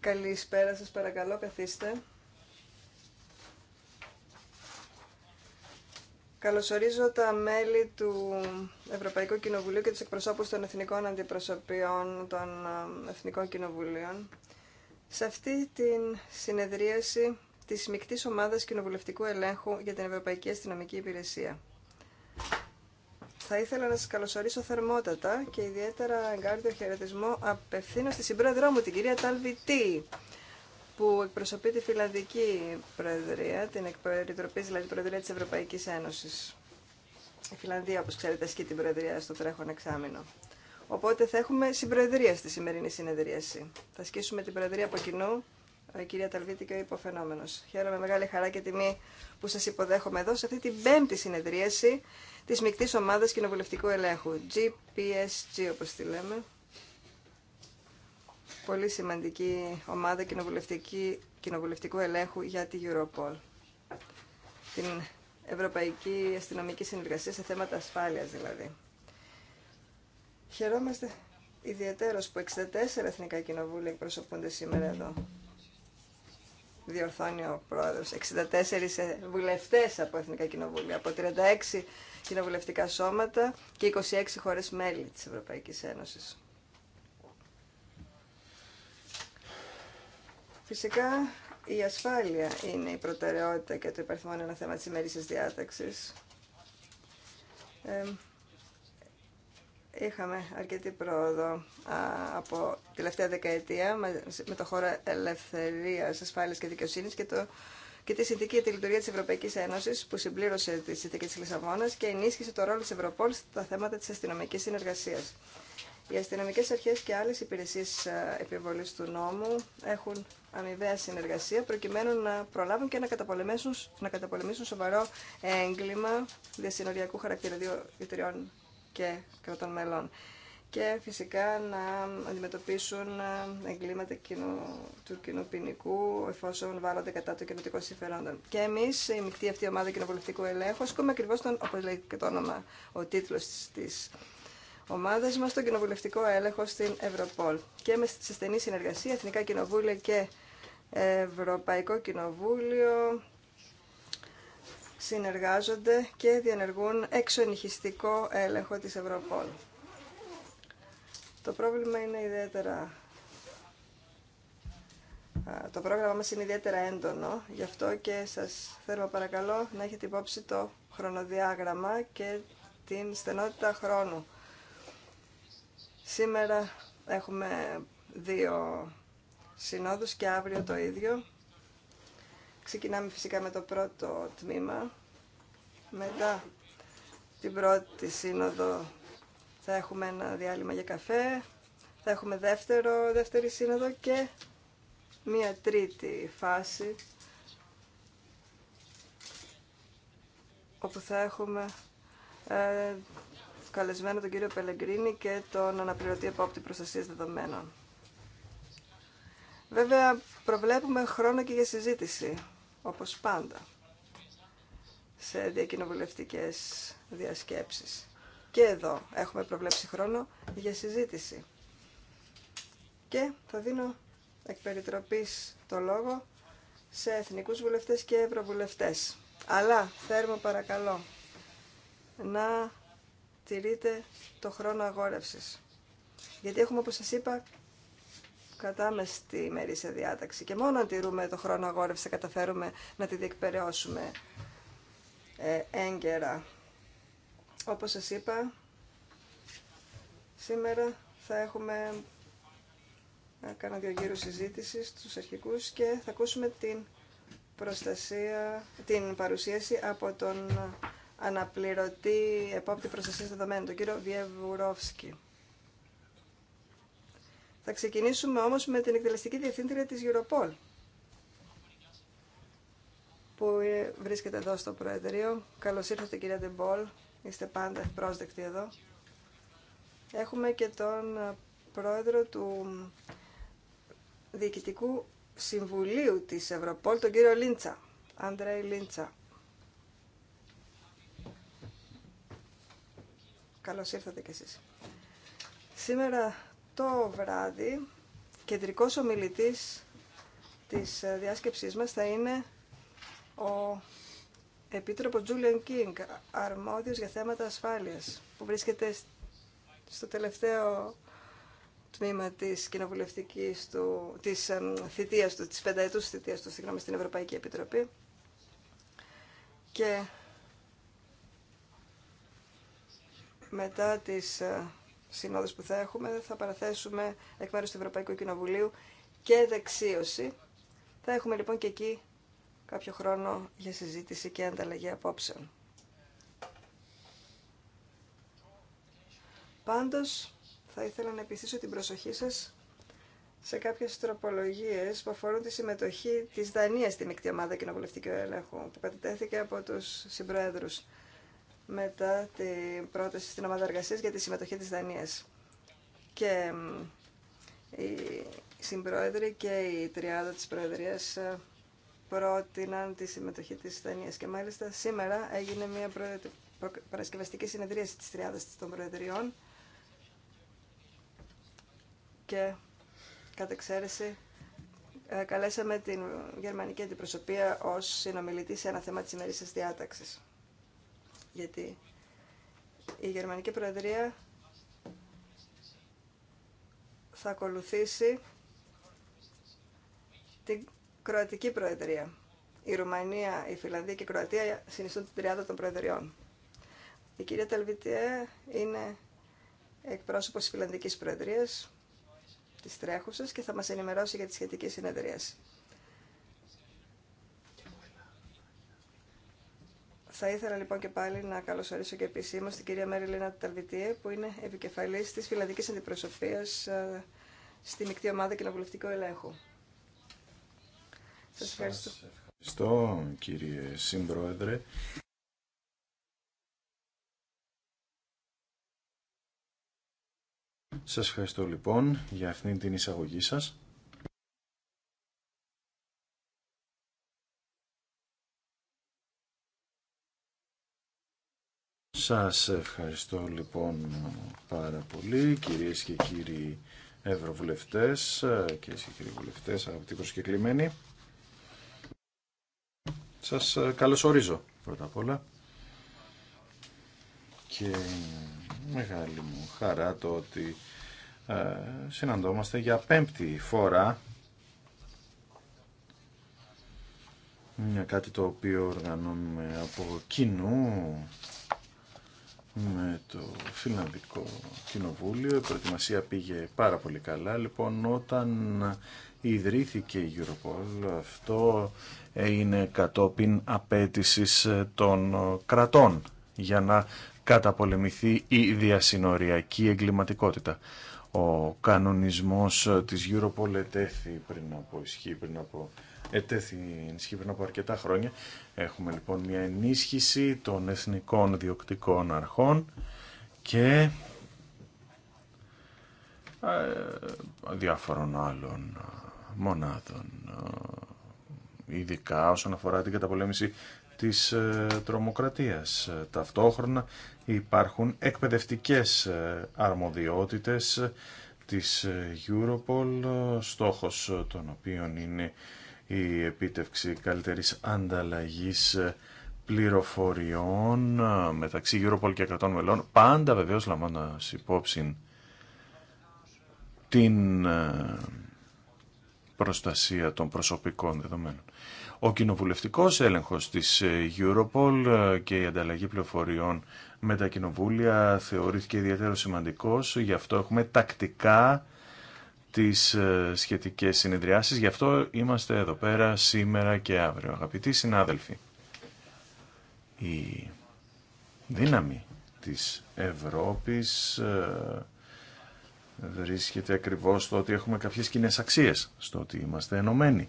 Καλησπέρα σας, παρακαλώ, καθίστε. Καλωσορίζω τα μέλη του Ευρωπαϊκού Κοινοβουλίου και τους εκπροσώπους των Εθνικών Αντιπροσωπείων των ε, Εθνικών Κοινοβουλίων σε αυτή την συνεδρίαση της Μικτής Ομάδας Κοινοβουλευτικού Ελέγχου για την Ευρωπαϊκή Αστυνομική Υπηρεσία. Θα ήθελα να σα καλωσορίσω θερμότατα και ιδιαίτερα εγκάρδιο χαιρετισμό απευθύνω στη συμπρόεδρό μου, την κυρία Ταλβιτή, που εκπροσωπεί τη Φιλανδική Προεδρία, την εκπεριτροπή δηλαδή Προεδρία της Ευρωπαϊκής Ένωσης. Η Φιλανδία, όπω ξέρετε, ασκεί την Προεδρία στο τρέχον εξάμεινο. Οπότε θα έχουμε συμπροεδρία στη σημερινή συνεδρίαση. Θα ασκήσουμε την Προεδρία από κοινού η ε, κυρία Ταλβίτη και ο υποφαινόμενο. Χαίρομαι μεγάλη χαρά και τιμή που σα υποδέχομαι εδώ σε αυτή την πέμπτη συνεδρίαση Τη μεικτή ομάδα Κοινοβουλευτικού Ελέγχου, GPSG όπω τη λέμε. Πολύ σημαντική ομάδα κοινοβουλευτικού ελέγχου για τη Europol. Την Ευρωπαϊκή Αστυνομική Συνεργασία σε θέματα ασφάλεια δηλαδή. Χαιρόμαστε ιδιαίτερος που 64 εθνικά κοινοβούλια εκπροσωπούνται σήμερα εδώ. Διορθώνει ο πρόεδρος. 64 ε, βουλευτές από εθνικά κοινοβούλια, από 36 κοινοβουλευτικά σώματα και 26 χώρες μέλη της Ευρωπαϊκής Ένωσης. Φυσικά η ασφάλεια είναι η προτεραιότητα και το υπαριθμό ένα θέμα της ημερήσιας διάταξης. είχαμε αρκετή πρόοδο από τελευταία δεκαετία με το χώρο ελευθερίας, ασφάλειας και δικαιοσύνης και το και τη συνθήκη για τη λειτουργία τη Ευρωπαϊκή Ένωση που συμπλήρωσε τη συνθήκη τη Λισαβόνα και ενίσχυσε το ρόλο τη Ευρωπόλ στα θέματα τη αστυνομική συνεργασία. Οι αστυνομικέ αρχέ και άλλε υπηρεσίε ε, επιβολή του νόμου έχουν αμοιβαία συνεργασία προκειμένου να προλάβουν και να καταπολεμήσουν, σοβαρό έγκλημα διασυνοριακού χαρακτήρα δύο και κρατών μελών και φυσικά να αντιμετωπίσουν ε, εγκλήματα του κοινού ποινικού εφόσον βάλλονται κατά το κοινωτικών συμφερόντων. Και εμεί, η μεικτή αυτή ομάδα κοινοβουλευτικού ελέγχου, ασκούμε ακριβώ τον, όπω λέει και το όνομα, ο τίτλο τη ομάδα μα, τον κοινοβουλευτικό έλεγχο στην Ευρωπόλ. Και με σε στενή συνεργασία, Εθνικά Κοινοβούλια και Ευρωπαϊκό Κοινοβούλιο συνεργάζονται και διενεργούν εξονυχιστικό έλεγχο της Ευρωπόλ. Το πρόβλημα είναι ιδιαίτερα... Το πρόγραμμα μας είναι ιδιαίτερα έντονο, γι' αυτό και σας θέλω παρακαλώ να έχετε υπόψη το χρονοδιάγραμμα και την στενότητα χρόνου. Σήμερα έχουμε δύο συνόδους και αύριο το ίδιο. Ξεκινάμε φυσικά με το πρώτο τμήμα, μετά την πρώτη σύνοδο θα έχουμε ένα διάλειμμα για καφέ, θα έχουμε δεύτερο, δεύτερη σύνοδο και μία τρίτη φάση όπου θα έχουμε ε, καλεσμένο τον κύριο Πελεγκρίνη και τον αναπληρωτή επόπτη προστασίας δεδομένων. Βέβαια, προβλέπουμε χρόνο και για συζήτηση, όπως πάντα, σε διακοινοβουλευτικές διασκέψεις. Και εδώ έχουμε προβλέψει χρόνο για συζήτηση. Και θα δίνω εκ περιτροπής το λόγο σε εθνικούς βουλευτές και ευρωβουλευτές. Αλλά θέρμο παρακαλώ να τηρείτε το χρόνο αγόρευσης. Γιατί έχουμε, όπως σας είπα, κατάμεστη σε διάταξη. Και μόνο αν τηρούμε το χρόνο αγόρευση θα καταφέρουμε να τη διεκπαιρεώσουμε ε, έγκαιρα. Όπως σας είπα, σήμερα θα έχουμε να κάνω δύο γύρους συζήτηση στους αρχικούς και θα ακούσουμε την προστασία, την παρουσίαση από τον αναπληρωτή επόπτη προστασία δεδομένων, τον κύριο Βιεβουρόφσκι. Θα ξεκινήσουμε όμως με την εκτελεστική διευθύντρια της Europol, που βρίσκεται εδώ στο Προεδρείο. Καλώς ήρθατε κυρία Ντεμπόλ. Είστε πάντα ευπρόσδεκτοι εδώ. Έχουμε και τον πρόεδρο του Διοικητικού Συμβουλίου της Ευρωπόλ, τον κύριο Λίντσα, Αντρέι Λίντσα. Καλώς ήρθατε κι εσείς. Σήμερα το βράδυ, κεντρικός ομιλητής της διάσκεψής μας θα είναι ο Επίτροπο Τζούλιαν Κίνγκ, αρμόδιος για θέματα ασφάλειας, που βρίσκεται στο τελευταίο τμήμα της κοινοβουλευτικής του, της θητείας του, της πενταετούς θητείας του, συγγνώμη, στην Ευρωπαϊκή Επιτροπή. Και μετά τις ε, συνόδους που θα έχουμε, θα παραθέσουμε εκ μέρους του Ευρωπαϊκού Κοινοβουλίου και δεξίωση. Θα έχουμε λοιπόν και εκεί κάποιο χρόνο για συζήτηση και ανταλλαγή απόψεων. Πάντως, θα ήθελα να επιστήσω την προσοχή σας σε κάποιες τροπολογίες που αφορούν τη συμμετοχή της Δανίας στη μεικτή ομάδα κοινοβουλευτικού ελέγχου που κατατέθηκε από τους συμπροέδρους μετά την πρόταση στην ομάδα εργασία για τη συμμετοχή της Δανίας. Και οι συμπρόεδροι και η τριάδα της Προεδρίας ε, πρότειναν τη συμμετοχή της Ισθανία. Και μάλιστα σήμερα έγινε μια παρασκευαστική συνεδρίαση της Τριάδας των Προεδριών και κατά εξαίρεση ε, καλέσαμε την γερμανική αντιπροσωπεία ως συνομιλητή σε ένα θέμα της ημερήσιας διάταξης. Γιατί η γερμανική προεδρία θα ακολουθήσει την Κροατική Προεδρία. Η Ρουμανία, η Φιλανδία και η Κροατία συνιστούν την τριάδα των Προεδριών. Η κυρία Τελβιτιέ είναι εκπρόσωπος της Φιλανδικής Προεδρίας, της τρέχουσας και θα μας ενημερώσει για τη σχετική συνεδρία. Θα ήθελα λοιπόν και πάλι να καλωσορίσω και επισήμως την κυρία Μέριλίνα Τελβιτιέ που είναι επικεφαλής της Φιλανδικής Αντιπροσωπείας ε, στη Μικτή Ομάδα Κοινοβουλευτικού Ελέγχου. Σας ευχαριστώ. ευχαριστώ κύριε Συμπρόεδρε. Σας ευχαριστώ λοιπόν για αυτήν την εισαγωγή σας. Σας ευχαριστώ λοιπόν πάρα πολύ κυρίες και κύριοι ευρωβουλευτές ε, και κύριοι βουλευτές αγαπητοί προσκεκλημένοι. Σας ε, καλωσορίζω πρώτα απ' όλα και μεγάλη μου χαρά το ότι ε, συναντώμαστε για πέμπτη φορά είναι κάτι το οποίο οργανώνουμε από κοινού με το Φιλανδικό Κοινοβούλιο. Η προετοιμασία πήγε πάρα πολύ καλά. Λοιπόν, όταν ιδρύθηκε η Europol. Αυτό είναι κατόπιν απέτησης των κρατών για να καταπολεμηθεί η διασυνοριακή εγκληματικότητα. Ο κανονισμός της Europol ετέθη πριν από ισχύ, πριν από ετέθη ενισχύ πριν από αρκετά χρόνια. Έχουμε λοιπόν μια ενίσχυση των εθνικών διοκτικών αρχών και ε, διάφορων άλλων μονάδων, ε, ειδικά όσον αφορά την καταπολέμηση της ε, τρομοκρατίας. Ε, ταυτόχρονα υπάρχουν εκπαιδευτικές αρμοδιότητες της Europol, στόχος των οποίων είναι η επίτευξη καλύτερης ανταλλαγής πληροφοριών μεταξύ Europol και κρατών μελών, πάντα βεβαίως λαμβάνοντας υπόψη την προστασία των προσωπικών δεδομένων. Ο κοινοβουλευτικός έλεγχος της ε, Europol ε, και η ανταλλαγή πληροφοριών με τα κοινοβούλια θεωρήθηκε ιδιαίτερο σημαντικός, γι' αυτό έχουμε τακτικά τις ε, σχετικές συνεδριάσεις, γι' αυτό είμαστε εδώ πέρα σήμερα και αύριο. Αγαπητοί συνάδελφοι, η δύναμη της Ευρώπης βρίσκεται ακριβώς στο ότι έχουμε κάποιες κοινέ αξίες, στο ότι είμαστε ενωμένοι.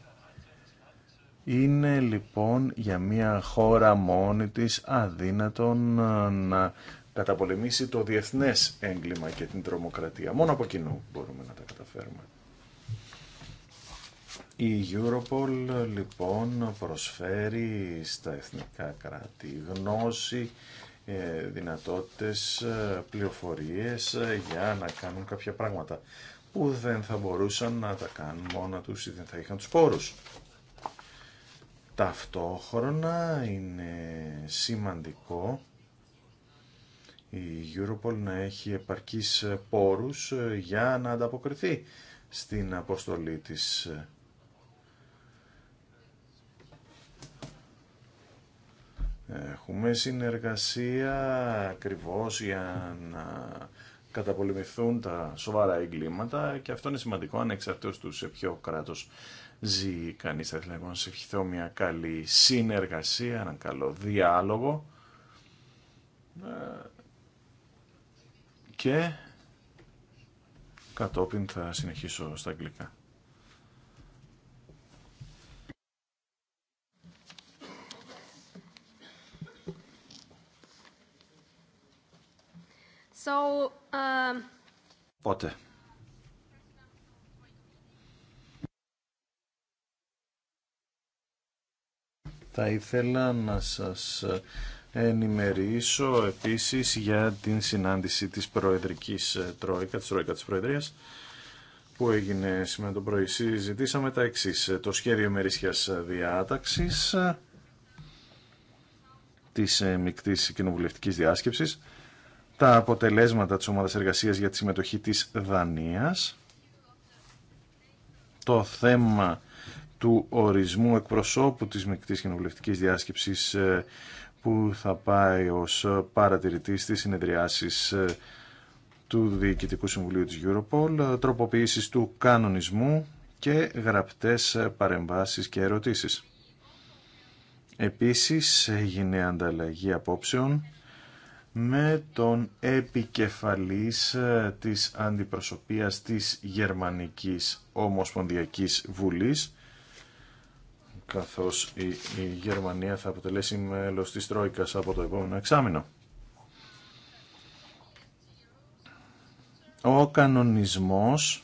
Είναι λοιπόν για μια χώρα μόνη της αδύνατον ε, να καταπολεμήσει το διεθνές έγκλημα και την τρομοκρατία. Μόνο από κοινού μπορούμε να τα καταφέρουμε. Η Europol λοιπόν προσφέρει στα εθνικά κράτη γνώση ε, δυνατότητες, ε, πληροφορίες ε, για να κάνουν κάποια πράγματα που δεν θα μπορούσαν να τα κάνουν μόνα τους ή δεν θα είχαν τους πόρους. Ταυτόχρονα είναι σημαντικό η Europol να έχει επαρκείς πόρους για να ανταποκριθεί στην αποστολή της Έχουμε συνεργασία ακριβώ για να καταπολεμηθούν τα σοβαρά εγκλήματα και αυτό είναι σημαντικό ανεξαρτήτως του σε ποιο κράτος ζει κανείς. Θα ήθελα λοιπόν να σε ευχηθώ μια καλή συνεργασία, έναν καλό διάλογο ε, και κατόπιν θα συνεχίσω στα αγγλικά. um... Θα ήθελα να σας ενημερίσω επίσης για την συνάντηση της Προεδρικής Τρόικα, της Τρόικα της Προεδρίας, που έγινε σήμερα το πρωί. Συζητήσαμε τα εξής. Το σχέδιο μερίσιας διάταξης της ε, μικτής κοινοβουλευτικής διάσκεψης, τα αποτελέσματα της ομάδας εργασίας για τη συμμετοχή της Δανίας, το θέμα του ορισμού εκπροσώπου της Μεκτής Κοινοβουλευτικής Διάσκεψης ε, που θα πάει ως παρατηρητής στις συνεδριάσεις ε, του Διοικητικού Συμβουλίου της Europol, ε, τροποποιήσεις του κανονισμού και γραπτές παρεμβάσεις και ερωτήσεις. Επίσης έγινε ανταλλαγή απόψεων με τον επικεφαλής ε, της αντιπροσωπείας της Γερμανικής Ομοσπονδιακής Βουλής καθώς η, Γερμανία θα αποτελέσει μέλος της Τρόικας από το επόμενο εξάμεινο. Ο κανονισμός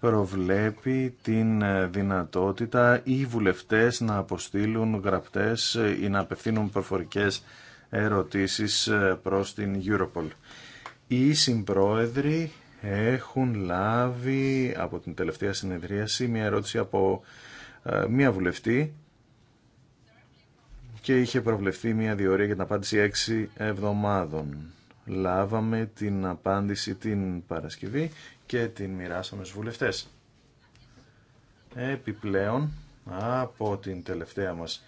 προβλέπει την ε, δυνατότητα οι βουλευτές να αποστείλουν γραπτές ε, ή να απευθύνουν προφορικές ερωτήσεις ε, προς την Europol. Οι συμπρόεδροι έχουν λάβει από την τελευταία συνεδρίαση μια ερώτηση από ε, μια βουλευτή και είχε προβλεφθεί μια διορία για την απάντηση 6 εβδομάδων. Λάβαμε την απάντηση την Παρασκευή και την μοιράσαμε στους βουλευτές. Επιπλέον, από την τελευταία μας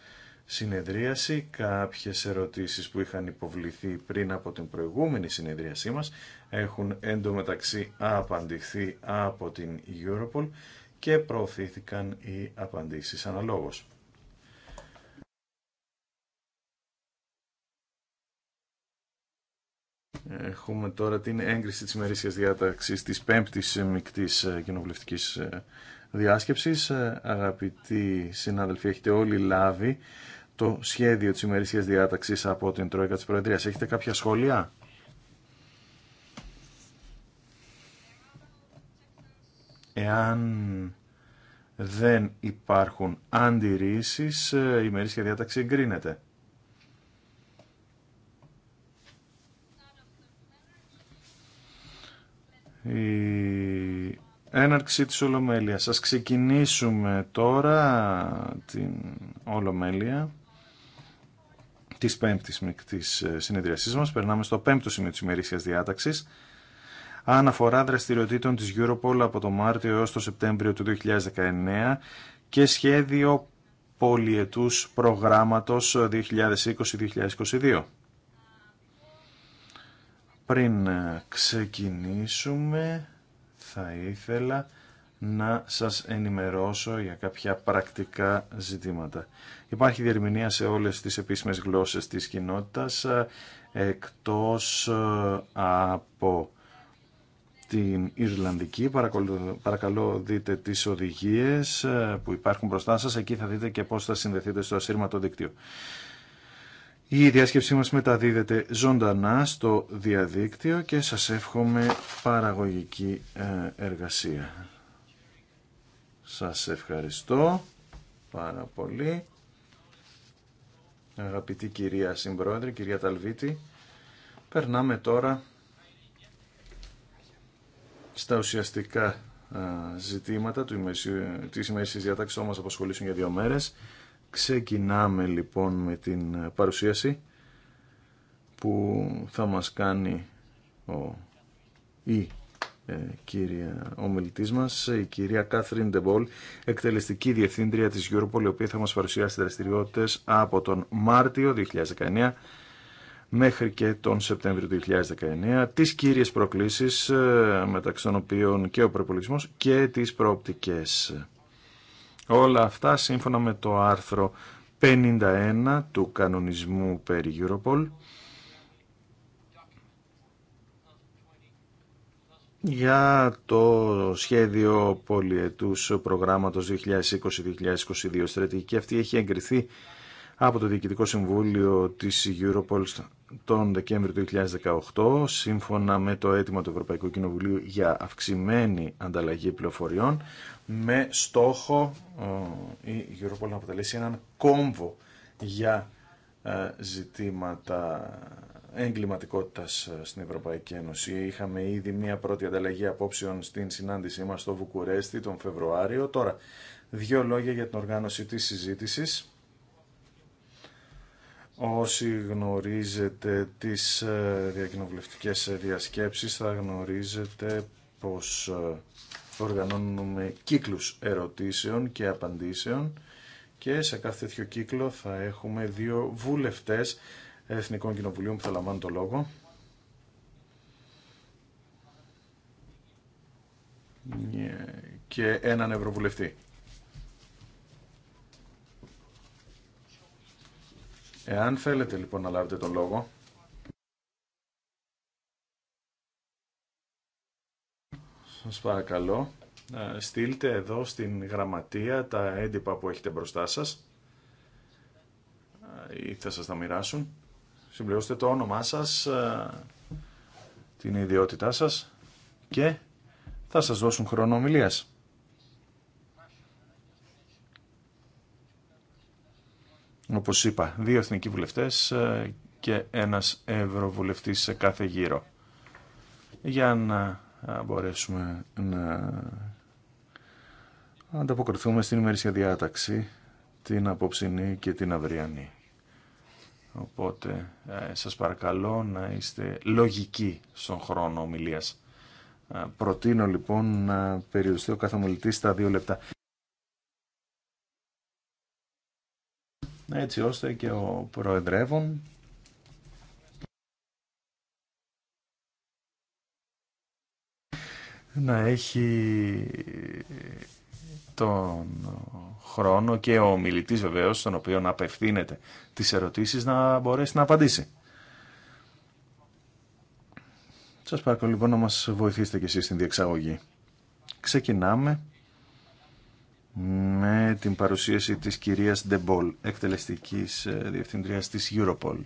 συνεδρίαση κάποιες ερωτήσεις που είχαν υποβληθεί πριν από την προηγούμενη συνεδρίασή μας έχουν εντωμεταξύ απαντηθεί από την Europol και προωθήθηκαν οι απαντήσεις αναλόγως. Έχουμε τώρα την έγκριση της μερίσιας διάταξης της πέμπτης μικτής κοινοβουλευτικής διάσκεψης. Αγαπητοί συνάδελφοι, έχετε όλοι λάβει το σχέδιο της ημερήσιας διάταξης από την Τρόικα της Προεδρίας. Έχετε κάποια σχόλια? Εάν δεν υπάρχουν αντιρρήσεις, ε, η ημερήσια διάταξη εγκρίνεται. Η έναρξη της Ολομέλειας. Ας ξεκινήσουμε τώρα την Ολομέλεια. Τη πέμπτη της ε, συνεδριασής μας. Περνάμε στο πέμπτο σημείο της ημερήσια διάταξη. Αναφορά δραστηριοτήτων της Europol από το Μάρτιο έως το Σεπτέμβριο του 2019 και σχεδιο πολιετου πολιτού προγράμματος 2020-2022. Πριν ε, ξεκινήσουμε θα ήθελα να σας ενημερώσω για κάποια πρακτικά ζητήματα. Υπάρχει διερμηνία σε όλες τις επίσημες γλώσσες της κοινότητας, ε, εκτός ε, από την Ιρλανδική. Παρακαλώ δείτε τις οδηγίες ε, που υπάρχουν μπροστά σας. Εκεί θα δείτε και πώς θα συνδεθείτε στο ασύρματο δίκτυο. Η διάσκεψή μας μεταδίδεται ζωντανά στο διαδίκτυο και σας εύχομαι παραγωγική εργασία. Σας ευχαριστώ πάρα πολύ. Αγαπητή κυρία Συμπρόεδρε, κυρία Ταλβίτη, περνάμε τώρα στα ουσιαστικά ζητήματα του ημεσίου, της ημερησίας διάταξης όμως απασχολήσουν για δύο μέρες. Ξεκινάμε λοιπόν με την παρουσίαση που θα μας κάνει ο ή ε, κύρια ομιλητή μα, η κυρία Κάθριν Ντεμπόλ, εκτελεστική διευθύντρια τη Europol, η οποία θα μα παρουσιάσει δραστηριότητε από τον Μάρτιο 2019 μέχρι και τον Σεπτέμβριο 2019, τις κύριες προκλήσεις ε, μεταξύ των οποίων και ο προπολογισμό και τις προοπτικές. Όλα αυτά σύμφωνα με το άρθρο 51 του κανονισμού περί Europol για το σχεδιο πολυετους πολιετούς προγράμματος 2020-2022. Στρατηγική αυτή έχει εγκριθεί από το Διοικητικό Συμβούλιο της Europol τον Δεκέμβριο του 2018, σύμφωνα με το αίτημα του Ευρωπαϊκού Κοινοβουλίου για αυξημένη ανταλλαγή πληροφοριών, με στόχο η Europol να αποτελέσει έναν κόμβο για ε, ζητήματα εγκληματικότητας ε, στην Ευρωπαϊκή Ένωση. Είχαμε ήδη μία πρώτη ανταλλαγή απόψεων στην συνάντησή μας στο Βουκουρέστι τον Φεβρουάριο. Τώρα, δύο λόγια για την οργάνωση της συζήτησης. Όσοι γνωρίζετε τις ε, διακοινοβουλευτικές διασκέψεις θα γνωρίζετε πως ε, οργανώνουμε κύκλους ερωτήσεων και απαντήσεων και σε κάθε τέτοιο κύκλο θα έχουμε δύο βουλευτές Εθνικών Κοινοβουλίων που θα λαμβάνουν το λόγο. Ναι, και έναν Ευρωβουλευτή. Εάν θέλετε λοιπόν να λάβετε τον λόγο, σας παρακαλώ, ε, στείλτε εδώ στην γραμματεία τα έντυπα που έχετε μπροστά σας ε, ή θα σας τα μοιράσουν συμπληρώστε το όνομά σας, ε, την ιδιότητά σας και θα σας δώσουν χρόνο ομιλίας. Όπως είπα, δύο εθνικοί βουλευτές ε, και ένας ευρωβουλευτής σε κάθε γύρο. Για να ε, μπορέσουμε να ανταποκριθούμε στην ημερήσια διάταξη, την απόψινή και την αυριανή. Οπότε ε, σας παρακαλώ να είστε λογικοί στον χρόνο ομιλίας. Ε, προτείνω λοιπόν να περιοριστεί ο καθομιλητής στα δύο λεπτά. Έτσι ώστε και ο Προεδρεύων να έχει τον χρόνο και ο μιλητής βεβαίως, στον οποίο απευθύνεται τις ερωτήσεις, να μπορέσει να απαντήσει. Σας παρακαλώ λοιπόν να μας βοηθήσετε και εσείς στην διεξαγωγή. Ξεκινάμε με την παρουσίαση της κυρίας Ντεμπολ, εκτελεστικής ε, διευθυντρίας της Europol.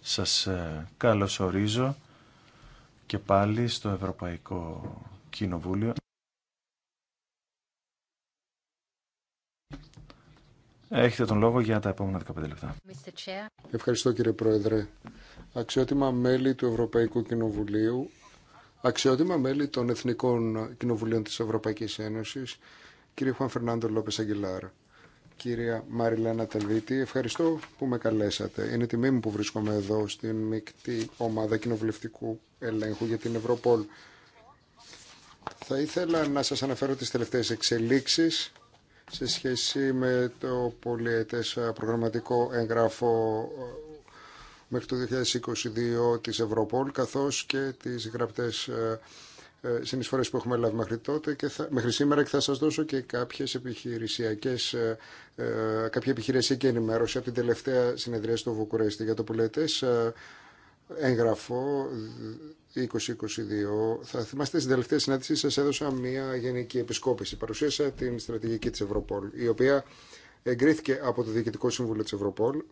Σας ε, καλωσορίζω και πάλι στο Ευρωπαϊκό Κοινοβούλιο. Έχετε τον λόγο για τα επόμενα 15 λεπτά. Ευχαριστώ κύριε Πρόεδρε. Αξιότιμα μέλη του Ευρωπαϊκού Κοινοβουλίου, αξιότιμα μέλη των Εθνικών Κοινοβουλίων της Ευρωπαϊκής Ένωσης, κύριε Χουάν Φερνάντο Λόπες Αγγελάρα, κυρία Μαριλένα Τελβίτη, ευχαριστώ που με καλέσατε. Είναι τιμή μου που βρίσκομαι εδώ στην μεικτή ομάδα κοινοβουλευτικού ελέγχου για την Ευρωπόλ. Θα ήθελα να σας αναφέρω τις τελευταίες εξελίξεις σε σχέση με το πολιετές προγραμματικό έγγραφο ε, μέχρι το 2022 της Ευρωπόλ καθώς και τις γραπτές ε, ε, συνεισφορές που έχουμε λάβει μέχρι, τότε και θα, μέχρι σήμερα και θα σας δώσω και κάποιες επιχειρησιακές, κάποια επιχειρησιακή ενημέρωση από την τελευταία συνεδρία στο Βουκουρέστι για το πολιετές έγγραφο 2022. Θα θυμάστε στην τελευταία συνάντηση σας έδωσα μια γενική επισκόπηση. Παρουσίασα την στρατηγική της Ευρωπόλ, η οποία εγκρίθηκε από το Διοικητικό Σύμβουλο της Ευρωπόλ,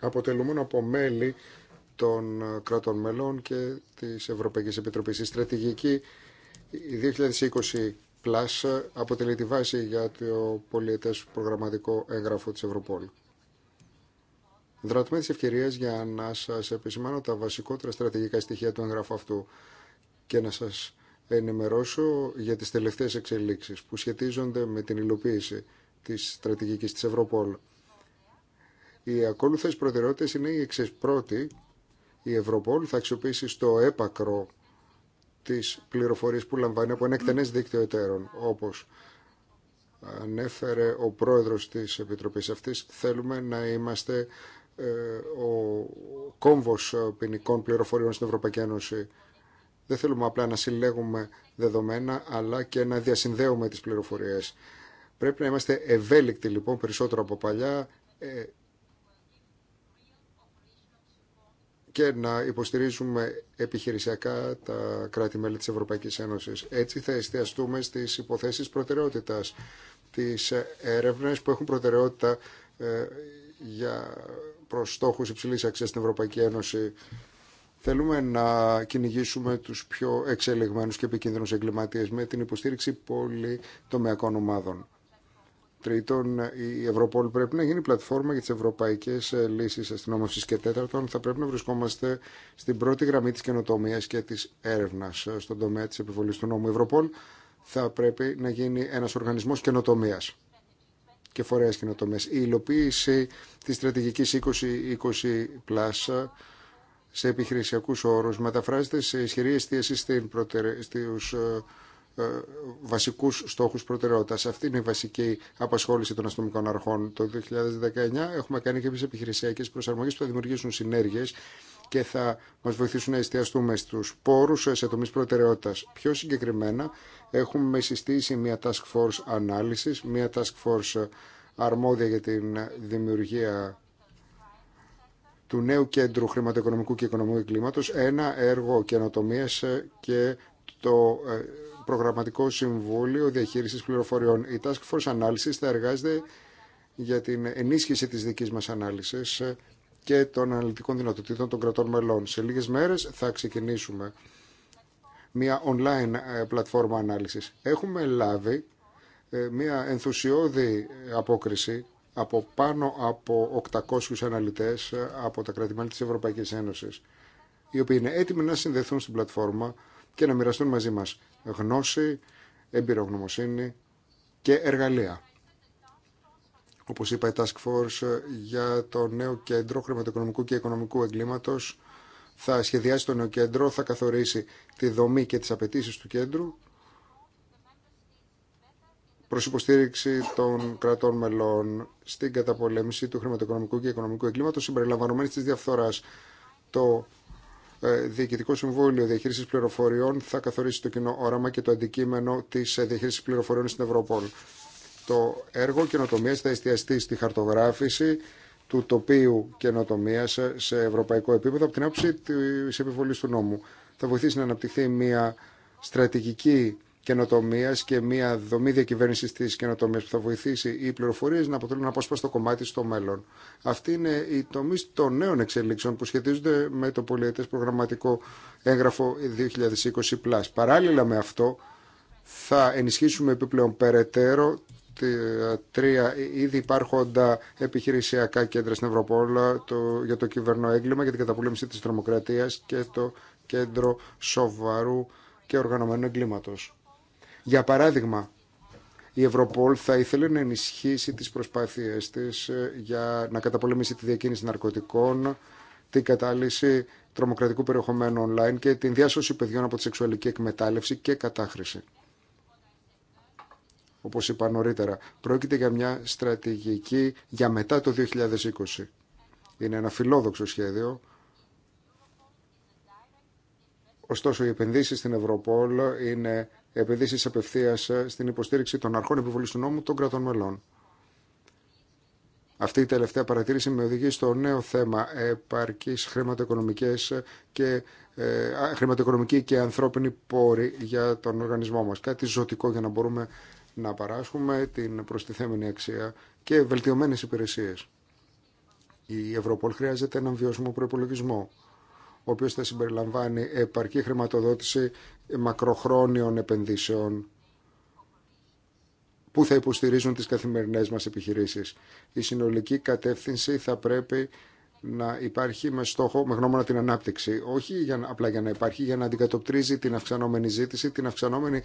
αποτελούμενο από μέλη των κρατών μελών και της Ευρωπαϊκής Επιτροπής. Η στρατηγική 2020 Plus αποτελεί τη βάση για το πολιετές προγραμματικό έγγραφο της Ευρωπόλ. Δράτω τη ευκαιρία για να σα επισημάνω τα βασικότερα στρατηγικά στοιχεία του εγγράφου αυτού και να σα ενημερώσω για τι τελευταίε εξελίξει που σχετίζονται με την υλοποίηση τη στρατηγική τη Ευρωπόλ. Οι ακόλουθε προτεραιότητε είναι οι εξή. Πρώτη, η Ευρωπόλ θα αξιοποιήσει στο έπακρο τι πληροφορίε που λαμβάνει από ένα εκτενέ δίκτυο εταίρων, όπως ανέφερε ο πρόεδρος της Επιτροπής αυτής, θέλουμε να είμαστε ε, ο κόμβος ε, ποινικών πληροφοριών στην Ευρωπαϊκή Ένωση. Δεν θέλουμε απλά να συλλέγουμε δεδομένα, αλλά και να διασυνδέουμε τις πληροφορίες. Πρέπει να είμαστε ευέλικτοι λοιπόν περισσότερο από παλιά ε, και να υποστηρίζουμε επιχειρησιακά τα κράτη-μέλη της Ευρωπαϊκής Ένωσης. Έτσι θα εστιαστούμε στις υποθέσεις προτεραιότητας, τις έρευνες που έχουν προτεραιότητα για προ στόχου υψηλή, αξία στην Ευρωπαϊκή Ένωση. Θέλουμε να κυνηγήσουμε του πιο εξελιγμένου και επικίνδυνου εγκληματίε με την υποστήριξη πολυτομιακών ομάδων. Τρίτον, η Ευρωπόλ πρέπει να γίνει πλατφόρμα για τι ευρωπαϊκέ ε, λύσει αστυνόμευση. Και τέταρτον, θα πρέπει να βρισκόμαστε στην πρώτη γραμμή τη καινοτομία και τη έρευνα ε, στον τομέα τη επιβολή του νόμου. Η Ευρωπόλ θα πρέπει να γίνει ένα οργανισμό καινοτομία και φορέας καινοτομέ. Η υλοποίηση τη στρατηγικη 2020+ σε επιχειρησιακούς όρους μεταφράζεται σε ισχυρή εστίαση στους ε, ε, βασικούς στόχους προτεραιότητας. Αυτή είναι η βασική απασχόληση των αστυνομικών αρχών. Το 2019 έχουμε κάνει και επιχειρησιακές προσαρμογές που θα δημιουργήσουν συνέργειες και θα μας βοηθήσουν να εστιαστούμε στου πόρους σε τομεί προτεραιότητας. Πιο συγκεκριμένα έχουμε συστήσει μια task force ανάλυσης, μια task force αρμόδια για την δημιουργία του νέου κέντρου χρηματοοικονομικού και οικονομικού κλίματος, ένα έργο καινοτομίας και το ε, προγραμματικό συμβούλιο διαχείριση πληροφοριών. Η Task Force Ανάλυσης θα εργάζεται για την ενίσχυση της δικής μας ανάλυσης και των αναλυτικών δυνατοτήτων των κρατών μελών. Σε λίγες μέρες θα ξεκινήσουμε μια online ε, πλατφόρμα ανάλυσης. Έχουμε λάβει ε, μια ενθουσιώδη απόκριση από πάνω από 800 αναλυτές ε, από τα μέλη της Ευρωπαϊκής Ένωσης, οι οποίοι είναι έτοιμοι να συνδεθούν στην πλατφόρμα και να μοιραστούν μαζί μας γνώση, εμπειρογνωμοσύνη και εργαλεία. Όπω είπα η Task Force ε, για το νέο κέντρο χρηματοοικονομικού και οικονομικού εγκλήματο. θα σχεδιάσει το νέο κέντρο, θα καθορίσει τη δομή και τι απαιτήσει του κέντρου προ υποστήριξη των κρατών μελών στην καταπολέμηση του χρηματοοικονομικού και οικονομικού εγκλήματο, συμπεριλαμβανομένης τη διαφθοράς. Το ε, Διοικητικό Συμβούλιο Διαχείριση Πληροφοριών θα καθορίσει το κοινό όραμα και το αντικείμενο τη ε, διαχείριση πληροφοριών στην Ευρωπόλ. Το έργο καινοτομία θα εστιαστεί στη χαρτογράφηση του τοπίου καινοτομία σε ευρωπαϊκό επίπεδο από την άποψη τη επιβολή του νόμου. Θα βοηθήσει να αναπτυχθεί μια στρατηγική καινοτομία και μια δομή διακυβέρνηση τη καινοτομία που θα βοηθήσει οι πληροφορίε να αποτελούν απόσπαστο κομμάτι στο μέλλον. Αυτή είναι η τομή των νέων εξελίξεων που σχετίζονται με το πολιετέ προγραμματικό έγγραφο 2020. Παράλληλα με αυτό, θα ενισχύσουμε επιπλέον περαιτέρω ε, τρία ε, ήδη υπάρχοντα επιχειρησιακά κέντρα στην Ευρωπολ, ε, το, για το κυβερνοέγκλημα, για την καταπολέμηση της τρομοκρατίας και το κέντρο σοβαρού και οργανωμένου εγκλήματος. Για παράδειγμα, η Ευρωπόλ θα ήθελε να ενισχύσει τις προσπάθειές της για να καταπολεμήσει τη διακίνηση ναρκωτικών, την κατάλυση τρομοκρατικού περιεχομένου online και την διάσωση παιδιών από τη σεξουαλική εκμετάλλευση και κατάχρηση όπως είπα νωρίτερα. Πρόκειται για μια στρατηγική για μετά το 2020. Είναι ένα φιλόδοξο σχέδιο. Ωστόσο, οι επενδύσει στην Ευρωπόλ είναι επενδύσει απευθεία στην υποστήριξη των αρχών επιβολή του νόμου των κρατών μελών. Αυτή η τελευταία παρατήρηση με οδηγεί στο νέο θέμα επαρκής χρηματοοικονομικές και, ε, χρηματοοικονομική και ανθρώπινη πόρη για τον οργανισμό μας. Κάτι ζωτικό για να μπορούμε να παράσχουμε την προστιθέμενη αξία και βελτιωμένες υπηρεσίες. Η Ευρωπόλ χρειάζεται έναν βιώσιμο προπολογισμό, ο οποίος θα συμπεριλαμβάνει επαρκή χρηματοδότηση μακροχρόνιων επενδύσεων που θα υποστηρίζουν τις καθημερινές μας επιχειρήσεις. Η συνολική κατεύθυνση θα πρέπει να υπάρχει με στόχο, με γνώμονα την ανάπτυξη. Όχι για, απλά για να υπάρχει, για να αντικατοπτρίζει την αυξανόμενη ζήτηση, την αυξανόμενη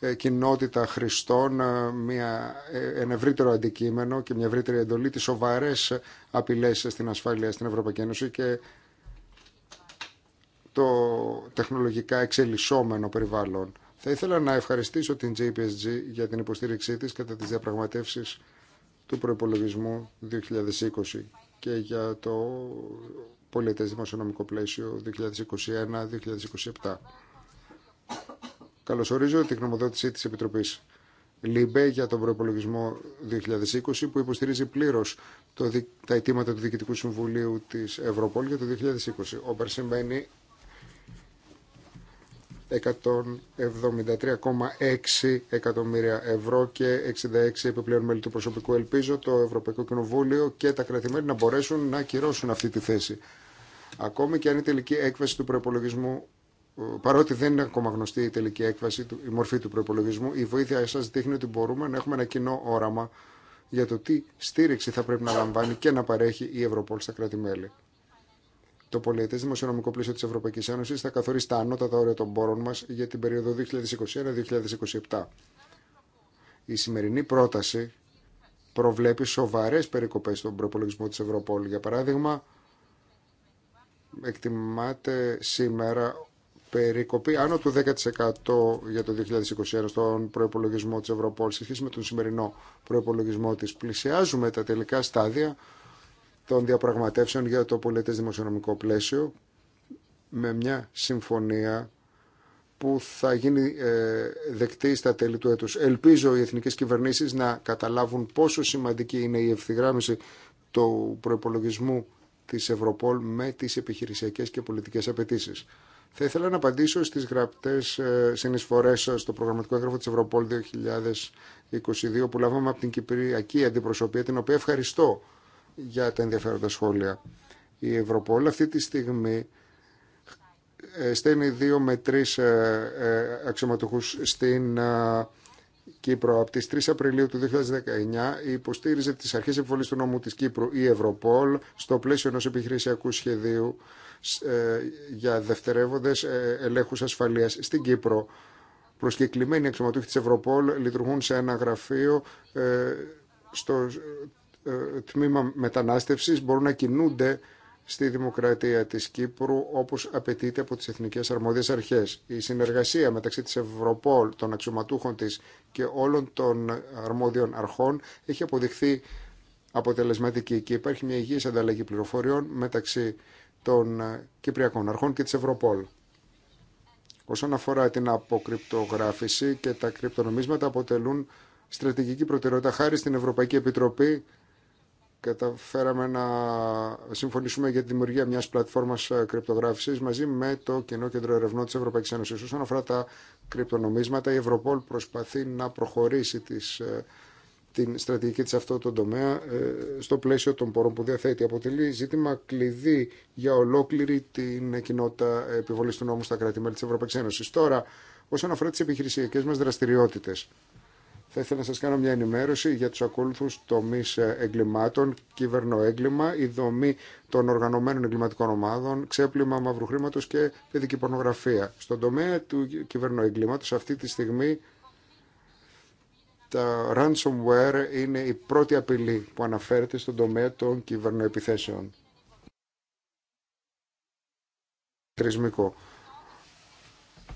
ε, κοινότητα χρηστών, ε, μια, ένα ε, ευρύτερο αντικείμενο και μια ευρύτερη εντολή, τι σοβαρές απειλές στην ασφάλεια στην Ευρωπαϊκή Ένωση και το τεχνολογικά εξελισσόμενο περιβάλλον. Θα ήθελα να ευχαριστήσω την JPSG για την υποστήριξή της κατά τις διαπραγματεύσεις του προϋπολογισμού 2020 και για το πολιτές δημοσιονομικό πλαίσιο 2021-2027. Καλωσορίζω την γνωμοδότησή της Επιτροπής ΛΥΜΠΕ για τον προπολογισμό 2020 που υποστηρίζει πλήρως το, τα αιτήματα του Διοικητικού Συμβουλίου της Ευρωπόλ για το 2020. Ο Περσεμένη 173,6 εκατομμύρια ευρώ και 66 επιπλέον μέλη του προσωπικού. Ελπίζω το Ευρωπαϊκό Κοινοβούλιο και τα κρατημέρη να μπορέσουν να ακυρώσουν αυτή τη θέση. Ακόμη και αν η τελική έκβαση του προπολογισμού ε, παρότι δεν είναι ακόμα γνωστή η τελική έκβαση, η μορφή του προπολογισμού, η βοήθεια σα δείχνει ότι μπορούμε να έχουμε ένα κοινό όραμα για το τι στήριξη θα πρέπει να λαμβάνει και να παρέχει η Ευρωπόλ στα κράτη-μέλη. Το πολιετέ δημοσιονομικό πλαίσιο τη Ευρωπαϊκή Ένωση θα καθορίσει τα ανώτατα όρια των πόρων μα για την περίοδο 2021-2027. Η σημερινή πρόταση προβλέπει σοβαρέ περικοπέ στον προπολογισμό τη Ευρωπόλη. Για παράδειγμα, εκτιμάται σήμερα περικοπή άνω του 10% για το 2021 στον προπολογισμό τη Ευρωπόλ σε σχέση με τον σημερινό προπολογισμό τη. Πλησιάζουμε τα τελικά στάδια των διαπραγματεύσεων για το πολιτές δημοσιονομικό πλαίσιο με μια συμφωνία που θα γίνει ε, δεκτή στα τέλη του έτους. Ελπίζω οι εθνικές κυβερνήσεις να καταλάβουν πόσο σημαντική είναι η ευθυγράμμιση του προπολογισμού της Ευρωπόλ με τις επιχειρησιακές και πολιτικές απαιτήσει. Θα ήθελα να απαντήσω στις γραπτές ε, συνεισφορές στο προγραμματικό έγγραφο της Ευρωπόλ 2022 που λάβαμε από την Κυπριακή Αντιπροσωπεία, την οποία ευχαριστώ για τα ενδιαφέροντα σχόλια. Η Ευρωπόλ αυτή τη στιγμή ε, στέλνει δύο με τρεις ε, ε, αξιωματικούς στην Κύπρο. Από τις 3 Απριλίου του 2019 υποστήριζε τις αρχές επιβολής του νόμου της Κύπρου η Ευρωπόλ στο πλαίσιο ενός επιχειρησιακού σχεδίου για δευτερεύοντες ελέγχους ασφαλείας στην Κύπρο. Προσκεκλημένοι αξιωματούχοι της Ευρωπόλ λειτουργούν σε ένα γραφείο στο ε, τμήμα μετανάστευσης μπορούν να κινούνται στη Δημοκρατία της Κύπρου όπως απαιτείται από τις εθνικές αρμόδιες αρχές. Η συνεργασία μεταξύ της Ευρωπόλ, των αξιωματούχων της και όλων των αρμόδιων αρχών έχει αποδειχθεί αποτελεσματική και υπάρχει μια υγιής ανταλλαγή πληροφοριών μεταξύ των ε, Κυπριακών Αρχών και της Ευρωπόλ. Όσον αφορά την αποκρυπτογράφηση και τα κρυπτονομίσματα αποτελούν στρατηγική προτεραιότητα χάρη στην Ευρωπαϊκή Επιτροπή καταφέραμε να συμφωνήσουμε για τη δημιουργία μιας πλατφόρμας ε, κρυπτογράφησης μαζί με το Κοινό Κέντρο Ερευνών της Ευρωπαϊκής Ένωσης. Όσον αφορά τα κρυπτονομίσματα, η Ευρωπόλ προσπαθεί να προχωρήσει τις, ε, την στρατηγική της αυτό το τομέα ε, στο πλαίσιο των πόρων που διαθέτει. Αποτελεί ζήτημα κλειδί για ολόκληρη την κοινότητα επιβολής του νόμου στα κράτη-μέλη της Ευρωπαϊκής Ένωσης. Τώρα, όσον αφορά τις επιχειρησιακές μας δραστηριότητες, θα ήθελα να σας κάνω μια ενημέρωση για τους ακόλουθους τομείς ε, εγκλημάτων, κυβερνοέγκλημα, η δομή των οργανωμένων εγκληματικών ομάδων, ξέπλυμα μαύρου χρήματο και παιδική πορνογραφία. Στον τομέα του κυβερνοεγκλήματος αυτή τη στιγμή τα ransomware είναι η πρώτη απειλή που αναφέρεται στον τομέα των κυβερνοεπιθέσεων.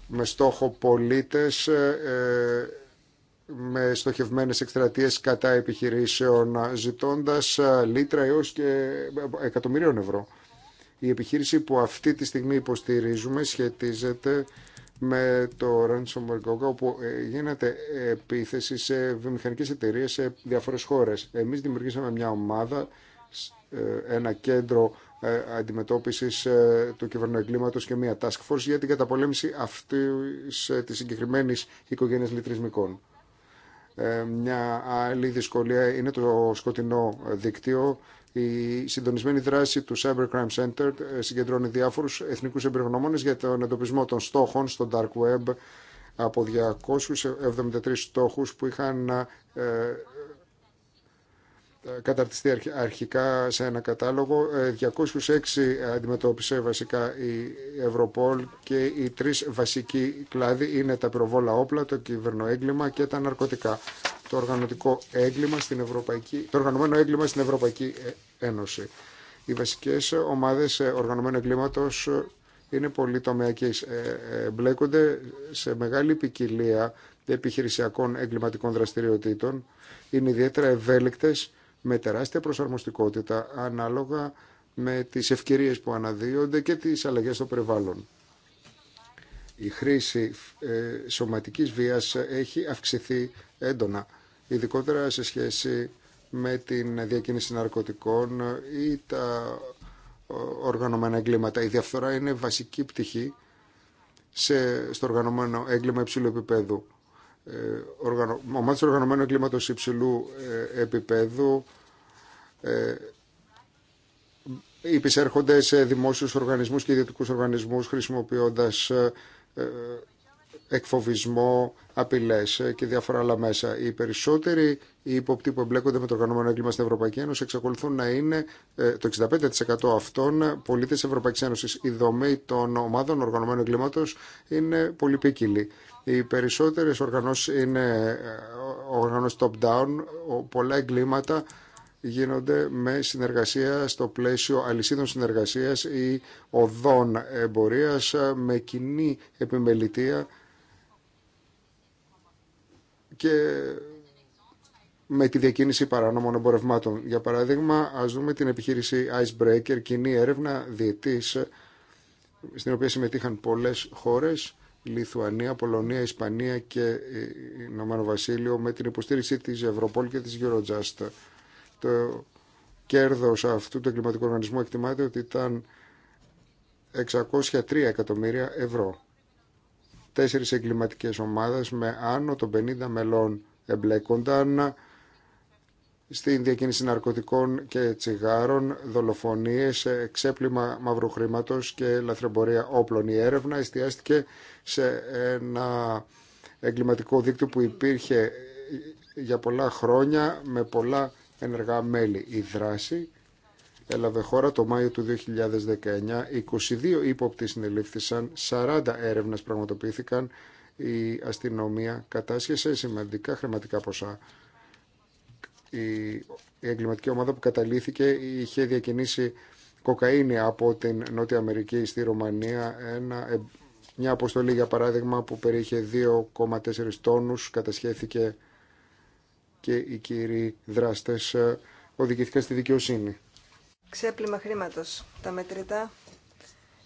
Με στόχο πολίτες, ε, ε, με στοχευμένες εκστρατείες κατά επιχειρήσεων ζητώντας ε, λίτρα έως και ε, εκατομμυρίων ευρώ. Η επιχείρηση που αυτή τη στιγμή υποστηρίζουμε σχετίζεται με το ransomware Goga όπου ε, γίνεται επίθεση σε βιομηχανικές εταιρείες σε διάφορες χώρες. Εμείς δημιουργήσαμε μια ομάδα, ένα κέντρο αντιμετώπισης του κυβερνοεγκλήματος και μια task force για την καταπολέμηση αυτής της συγκεκριμένης οικογένειας λιτρισμικών. Ε, μια άλλη δυσκολία είναι το σκοτεινό δίκτυο. Η συντονισμένη δράση του Cyber Crime Center ε, συγκεντρώνει διάφορους εθνικούς εμπειρογνώμονες για τον εντοπισμό των στόχων στο Dark Web από 273 στόχους που είχαν ε, καταρτιστεί αρχικά σε ένα κατάλογο. 206 ε, αντιμετώπισε βασικά η Ευρωπόλ και οι τρεις βασικοί κλάδοι είναι τα πυροβόλα όπλα, το κυβερνοέγκλημα και τα ναρκωτικά. Το, οργανωτικό έγκλημα στην Ευρωπαϊκή, το οργανωμένο έγκλημα στην Ευρωπαϊκή ε, Ένωση. Οι βασικές ομάδες ε, οργανωμένου εγκλήματος είναι πολύ τομεακής. Μπλέκονται σε μεγάλη ποικιλία επιχειρησιακών εγκληματικών δραστηριοτήτων. Είναι ιδιαίτερα ευέλικτες με τεράστια προσαρμοστικότητα ανάλογα με τις ευκαιρίες που αναδύονται και τις αλλαγές των περιβάλλων. Η χρήση ε, σωματικής βίας έχει αυξηθεί έντονα, ειδικότερα σε σχέση με την διακίνηση ναρκωτικών ή τα οργανωμένα εγκλήματα. Η διαφθορά είναι βασική πτυχή σε, στο οργανωμένο έγκλημα υψηλού επίπεδου. Ε, ομάδες οργανωμένου εγκλήματος υψηλού ε, επίπεδου ε, υπησέρχονται σε δημόσιους οργανισμούς και ιδιωτικούς οργανισμούς χρησιμοποιώντας εκφοβισμό, απειλές και διάφορα άλλα μέσα. Οι περισσότεροι οι ύποπτοι που εμπλέκονται με το οργανωμένο έγκλημα στην Ευρωπαϊκή Ένωση εξακολουθούν να είναι το 65% αυτών πολίτες τη Ευρωπαϊκή Ένωση. Η δομή των ομάδων οργανωμένου εγκλήματο είναι πολύ οι περισσότερε οργανώσεις είναι ε, οργανώσεις top-down, πολλά εγκλήματα γίνονται με συνεργασία στο πλαίσιο αλυσίδων συνεργασία ή οδών εμπορίας ε, με κοινή επιμελητία και με τη διακίνηση παράνομων εμπορευμάτων. Για παράδειγμα, ας δούμε την επιχείρηση Icebreaker, κοινή έρευνα διετής, στην οποία συμμετείχαν πολλέ χώρες Λιθουανία, Πολωνία, Ισπανία και ε, Ηνωμένο Βασίλειο με την υποστήριξη της Ευρωπόλ και της Eurojust. Το κέρδος αυτού του εγκληματικού οργανισμού εκτιμάται ότι ήταν 603 εκατομμύρια ευρώ. Τέσσερις εγκληματικές ομάδες με άνω των 50 μελών εμπλέκονταν στην διακίνηση ναρκωτικών και τσιγάρων, δολοφονίες, ξέπλυμα μαύρου χρήματος και λαθρεμπορία όπλων. Η έρευνα εστιάστηκε σε ένα εγκληματικό δίκτυο που υπήρχε για πολλά χρόνια με πολλά ενεργά μέλη. Η δράση έλαβε χώρα το Μάιο του 2019. 22 ύποπτοι συνελήφθησαν, 40 έρευνες πραγματοποιήθηκαν. Η αστυνομία κατάσχεσε σημαντικά χρηματικά ποσά η, εγκληματική ομάδα που καταλήθηκε είχε διακινήσει κοκαίνη από την Νότια Αμερική στη Ρωμανία. Ένα, ε, μια αποστολή, για παράδειγμα, που περιείχε 2,4 τόνους, κατασχέθηκε και οι κύριοι δράστες ε, οδηγήθηκαν στη δικαιοσύνη. Ξέπλυμα χρήματος. Τα μετρητά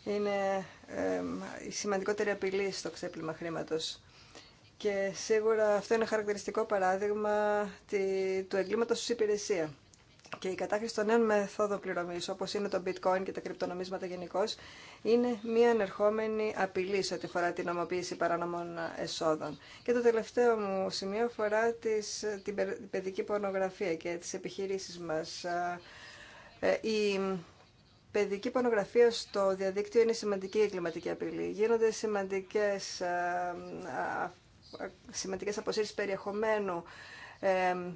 είναι ε, η σημαντικότερη απειλή στο ξέπλυμα χρήματος. Και σίγουρα αυτό είναι χαρακτηριστικό παράδειγμα του εγκλήματος στους υπηρεσία. Και η κατάχρηση των νέων μεθόδων πληρωμή, όπω είναι το bitcoin και τα κρυπτονομίσματα γενικώ, είναι μια ανερχόμενη απειλή σε ό,τι αφορά την νομοποίηση παρανομών εσόδων. Και το τελευταίο μου σημείο αφορά την παιδική πορνογραφία και τι επιχειρήσει μα. Ε, η παιδική πορνογραφία στο διαδίκτυο είναι σημαντική εγκληματική απειλή. Γίνονται σημαντικές σημαντικές αποσύρσεις περιεχομένου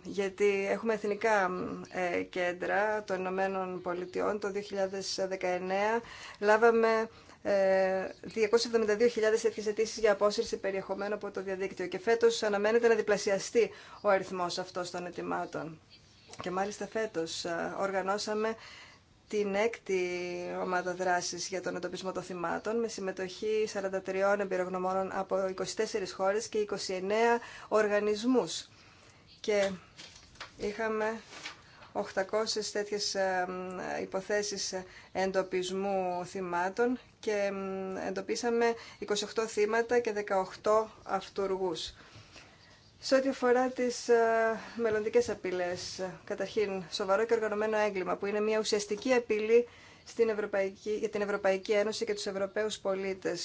γιατί έχουμε εθνικά ε, κέντρα των Ηνωμένων Πολιτειών. Το 2019 λάβαμε 272.000 ε, τέτοιες αιτήσει για απόσυρση περιεχομένου από το διαδίκτυο και φέτος αναμένεται να διπλασιαστεί ο αριθμός αυτός των ετοιμάτων. Και μάλιστα φέτος ε, οργανώσαμε την έκτη ομάδα δράσης για τον εντοπισμό των θυμάτων με συμμετοχή 43 εμπειρογνωμόνων από 24 χώρες και 29 οργανισμούς. Και είχαμε 800 τέτοιε υποθέσεις εντοπισμού θυμάτων και εντοπίσαμε 28 θύματα και 18 αυτούργους. Σε ό,τι αφορά τι ε, μελλοντικέ απειλέ, καταρχήν σοβαρό και οργανωμένο έγκλημα, που είναι μια ουσιαστική απειλή στην Ευρωπαϊκή, για την Ευρωπαϊκή Ένωση και του Ευρωπαίου πολίτε,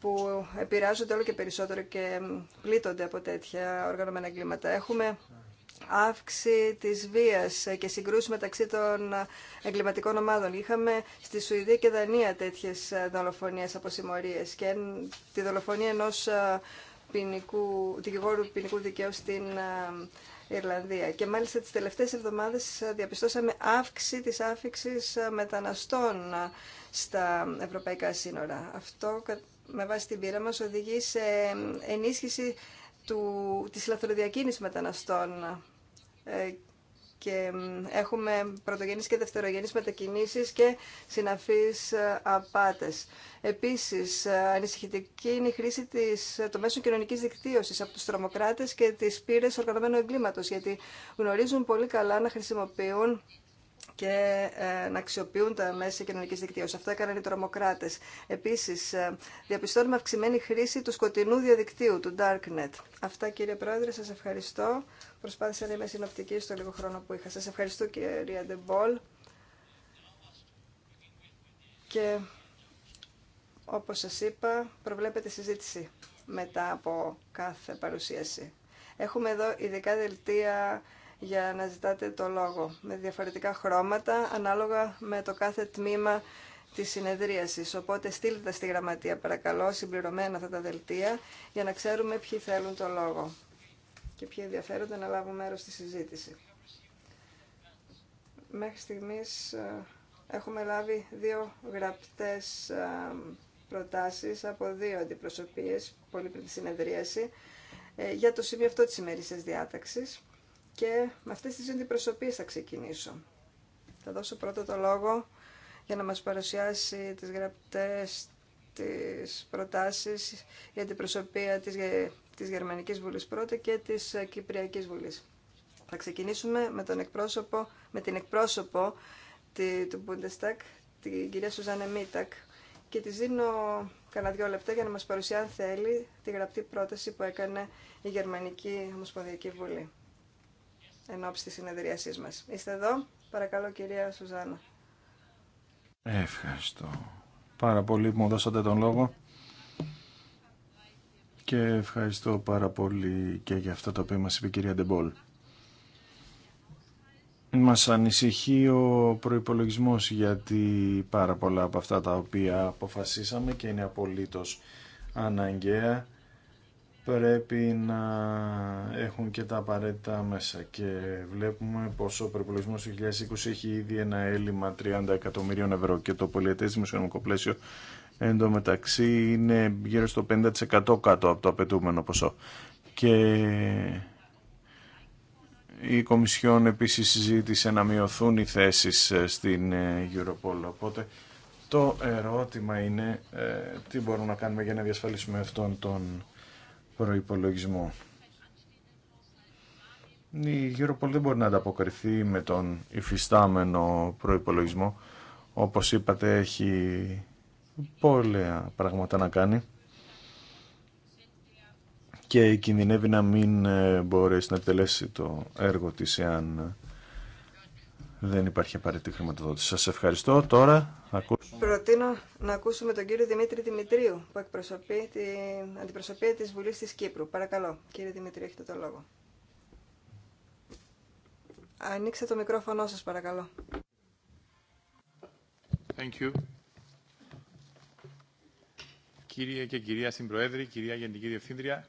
που επηρεάζονται όλο και περισσότερο και πλήττονται από τέτοια οργανωμένα εγκλήματα. Έχουμε αύξηση τη βία και συγκρούσει μεταξύ των εγκληματικών ομάδων. Είχαμε στη Σουηδία και Δανία τέτοιε δολοφονίε από συμμορίε και τη δολοφονία ενό. Ε, ποινικού, δικηγόρου ποινικού δικαίου στην ε, Ιρλανδία. Και μάλιστα τις τελευταίες εβδομάδες ε, διαπιστώσαμε αύξηση της άφηξης ε, μεταναστών στα ευρωπαϊκά σύνορα. Αυτό με βάση την πείρα μας οδηγεί σε ενίσχυση του, της λαθροδιακίνησης μεταναστών και έχουμε πρωτογενείς και δευτερογενείς μετακινήσεις και συναφείς ε, απάτες. Επίσης, ε, ανησυχητική είναι η χρήση της, ε, των μέσων κοινωνικής δικτύωσης από τους τρομοκράτες και τις πύρες οργανωμένου εγκλήματος, γιατί γνωρίζουν πολύ καλά να χρησιμοποιούν και ε, να αξιοποιούν τα μέσα κοινωνική δικτύωση. Αυτό έκαναν οι τρομοκράτε. Επίση, ε, διαπιστώνουμε αυξημένη χρήση του σκοτεινού διαδικτύου, του Darknet. Αυτά, κύριε Πρόεδρε, σα ευχαριστώ. Προσπάθησα να είμαι συνοπτική στο λίγο χρόνο που είχα. Σα ευχαριστώ, κυρία Ντεμπόλ. Και όπω σα είπα, προβλέπετε συζήτηση μετά από κάθε παρουσίαση. Έχουμε εδώ ειδικά δελτία για να ζητάτε το λόγο με διαφορετικά χρώματα ανάλογα με το κάθε τμήμα της συνεδρίασης. Οπότε στείλτε τα στη γραμματεία παρακαλώ συμπληρωμένα αυτά τα δελτία για να ξέρουμε ποιοι θέλουν το λόγο και ποιοι ενδιαφέρονται να λάβουν μέρος στη συζήτηση. Μέχρι στιγμής ε, έχουμε λάβει δύο γραπτές ε, προτάσεις από δύο αντιπροσωπείες πολύ πριν τη συνεδρίαση ε, για το σημείο αυτό της ημερήσιας διάταξης. Και με αυτές τις αντιπροσωπείες θα ξεκινήσω. Θα δώσω πρώτα το λόγο για να μας παρουσιάσει τις γραπτές, τις προτάσεις, για την της, της Γερμανικής Βουλής πρώτα και της Κυπριακής Βουλής. Θα ξεκινήσουμε με, τον εκπρόσωπο, με την εκπρόσωπο τη, του Bundestag, την κυρία Σουζάνε Μίτακ, και της δίνω κανένα δυο λεπτά για να μας παρουσιάσει αν θέλει τη γραπτή πρόταση που έκανε η Γερμανική Ομοσπονδιακή Βουλή εν ώψη της συνεδρίασής μας. Είστε εδώ. Παρακαλώ κυρία Σουζάνα. Ευχαριστώ πάρα πολύ που μου δώσατε τον λόγο και ευχαριστώ πάρα πολύ και για αυτό το οποίο μας είπε η κυρία Ντεμπόλ. Μας ανησυχεί ο προϋπολογισμός γιατί πάρα πολλά από αυτά τα οποία αποφασίσαμε και είναι απολύτως αναγκαία πρέπει να έχουν και τα απαραίτητα μέσα και βλέπουμε πως ο προπολογισμός του 2020 έχει ήδη ένα έλλειμμα 30 εκατομμυρίων ευρώ και το πολιετές δημοσιονομικό πλαίσιο εν μεταξύ είναι γύρω στο 50% κάτω από το απαιτούμενο ποσό και η Κομισιόν επίσης συζήτησε να μειωθούν οι θέσεις ε, στην ε, Europol οπότε το ερώτημα είναι ε, τι μπορούμε να κάνουμε για να διασφαλίσουμε αυτόν τον προϋπολογισμό. Η Europol δεν μπορεί να ανταποκριθεί με τον υφιστάμενο προϋπολογισμό. Όπως είπατε έχει πολλά πράγματα να κάνει και κινδυνεύει να μην ε, μπορέσει να εκτελέσει το έργο της εάν δεν υπάρχει απαραίτητη χρηματοδότηση. Σα ευχαριστώ. Τώρα ακούσουμε... Προτείνω να ακούσουμε τον κύριο Δημήτρη Δημητρίου που εκπροσωπεί την αντιπροσωπεία τη Βουλή τη Κύπρου. Παρακαλώ, κύριε Δημήτρη, έχετε το λόγο. Ανοίξτε το μικρόφωνο σας, παρακαλώ. Thank you. Κύριε και κυρία Συμπροέδρη, κυρία Γενική Διευθύντρια,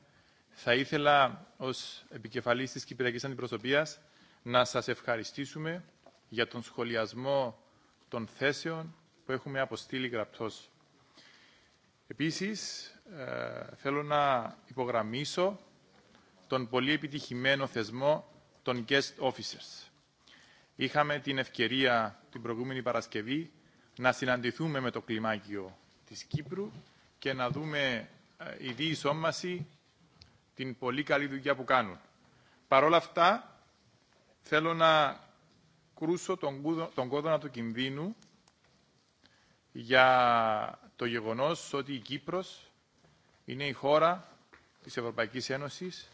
θα ήθελα ως επικεφαλής της Κυπριακής Αντιπροσωπείας να σας ευχαριστήσουμε για τον σχολιασμό των θέσεων που έχουμε αποστείλει γραπτός. Επίσης, ε, θέλω να υπογραμμίσω τον πολύ επιτυχημένο θεσμό των guest officers. Είχαμε την ευκαιρία την προηγούμενη Παρασκευή να συναντηθούμε με το κλιμάκιο της Κύπρου και να δούμε η ε, διεισόμαση την πολύ καλή δουλειά που κάνουν. Παρ' όλα αυτά, θέλω να κρούσω τον κόδωνα του κινδύνου για το γεγονός ότι η Κύπρος είναι η χώρα της Ευρωπαϊκής Ένωσης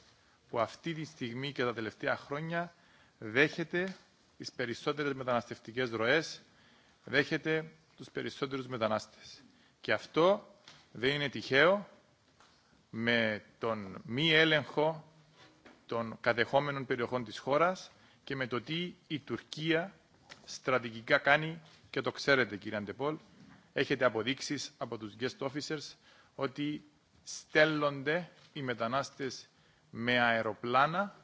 που αυτή τη στιγμή και τα τελευταία χρόνια δέχεται τις περισσότερες μεταναστευτικές ροές, δέχεται τους περισσότερους μετανάστες. Και αυτό δεν είναι τυχαίο με τον μη έλεγχο των κατεχόμενων περιοχών της χώρας, και με το τι η Τουρκία στρατηγικά κάνει και το ξέρετε κύριε Αντεπόλ. Έχετε αποδείξεις από τους guest officers ότι στέλνονται οι μετανάστες με αεροπλάνα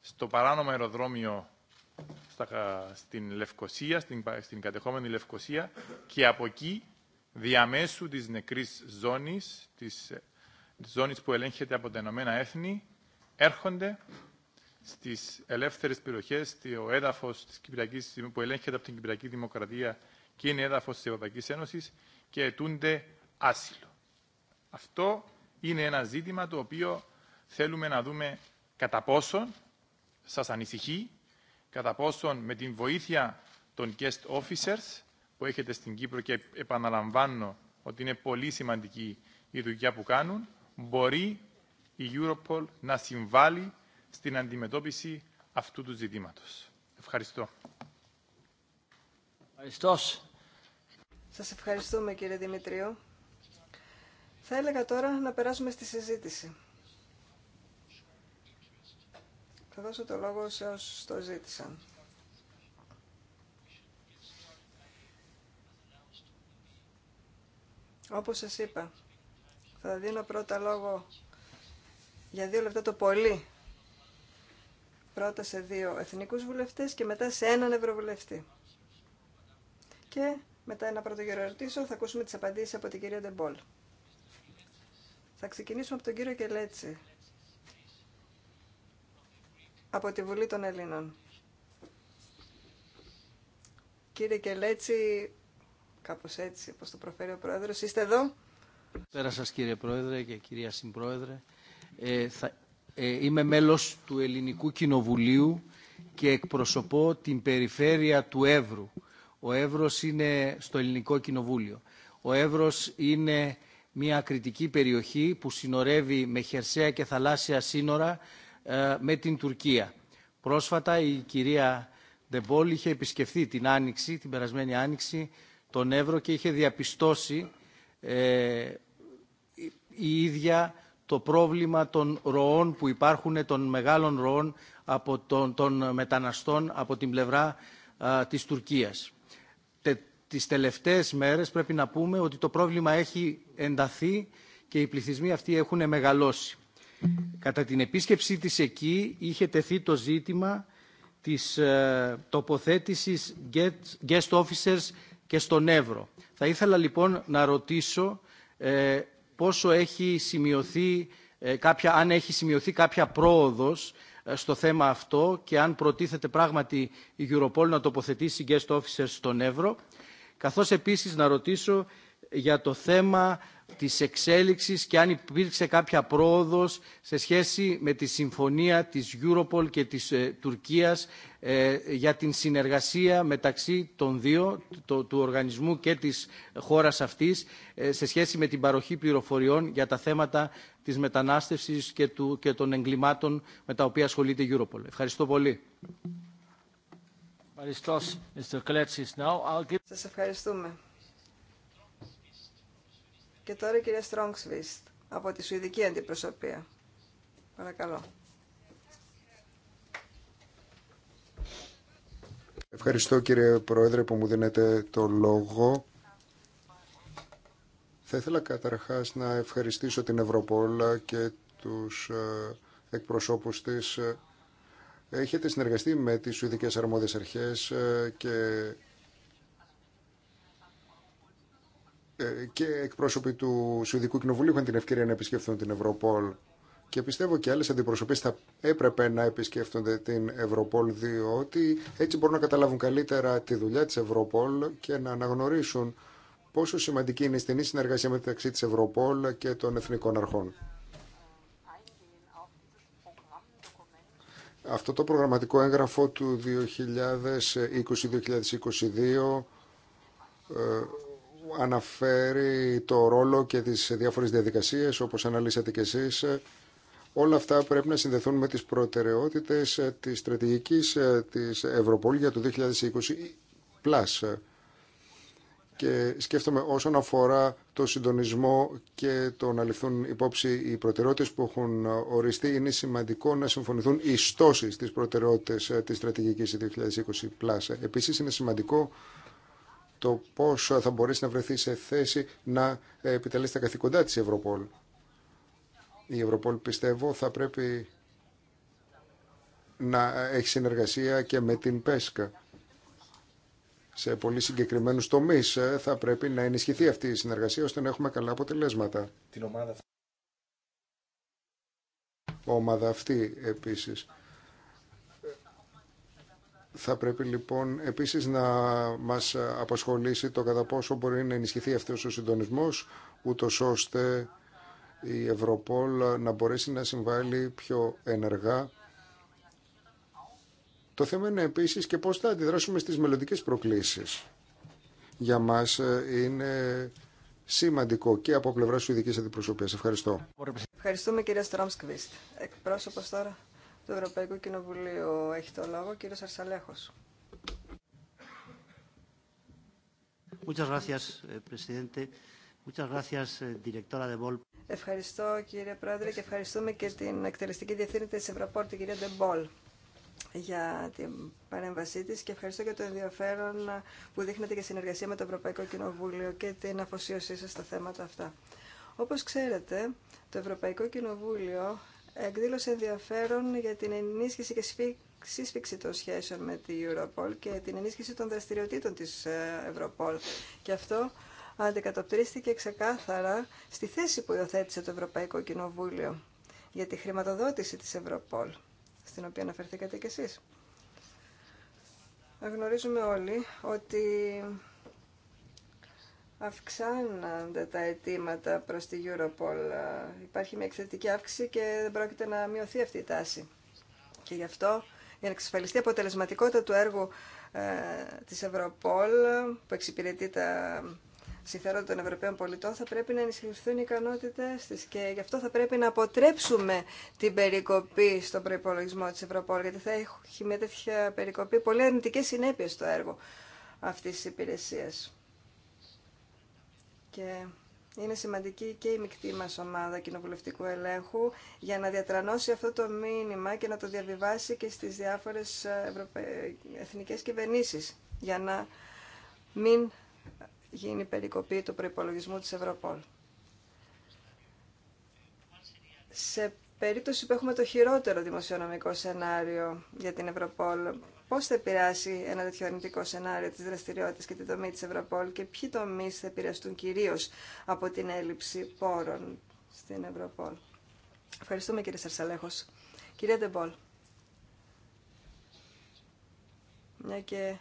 στο παράνομο αεροδρόμιο στα, στην Λευκοσία, στην, στην κατεχόμενη Λευκοσία και από εκεί διαμέσου της νεκρής ζώνης, της, της ζώνης που ελέγχεται από τα Ηνωμένα Έθνη, έρχονται στις ελεύθερες περιοχές, το έδαφος της Κυπριακής, που ελέγχεται από την Κυπριακή Δημοκρατία και είναι έδαφος της Ευρωπαϊκής Ένωσης και αιτούνται άσυλο. Αυτό είναι ένα ζήτημα το οποίο θέλουμε να δούμε κατά πόσον σας ανησυχεί, κατά πόσον με την βοήθεια των guest officers που έχετε στην Κύπρο και επαναλαμβάνω ότι είναι πολύ σημαντική η δουλειά που κάνουν, μπορεί η Europol να συμβάλλει στην αντιμετώπιση αυτού του ζητήματος. Ευχαριστώ. Ευχαριστώ. Σας ευχαριστούμε κύριε Δημητρίου. Θα έλεγα τώρα να περάσουμε στη συζήτηση. Θα δώσω το λόγο σε όσους το ζήτησαν. Όπως σας είπα, θα δίνω πρώτα λόγο για δύο λεπτά το πολύ πρώτα σε δύο εθνικούς βουλευτές και μετά σε έναν ευρωβουλευτή. Και μετά ένα πρώτο γύρο ερωτήσεων θα ακούσουμε τις απαντήσεις από την κυρία Ντεμπόλ. Θα ξεκινήσουμε από τον κύριο Κελέτσι, από τη Βουλή των Ελλήνων. Κύριε Κελέτσι, κάπως έτσι, όπως το προφέρει ο Πρόεδρος, είστε εδώ. Πέρα σας κύριε Πρόεδρε και κυρία Συμπρόεδρε. Ε, θα ε, είμαι μέλος του Ελληνικού Κοινοβουλίου και εκπροσωπώ την περιφέρεια του Εύρου. Ο Εύρος είναι στο Ελληνικό Κοινοβούλιο. Ο Εύρος είναι μια κριτική περιοχή που συνορεύει με χερσαία και θαλάσσια σύνορα ε, με την Τουρκία. Πρόσφατα η κυρία Ντεμπόλ είχε επισκεφθεί την Άνοιξη, την περασμένη Άνοιξη, τον Εύρο και είχε διαπιστώσει ε, η ίδια το πρόβλημα των ροών που υπάρχουν, των μεγάλων ροών από τον, των μεταναστών από την πλευρά της Τουρκίας. Τε, τις τελευταίες μέρες πρέπει να πούμε ότι το πρόβλημα έχει ενταθεί και οι πληθυσμοί αυτοί έχουν μεγαλώσει. Κατά την επίσκεψή της εκεί είχε τεθεί το ζήτημα της ε, τοποθέτησης guest officers και στον Εύρο. Θα ήθελα λοιπόν να ρωτήσω ε, πόσο έχει σημειωθεί, ε, κάποια, αν έχει σημειωθεί κάποια πρόοδος ε, στο θέμα αυτό και αν προτίθεται πράγματι η Europol να τοποθετήσει guest officers στον Εύρο, καθώς επίσης να ρωτήσω για το θέμα της εξέλιξης και αν υπήρξε κάποια πρόοδος σε σχέση με τη συμφωνία της Europol και της ε, Τουρκίας ε, για την συνεργασία μεταξύ των δύο, του οργανισμού και της χώρας αυτής, ε, σε σχέση με την παροχή πληροφοριών για τα θέματα της μετανάστευσης και, του, και των εγκλημάτων με τα οποία ασχολείται η Europol. Ευχαριστώ πολύ. Σας ευχαριστούμε. Και τώρα η κυρία Στρόγκσβιστ από τη Σουηδική Αντιπροσωπεία. Παρακαλώ. Ευχαριστώ κύριε Πρόεδρε που μου δίνετε το λόγο. Θα ήθελα καταρχάς να ευχαριστήσω την Ευρωπόλα και τους ε, εκπροσώπους της. Έχετε συνεργαστεί με τις Σουηδικές Αρμόδιες Αρχές ε, και Ε, και εκπρόσωποι του Σουηδικού Κοινοβουλίου είχαν την ευκαιρία να επισκεφθούν την Ευρωπόλ και πιστεύω και άλλες αντιπροσωπείς θα έπρεπε να επισκέφτονται την Ευρωπόλ διότι έτσι μπορούν να καταλάβουν καλύτερα τη δουλειά της Ευρωπόλ και να αναγνωρίσουν πόσο σημαντική είναι η στενή συνεργασία μεταξύ της Ευρωπόλ και των εθνικών αρχών. Αυτό το προγραμματικό έγγραφο του 2020-2022 αναφέρει το ρόλο και τις διάφορες διαδικασίες όπως αναλύσατε και εσείς. Όλα αυτά πρέπει να συνδεθούν με τις προτεραιότητες της στρατηγικής της Ευρωπόλια για το 2020+. Και σκέφτομαι όσον αφορά το συντονισμό και το να ληφθούν υπόψη οι προτεραιότητες που έχουν οριστεί, είναι σημαντικό να συμφωνηθούν οι στόσεις της προτεραιότητες της στρατηγικής 2020+. Επίσης είναι σημαντικό το πώς θα μπορέσει να βρεθεί σε θέση να επιτελέσει τα καθηκοντά της Ευρωπόλ. Η Ευρωπόλ πιστεύω θα πρέπει να έχει συνεργασία και με την ΠΕΣΚΑ. Σε πολύ συγκεκριμένους τομείς ε, θα πρέπει να ενισχυθεί αυτή η συνεργασία ώστε να έχουμε καλά αποτελέσματα. Την ομάδα αυτή. Ομάδα αυτή επίσης θα πρέπει λοιπόν επίσης να μας απασχολήσει το κατά πόσο μπορεί να ενισχυθεί αυτός ο συντονισμός, ούτω ώστε η Ευρωπόλ να μπορέσει να συμβάλλει πιο ενεργά. Το θέμα είναι επίσης και πώς θα αντιδράσουμε στις μελλοντικέ προκλήσεις. Για μας ε, είναι σημαντικό και από πλευρά σου ειδική αντιπροσωπεία. Ευχαριστώ. Ευχαριστούμε κύριε Στρόμσκβιστ. Εκπρόσωπος τώρα το Ευρωπαϊκό Κοινοβουλίου έχει το λόγο, κύριος Αρσαλέχος. Ευχαριστώ κύριε Πρόεδρε και ευχαριστούμε και την εκτελεστική διαθήκη τη Ευρωπόρ, την κυρία Ντεμπόλ, για την παρέμβασή τη και ευχαριστώ για το ενδιαφέρον που δείχνετε και συνεργασία με το Ευρωπαϊκό Κοινοβούλιο και την αφοσίωσή σα στα θέματα αυτά. Όπω ξέρετε, το Ευρωπαϊκό Κοινοβούλιο εκδήλωσε ενδιαφέρον για την ενίσχυση και σύσφυξη των σχέσεων με την Europol και την ενίσχυση των δραστηριοτήτων της Europol. Ε, και αυτό αντικατοπτρίστηκε ξεκάθαρα στη θέση που υιοθέτησε το Ευρωπαϊκό Κοινοβούλιο για τη χρηματοδότηση της Ευρωπολ στην οποία αναφερθήκατε κι εσείς. Γνωρίζουμε όλοι ότι αυξάνονται τα αιτήματα προς τη Europol. Υπάρχει μια εξαιρετική αύξηση και δεν πρόκειται να μειωθεί αυτή η τάση. Και γι' αυτό, για να εξασφαλιστεί η αποτελεσματικότητα του έργου ε, της Europol, που εξυπηρετεί τα συμφέροντα των Ευρωπαίων πολιτών, θα πρέπει να ενισχυθούν οι ικανότητε τη. Και γι' αυτό θα πρέπει να αποτρέψουμε την περικοπή στον προπολογισμό της Europol, γιατί θα έχει με τέτοια περικοπή πολύ αρνητικέ συνέπειε στο έργο αυτής τη υπηρεσία. Και είναι σημαντική και η μεικτή μας ομάδα κοινοβουλευτικού ελέγχου για να διατρανώσει αυτό το μήνυμα και να το διαβιβάσει και στις διάφορες ε, εθνικές κυβερνήσεις για να μην γίνει περικοπή του προϋπολογισμού της Ευρωπόλ. Σε περίπτωση που έχουμε το χειρότερο δημοσιονομικό σενάριο για την Ευρωπόλ, Πώ θα επηρεάσει ένα τέτοιο αρνητικό σενάριο τι δραστηριότητε και τη δομή τη Ευρωπόλ και ποιοι τομεί θα επηρεαστούν κυρίω από την έλλειψη πόρων στην Ευρωπόλ. Ευχαριστούμε κύριε Σαρσαλέχο. Κυρία Ντεμπόλ. Μια και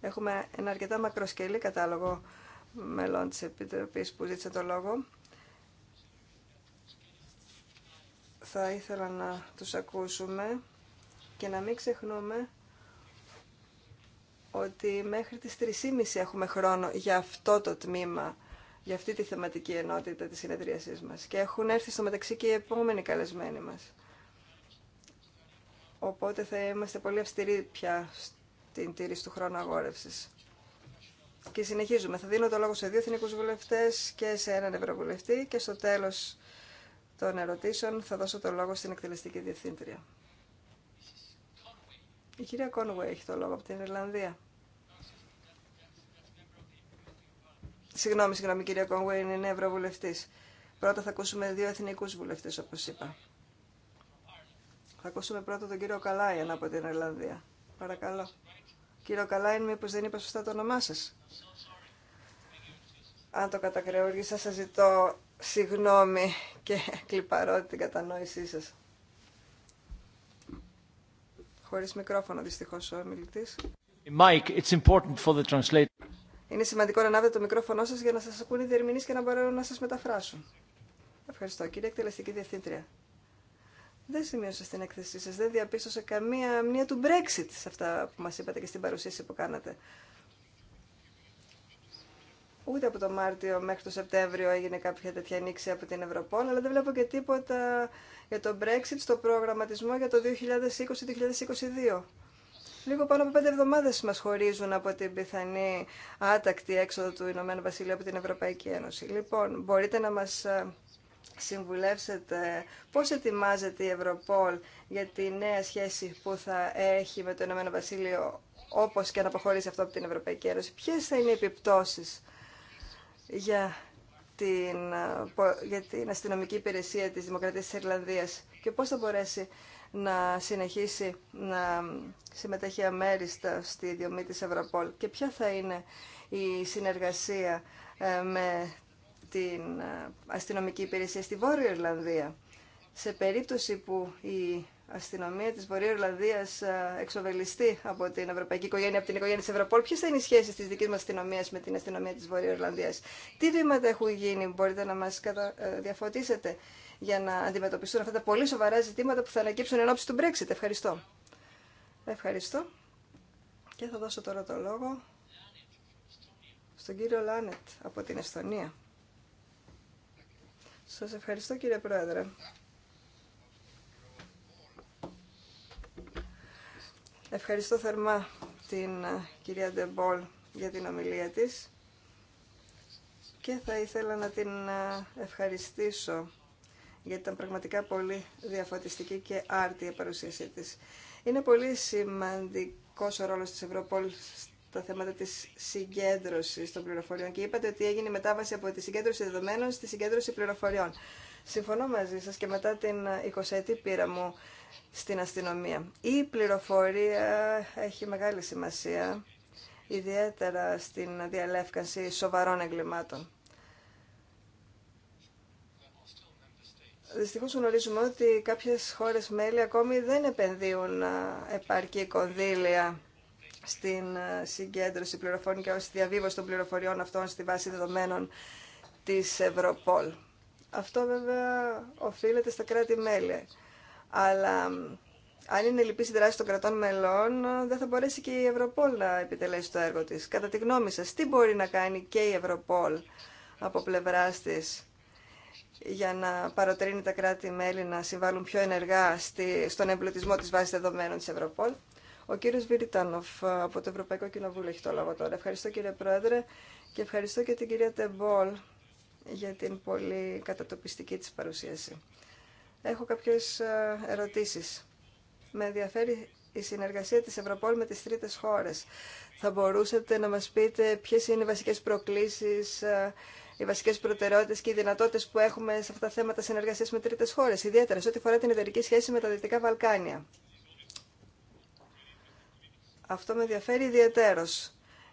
έχουμε ένα αρκετά μακροσκελή κατάλογο μελών της Επιτροπής που ζήτησε το λόγο. Θα ήθελα να τους ακούσουμε και να μην ξεχνούμε ότι μέχρι τις 3.30 έχουμε χρόνο για αυτό το τμήμα, για αυτή τη θεματική ενότητα της συνεδρίασής μας. Και έχουν έρθει στο μεταξύ και οι επόμενοι καλεσμένοι μας. Οπότε θα είμαστε πολύ αυστηροί πια στην τήρηση του χρόνου αγόρευσης. Και συνεχίζουμε. Θα δίνω το λόγο σε δύο εθνικού βουλευτέ και σε έναν ευρωβουλευτή και στο τέλο των ερωτήσεων θα δώσω το λόγο στην εκτελεστική διευθύντρια. Η κυρία Κόνουε έχει το λόγο από την Ιρλανδία. Συγγνώμη, συγγνώμη, κυρία Κόνουε, είναι ευρωβουλευτή. Πρώτα θα ακούσουμε δύο εθνικού βουλευτέ, όπω είπα. Θα ακούσουμε πρώτα τον κύριο Καλάιεν από την Ιρλανδία. Παρακαλώ. Κύριο Καλάιεν, μήπω δεν είπα σωστά το όνομά σα. Αν το κατακρεούργησα, σα ζητώ συγγνώμη και κλιπαρώ την κατανόησή σας μικρόφωνο Mike, it's important for the translator. Είναι σημαντικό να ανάβετε το μικρόφωνο σας για να σας ακούν οι διερμηνείς και να μπορούν να σας μεταφράσουν. Ευχαριστώ. Κύριε Εκτελεστική Διευθύντρια. Δεν σημείωσα στην έκθεσή σας, δεν διαπίστωσα καμία μνήμα του Brexit σε αυτά που μας είπατε και στην παρουσίαση που κάνατε. Ούτε από το Μάρτιο μέχρι το Σεπτέμβριο έγινε κάποια τέτοια ανοίξη από την Ευρωπόλ, αλλά δεν βλέπω και τίποτα για το Brexit στο προγραμματισμό για το 2020-2022. Λίγο πάνω από πέντε εβδομάδες μας χωρίζουν από την πιθανή άτακτη έξοδο του Ηνωμένου Βασιλείου από την Ευρωπαϊκή Ένωση. Λοιπόν, μπορείτε να μας ε, συμβουλεύσετε πώς ετοιμάζεται η Ευρωπόλ για τη νέα σχέση που θα έχει με το Ηνωμένο Βασίλειο όπω και να αποχωρήσει αυτό από την Ευρωπαϊκή Ένωση. Ποιε θα είναι οι επιπτώσει, για την, ε, για την αστυνομική υπηρεσία της Δημοκρατίας της Ιρλανδίας και πώς θα μπορέσει να συνεχίσει να συμμετέχει αμέριστα στη διομή της Ευρωπόλ και ποια θα είναι η συνεργασία ε, με την ε, αστυνομική υπηρεσία στη Βόρεια Ιρλανδία σε περίπτωση που η αστυνομία τη Βορείου Ορλανδίας ε, εξοβελιστεί από την Ευρωπαϊκή Οικογένεια, από την οικογένεια της Ευρωπόλ, Ποιε θα είναι οι σχέσει τη δική μα αστυνομία με την αστυνομία τη Βορείου Ορλανδίας. Τι βήματα έχουν γίνει, μπορείτε να μα ε, διαφωτίσετε για να αντιμετωπιστούν αυτά τα πολύ σοβαρά ζητήματα που θα ανακύψουν εν ώψη του Brexit. Ευχαριστώ. Ευχαριστώ. Και θα δώσω τώρα το λόγο στον κύριο Λάνετ από την Εσθονία. Σας ευχαριστώ κύριε Πρόεδρε. Ευχαριστώ θερμά την ε, κυρία Ντεμπόλ για την ομιλία της και θα ήθελα να την ε, ευχαριστήσω γιατί ήταν πραγματικά πολύ διαφωτιστική και άρτια η παρουσίασή της. Είναι πολύ σημαντικός ο ρόλος της Ευρωπόλ στα θέματα της συγκέντρωσης των πληροφοριών και είπατε ότι έγινε η μετάβαση από τη συγκέντρωση δεδομένων στη συγκέντρωση πληροφοριών. Συμφωνώ μαζί σας και μετά την 20η ε, πείρα μου στην αστυνομία. Η πληροφορία έχει μεγάλη σημασία, ιδιαίτερα στην διαλεύκανση σοβαρών εγκλημάτων. Δυστυχώ γνωρίζουμε ότι κάποιες χώρες μέλη ακόμη δεν επενδύουν επαρκή κονδύλια στην συγκέντρωση πληροφοριών και στη διαβίβαση των πληροφοριών αυτών στη βάση δεδομένων της Ευρωπόλ. Αυτό βέβαια οφείλεται στα κράτη-μέλη. Αλλά αν είναι λυπή η δράση των κρατών μελών, δεν θα μπορέσει και η Ευρωπόλ να επιτελέσει το έργο της. Κατά τη γνώμη σας, τι μπορεί να κάνει και η Ευρωπόλ από πλευρά τη για να παροτρύνει τα κράτη-μέλη να συμβάλλουν πιο ενεργά στη, στον εμπλουτισμό της βάσης δεδομένων της Ευρωπόλ. Ο κύριος Βίριτανοφ από το Ευρωπαϊκό Κοινοβούλιο έχει το λόγο τώρα. Ευχαριστώ κύριε Πρόεδρε και ευχαριστώ και την κυρία Τεμπόλ για την πολύ κατατοπιστική της παρουσίαση έχω κάποιες ε, ερωτήσεις. Με ενδιαφέρει η συνεργασία της Ευρωπόλ με τις τρίτες χώρες. Θα μπορούσατε να μας πείτε ποιες είναι οι βασικές προκλήσεις, ε, οι βασικές προτεραιότητες και οι δυνατότητες που έχουμε σε αυτά τα θέματα συνεργασίας με τρίτες χώρες, ιδιαίτερα σε ό,τι αφορά την εταιρική σχέση με τα Δυτικά Βαλκάνια. Αυτό με ενδιαφέρει ιδιαίτερω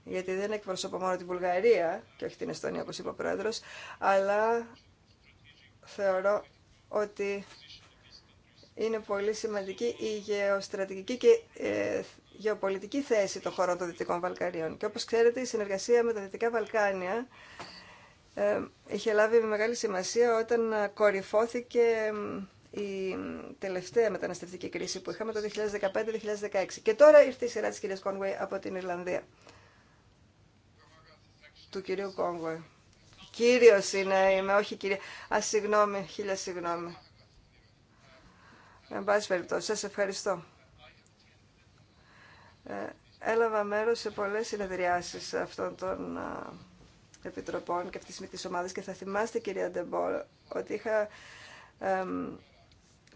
γιατί δεν εκπροσωπώ μόνο την Βουλγαρία και όχι την Εστονία, όπως είπε ο Πρόεδρος, αλλά θεωρώ ότι είναι πολύ σημαντική η γεωστρατηγική και ε, γεωπολιτική θέση των χωρών των Δυτικών Βαλκανίων. Και όπως ξέρετε, η συνεργασία με τα Δυτικά Βαλκάνια ε, είχε λάβει μεγάλη σημασία όταν κορυφώθηκε ε, η τελευταία μεταναστευτική κρίση που είχαμε το 2015-2016. Και τώρα ήρθε η σειρά της κυρίας Κόνγουέι από την Ιρλανδία, του κυρίου Κόνγουέι. Κύριος είναι, είμαι, όχι κύριε. Α, συγγνώμη, χίλια συγγνώμη. Εν πάση περιπτώσει, σας ευχαριστώ. Ε, έλαβα μέρος σε πολλές συνεδριάσεις αυτών των επιτροπών και αυτής της ομάδας και θα θυμάστε κυρία Ντεμπόλ ότι είχα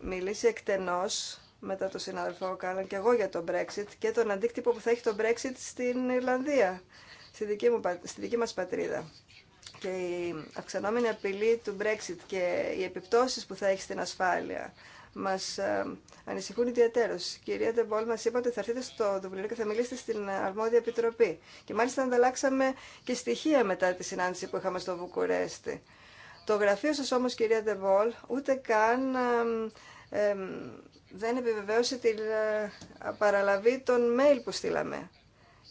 μιλήσει εκτενώς μετά το συνάδελφο Κάλλαν και εγώ για το Brexit και τον αντίκτυπο που θα έχει το Brexit στην Ιρλανδία, στη δική, μου, στη δική μας πατρίδα και η αυξανόμενη απειλή του Brexit και οι επιπτώσεις που θα έχει στην ασφάλεια μας ε, ανησυχούν ιδιαίτερω. Κυρία Ντεμπόλ, μα είπατε ότι θα έρθετε στο Δουβλίνο και θα μιλήσετε στην αρμόδια επιτροπή. Και μάλιστα ανταλλάξαμε και στοιχεία μετά τη συνάντηση που είχαμε στο Βουκουρέστι. Το γραφείο σας όμως, κυρία Ντεμπόλ, ούτε καν ε, ε, δεν επιβεβαίωσε την παραλαβή των mail που στείλαμε.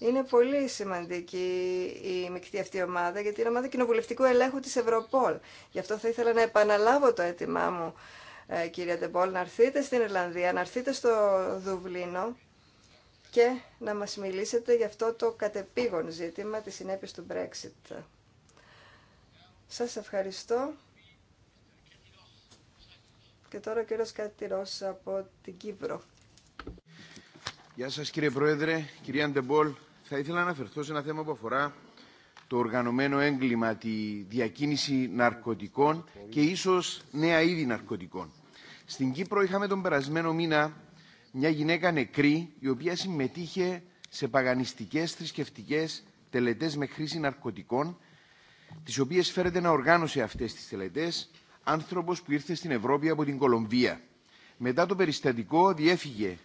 Είναι πολύ σημαντική η μεικτή αυτή ομάδα, γιατί είναι ομάδα κοινοβουλευτικού ελέγχου της Ευρωπόλ. Γι' αυτό θα ήθελα να επαναλάβω το αίτημά μου, ε, κυρία Ντεμπόλ, να έρθετε στην Ιρλανδία, να έρθετε στο Δουβλίνο και να μας μιλήσετε για αυτό το κατεπήγον ζήτημα της συνέπειας του Brexit. Σας ευχαριστώ. Και τώρα ο κύριος Κατηρός από την Κύπρο. Γεια σας κύριε Πρόεδρε, κυρία Ντεμπόλ, θα ήθελα να αναφερθώ σε ένα θέμα που αφορά το οργανωμένο έγκλημα, τη διακίνηση ναρκωτικών και ίσως νέα είδη ναρκωτικών. Στην Κύπρο είχαμε τον περασμένο μήνα μια γυναίκα νεκρή, η οποία συμμετείχε σε παγανιστικές θρησκευτικέ τελετές με χρήση ναρκωτικών, τις οποίες φέρεται να οργάνωσε αυτές τις τελετές, άνθρωπος που ήρθε στην Ευρώπη από την Κολομβία. Μετά το περιστατικό διέφυγε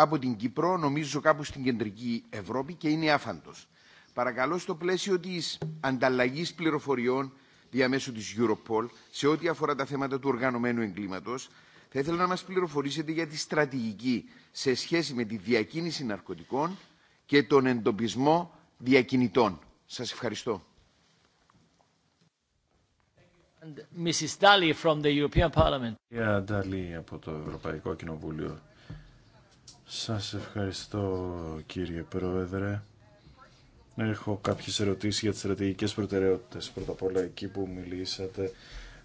από την Κύπρο, νομίζω κάπου στην κεντρική Ευρώπη και είναι άφαντος. Παρακαλώ στο πλαίσιο της ανταλλαγής πληροφοριών διαμέσου της Europol σε ό,τι αφορά τα θέματα του οργανωμένου εγκλήματος θα ήθελα να μας πληροφορήσετε για τη στρατηγική σε σχέση με τη διακίνηση ναρκωτικών και τον εντοπισμό διακινητών. Σας ευχαριστώ. Mrs. από το Ευρωπαϊκό Κοινοβούλιο. Σας ευχαριστώ κύριε Πρόεδρε. Έχω κάποιες ερωτήσεις για τις στρατηγικές προτεραιότητες. Πρώτα απ' όλα εκεί που μιλήσατε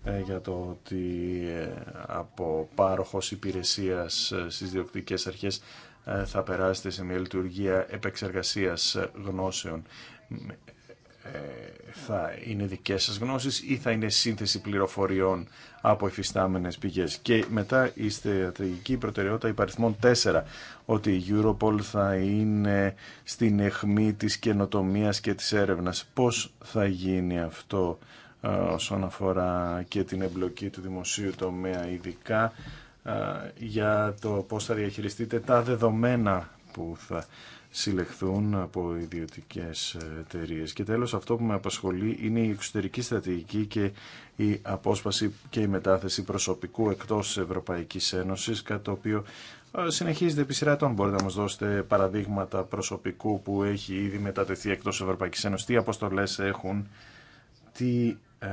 ε, για το ότι ε, από πάροχος υπηρεσίας ε, στις διοκτικές αρχές θα περάσετε σε μια λειτουργία επεξεργασίας γνώσεων. Ε, θα είναι δικές σας γνώσεις ή θα είναι σύνθεση πληροφοριών από υφιστάμενες πηγές. Και μετά η στρατηγική εφισταμενες πηγες και μετα υπαριθμών 4, ότι η Europol θα είναι στην εχμή της καινοτομίας και της έρευνας. Πώς θα γίνει αυτό ε, όσον αφορά και την εμπλοκή του δημοσίου τομέα ειδικά ε, για το πώς θα διαχειριστείτε τα δεδομένα που θα συλλεχθούν από ιδιωτικές εταιρείε. Και τέλος αυτό που με απασχολεί είναι η εξωτερική στρατηγική και η απόσπαση και η μετάθεση προσωπικού εκτός της Ευρωπαϊκής Ένωσης, κάτι το οποίο ε, συνεχίζεται επί σειρά ετών. Μπορείτε να μας δώσετε παραδείγματα προσωπικού που έχει ήδη μετατεθεί εκτός της Ευρωπαϊκής Ένωσης, τι αποστολές έχουν, τι ε,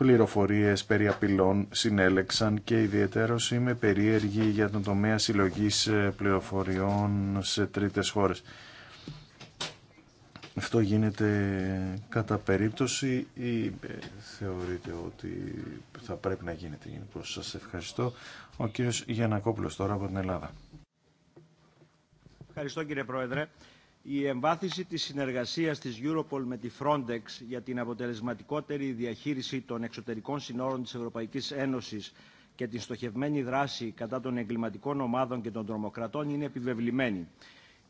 πληροφορίες περί απειλών συνέλεξαν και ιδιαίτερος είμαι περίεργη για τον τομέα συλλογής ε, πληροφοριών σε τρίτες χώρες. Αυτό γίνεται κατά περίπτωση ή ε, θεωρείτε ότι θα πρέπει να γίνεται Σα Σας ευχαριστώ. Ο κύριος Γιανακόπουλος τώρα από την Ελλάδα. Ευχαριστώ κύριε Πρόεδρε η εμβάθυνση της συνεργασίας της Europol με τη Frontex για την αποτελεσματικότερη διαχείριση των εξωτερικών συνόρων της Ευρωπαϊκής Ένωσης και την στοχευμένη δράση κατά των εγκληματικών ομάδων και των τρομοκρατών είναι επιβεβλημένη.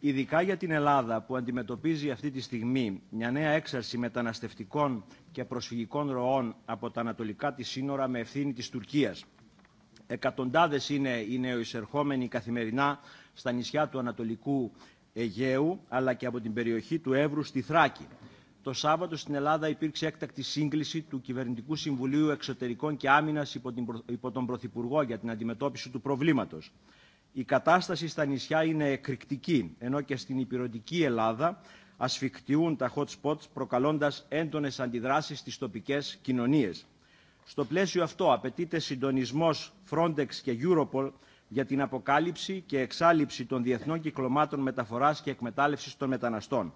Ειδικά για την Ελλάδα που αντιμετωπίζει αυτή τη στιγμή μια νέα έξαρση μεταναστευτικών και προσφυγικών ροών από τα ανατολικά της σύνορα με ευθύνη της Τουρκίας. Εκατοντάδες είναι οι νεοεισερχόμενοι καθημερινά στα νησιά του Ανατολικού Αιγαίου αλλά και από την περιοχή του Εύρου στη Θράκη. Το Σάββατο στην Ελλάδα υπήρξε έκτακτη σύγκληση του Κυβερνητικού Συμβουλίου Εξωτερικών και Άμυνα υπό τον Πρωθυπουργό για την αντιμετώπιση του προβλήματο. Η κατάσταση στα νησιά είναι εκρηκτική, ενώ και στην υπηρετική Ελλάδα ασφιχτιούν τα hot spots προκαλώντα έντονε αντιδράσει στις τοπικέ κοινωνίε. Στο πλαίσιο αυτό απαιτείται συντονισμό Frontex και Europol για την αποκάλυψη και εξάλληψη των διεθνών κυκλωμάτων μεταφοράς και εκμετάλλευσης των μεταναστών.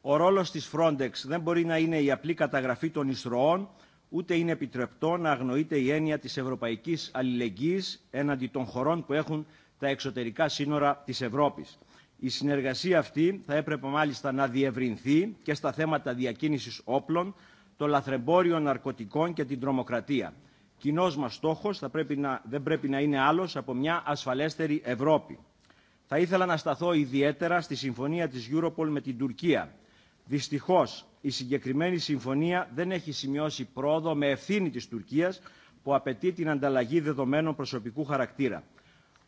Ο ρόλος της Frontex δεν μπορεί να είναι η απλή καταγραφή των ισροών, ούτε είναι επιτρεπτό να αγνοείται η έννοια της ευρωπαϊκής αλληλεγγύης έναντι των χωρών που έχουν τα εξωτερικά σύνορα της Ευρώπης. Η συνεργασία αυτή θα έπρεπε μάλιστα να διευρυνθεί και στα θέματα διακίνησης όπλων, το λαθρεμπόριο ναρκωτικών και την τρομοκρατία. Κοινό μα στόχο δεν πρέπει να είναι άλλο από μια ασφαλέστερη Ευρώπη. Θα ήθελα να σταθώ ιδιαίτερα στη συμφωνία τη Europol με την Τουρκία. Δυστυχώ, η συγκεκριμένη συμφωνία δεν έχει σημειώσει πρόοδο με ευθύνη τη Τουρκία, που απαιτεί την ανταλλαγή δεδομένων προσωπικού χαρακτήρα.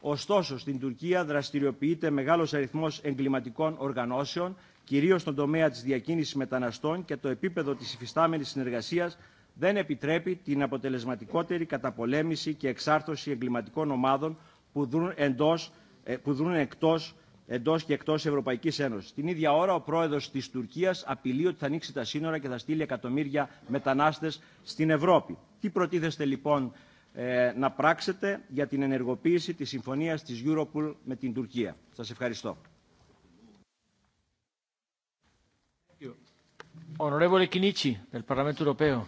Ωστόσο, στην Τουρκία δραστηριοποιείται μεγάλο αριθμό εγκληματικών οργανώσεων, κυρίω στον τομέα τη διακίνηση μεταναστών και το επίπεδο τη υφιστάμενη συνεργασία δεν επιτρέπει την αποτελεσματικότερη καταπολέμηση και εξάρθρωση εγκληματικών ομάδων που δρούν, εντός, ε, που δρούν εκτός, εντός και εκτός Ευρωπαϊκής Ένωσης. Την ίδια ώρα ο πρόεδρος της Τουρκίας απειλεί ότι θα ανοίξει τα σύνορα και θα στείλει εκατομμύρια μετανάστες στην Ευρώπη. Τι προτίθεστε λοιπόν ε, να πράξετε για την ενεργοποίηση της συμφωνίας της Europol με την Τουρκία. Σας ευχαριστώ. Onorevole Chinici del Parlamento Europeo.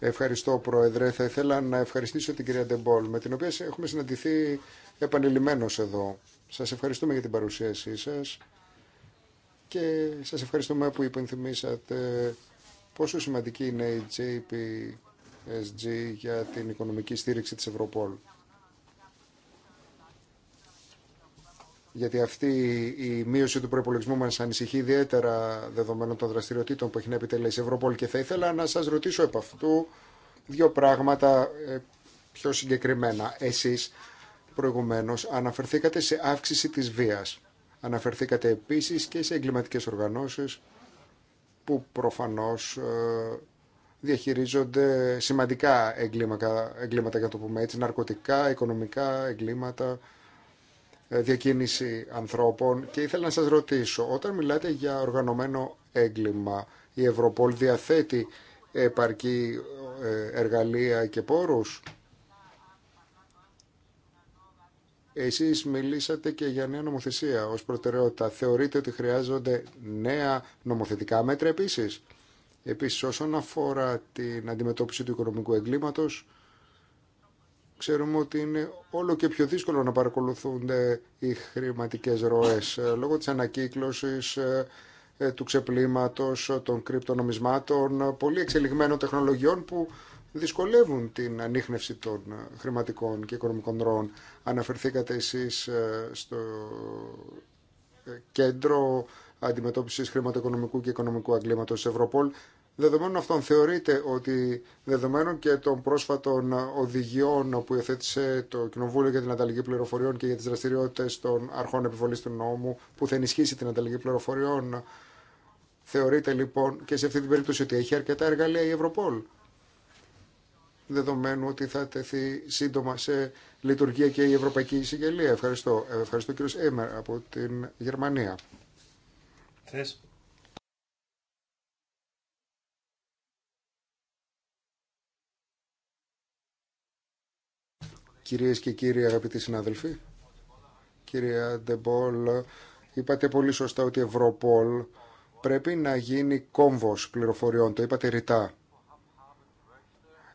Ευχαριστώ, Πρόεδρε. Θα ήθελα να ευχαριστήσω την κυρία Ντεμπόλ, με την οποία έχουμε συναντηθεί επανειλημμένω εδώ. Σα ευχαριστούμε για την παρουσίασή σα και σα ευχαριστούμε που υπενθυμίσατε πόσο σημαντική είναι η JPSG για την οικονομική στήριξη τη Ευρωπόλ. γιατί αυτή η μείωση του προπολογισμού μας ανησυχεί ιδιαίτερα δεδομένων των δραστηριοτήτων που έχει να επιτελέσει η Ευρωπόλη και θα ήθελα να σας ρωτήσω επ' αυτού δύο πράγματα ε, πιο συγκεκριμένα. Εσεί, προηγουμένω, αναφερθήκατε σε αύξηση της βίας. Αναφερθήκατε επίσης και σε εγκληματικές οργανώσεις που προφανώ ε, διαχειρίζονται σημαντικά εγκλήματα, εγκλήματα για το πούμε έτσι, ναρκωτικά, οικονομικά εγκλήματα, ε, διακίνηση ανθρώπων και ήθελα να σας ρωτήσω, όταν μιλάτε για οργανωμένο έγκλημα, η Ευρωπόλ διαθέτει επαρκή ε, εργαλεία και πόρους. Εσείς μιλήσατε και για νέα νομοθεσία ως προτεραιότητα. Θεωρείτε ότι χρειάζονται νέα νομοθετικά μέτρα επίσης. Επίσης όσον αφορά την αντιμετώπιση του οικονομικού εγκλήματος, Ξέρουμε ότι είναι όλο και πιο δύσκολο να παρακολουθούνται οι χρηματικές ροές ε, λόγω της ανακύκλωσης, ε, ε, του ξεπλήματος, των κρυπτονομισμάτων, πολύ εξελιγμένων τεχνολογιών που δυσκολεύουν την ανείχνευση των χρηματικών και οικονομικών ροών. Αναφερθήκατε εσείς στο κέντρο αντιμετώπισης χρηματοοικονομικού και οικονομικού αγκλήματος Ευρωπόλ. Δεδομένων αυτών θεωρείται ότι δεδομένων και των πρόσφατων οδηγιών που υιοθέτησε το Κοινοβούλιο για την ανταλλαγή πληροφοριών και για τις δραστηριότητες των αρχών επιβολής του νόμου που θα ενισχύσει την ανταλλαγή πληροφοριών θεωρείται λοιπόν και σε αυτή την περίπτωση ότι έχει αρκετά εργαλεία η Ευρωπόλ δεδομένου ότι θα τεθεί σύντομα σε λειτουργία και η Ευρωπαϊκή Εισηγελία. Ευχαριστώ. Ευχαριστώ κύριο Έμερ από την Γερμανία. Θες. Κυρίες και κύριοι αγαπητοί συνάδελφοι, κυρία Ντεμπόλ, είπατε πολύ σωστά ότι η Ευρωπόλ πρέπει να γίνει κόμβος πληροφοριών, το είπατε ρητά.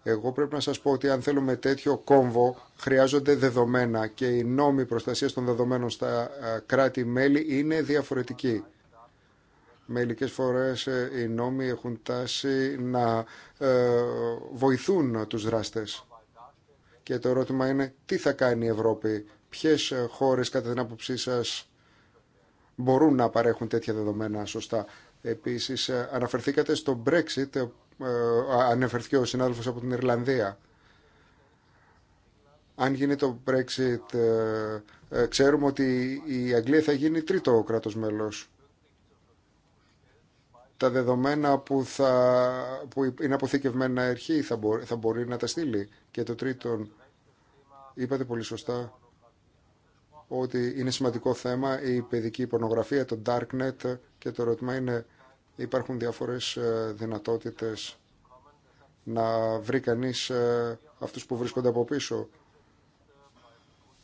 Εγώ πρέπει να σας πω ότι αν θέλουμε τέτοιο κόμβο χρειάζονται δεδομένα και οι νόμοι προστασίας των δεδομένων στα ε, κράτη-μέλη είναι διαφορετικοί. Μελικές φορές ε, οι νόμοι έχουν τάση να ε, βοηθούν τους δράστες. Και το ερώτημα είναι τι θα κάνει η Ευρώπη, ποιε ε, χώρες κατά την άποψή σα μπορούν να παρέχουν τέτοια δεδομένα σωστά. Επίσης ε, αναφερθήκατε στο Brexit, ε, αναφερθήκε ο συνάδελφος από την Ιρλανδία. Αν γίνει το Brexit, ξέρουμε ότι η Αγγλία θα γίνει τρίτο κράτος μέλος τα δεδομένα που, θα, που είναι αποθηκευμένα αρχή θα μπορεί, θα να τα στείλει. Και το τρίτον, είπατε πολύ σωστά ότι είναι σημαντικό θέμα η παιδική πορνογραφία, το darknet και το ερώτημα είναι υπάρχουν διάφορες ε, δυνατότητες να βρει κανεί ε, αυτούς που βρίσκονται από πίσω.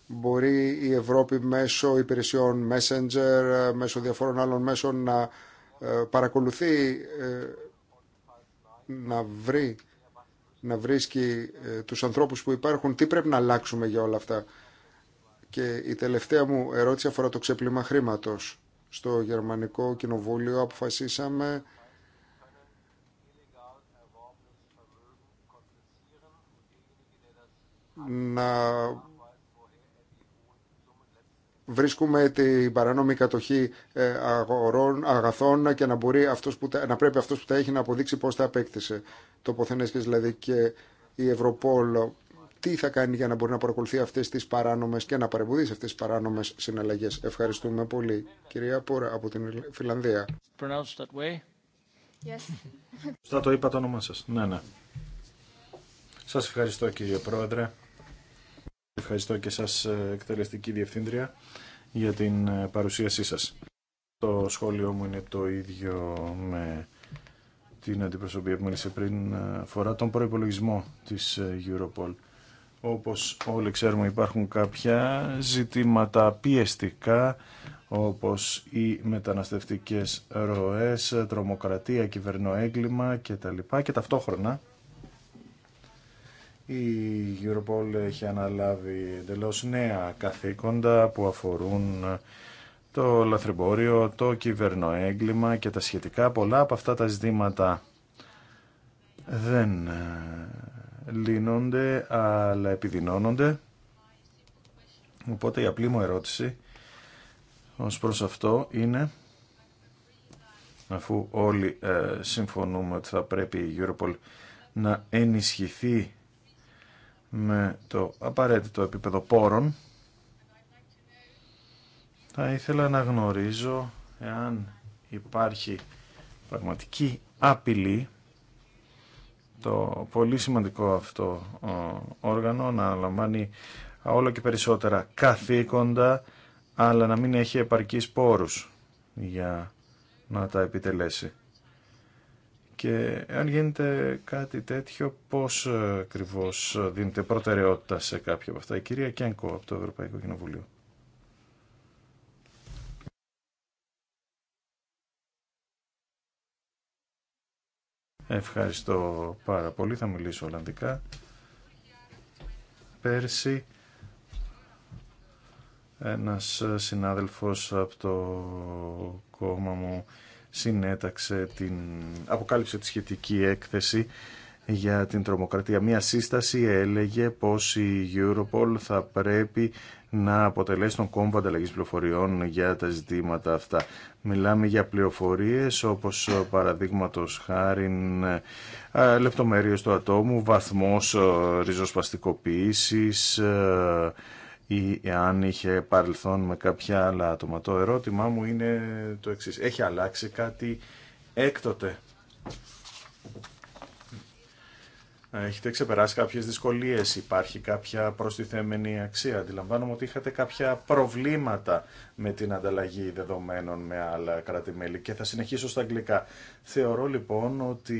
Μπορεί η Ευρώπη μέσω υπηρεσιών Messenger, ε, μέσω διαφόρων άλλων μέσων να ε, παρακολουθεί ε, να βρει να βρίσκει ε, τους ανθρώπους που υπάρχουν, τι πρέπει να αλλάξουμε για όλα αυτά. Και η τελευταία μου ερώτηση αφορά το ξέπλυμα χρήματος. Στο Γερμανικό Κοινοβούλιο αποφασίσαμε να βρίσκουμε την παράνομη κατοχή ε, αγορών, αγαθών και να, αυτός που, να πρέπει αυτός που τα έχει να αποδείξει πώς τα απέκτησε. Το Ποθενέσκες δηλαδή και η Ευρωπόλ τι θα κάνει για να μπορεί να παρακολουθεί αυτές τις παράνομες και να σε αυτές τις παράνομες συναλλαγές. Ευχαριστούμε πολύ. Κυρία Πόρα από την Φιλανδία. το είπα το όνομά Ναι, ναι. Σας ευχαριστώ κύριε Πρόεδρε. Ευχαριστώ και σας ε, εκτελεστική διευθύντρια για την ε, παρουσίασή σας. Το σχόλιο μου είναι το ίδιο με την αντιπροσωπεία που μίλησε πριν ε, φορά, τον προϋπολογισμό της Europol. Όπως όλοι ξέρουμε υπάρχουν κάποια ζητήματα πιεστικά όπως οι μεταναστευτικές ροές, τρομοκρατία, κυβερνοέγκλημα κτλ. Και ταυτόχρονα η Europol έχει αναλάβει εντελώ νέα καθήκοντα που αφορούν το λαθρεμπόριο, το κυβερνοέγκλημα και τα σχετικά. Πολλά από αυτά τα ζητήματα δεν ε, λύνονται αλλά επιδεινώνονται. Οπότε η απλή μου ερώτηση ως προς αυτό είναι αφού όλοι ε, συμφωνούμε ότι θα πρέπει η Europol να ενισχυθεί με το απαραίτητο επίπεδο πόρων. Θα ήθελα να γνωρίζω εάν υπάρχει πραγματική απειλή το πολύ σημαντικό αυτό όργανο να λαμβάνει όλο και περισσότερα καθήκοντα αλλά να μην έχει επαρκείς πόρους για να τα επιτελέσει. Και αν γίνεται κάτι τέτοιο, πώς ακριβώ δίνεται προτεραιότητα σε κάποια από αυτά. Η κυρία Κένκο από το Ευρωπαϊκό Κοινοβουλίο. Ευχαριστώ πάρα πολύ. Θα μιλήσω Ολλανδικά. Πέρσι ένας συνάδελφος από το κόμμα μου συνέταξε την, αποκάλυψε τη σχετική έκθεση για την τρομοκρατία. Μία σύσταση έλεγε πως η Europol θα πρέπει να αποτελέσει τον κόμβο ανταλλαγής πληροφοριών για τα ζητήματα αυτά. Μιλάμε για πληροφορίες όπως παραδείγματος χάρη ε, λεπτομέρειες του ατόμου, βαθμός ε, ριζοσπαστικοποίησης, ε, ή εάν είχε παρελθόν με κάποια άλλα άτομα. Το ερώτημά μου είναι το εξή. Έχει αλλάξει κάτι έκτοτε. Έχετε ξεπεράσει κάποιες δυσκολίες, υπάρχει κάποια προστιθέμενη αξία. Αντιλαμβάνομαι ότι είχατε κάποια προβλήματα με την ανταλλαγή δεδομένων με άλλα κράτη-μέλη και θα συνεχίσω στα αγγλικά. Θεωρώ λοιπόν ότι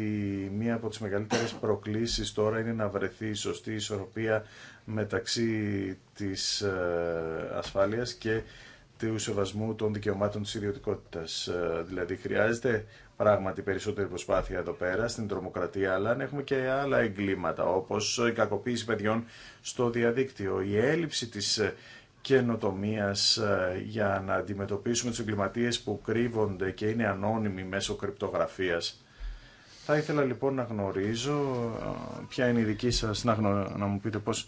μία από τις μεγαλύτερες προκλήσεις τώρα είναι να βρεθεί η σωστή ισορροπία μεταξύ της ε, ασφάλειας και του σεβασμού των δικαιωμάτων της ιδιωτικότητας. Ε, δηλαδή χρειάζεται πράγματι περισσότερη προσπάθεια εδώ πέρα στην τρομοκρατία, αλλά έχουμε και άλλα εγκλήματα όπως η κακοποίηση παιδιών στο διαδίκτυο, η έλλειψη της ε, καινοτομία για να αντιμετωπίσουμε τους εγκληματίες που κρύβονται και είναι ανώνυμοι μέσω κρυπτογραφίας. Θα ήθελα λοιπόν να γνωρίζω ποια είναι η δική σας, να, να μου πείτε πώς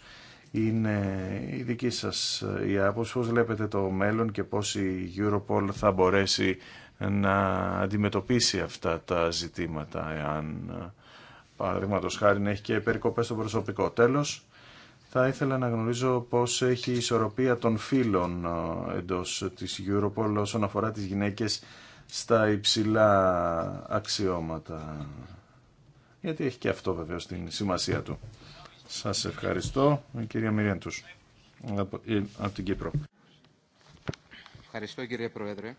είναι η δική σας η άποψη, πώς βλέπετε το μέλλον και πώς η Europol θα μπορέσει να αντιμετωπίσει αυτά τα ζητήματα, εάν παραδείγματο χάρη να έχει και περικοπές στο προσωπικό. Τέλος, θα ήθελα να γνωρίζω πώς έχει η ισορροπία των φύλων ε, εντός της Europol όσον αφορά τις γυναίκες στα υψηλά αξιώματα. Γιατί έχει και αυτό βεβαίως την σημασία του. Σας ευχαριστώ, κυρία Μυριέντους, από, ε, από την Κύπρο. Ευχαριστώ, κύριε Πρόεδρε.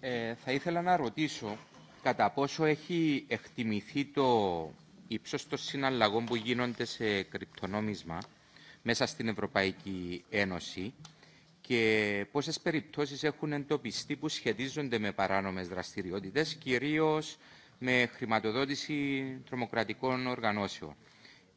Ε, θα ήθελα να ρωτήσω κατά πόσο έχει εκτιμηθεί το ύψος των συναλλαγών που γίνονται σε κρυπτονόμισμα μέσα στην Ευρωπαϊκή Ένωση και πόσες περιπτώσεις έχουν εντοπιστεί που σχετίζονται με παράνομες δραστηριότητες, κυρίως με χρηματοδότηση τρομοκρατικών οργανώσεων.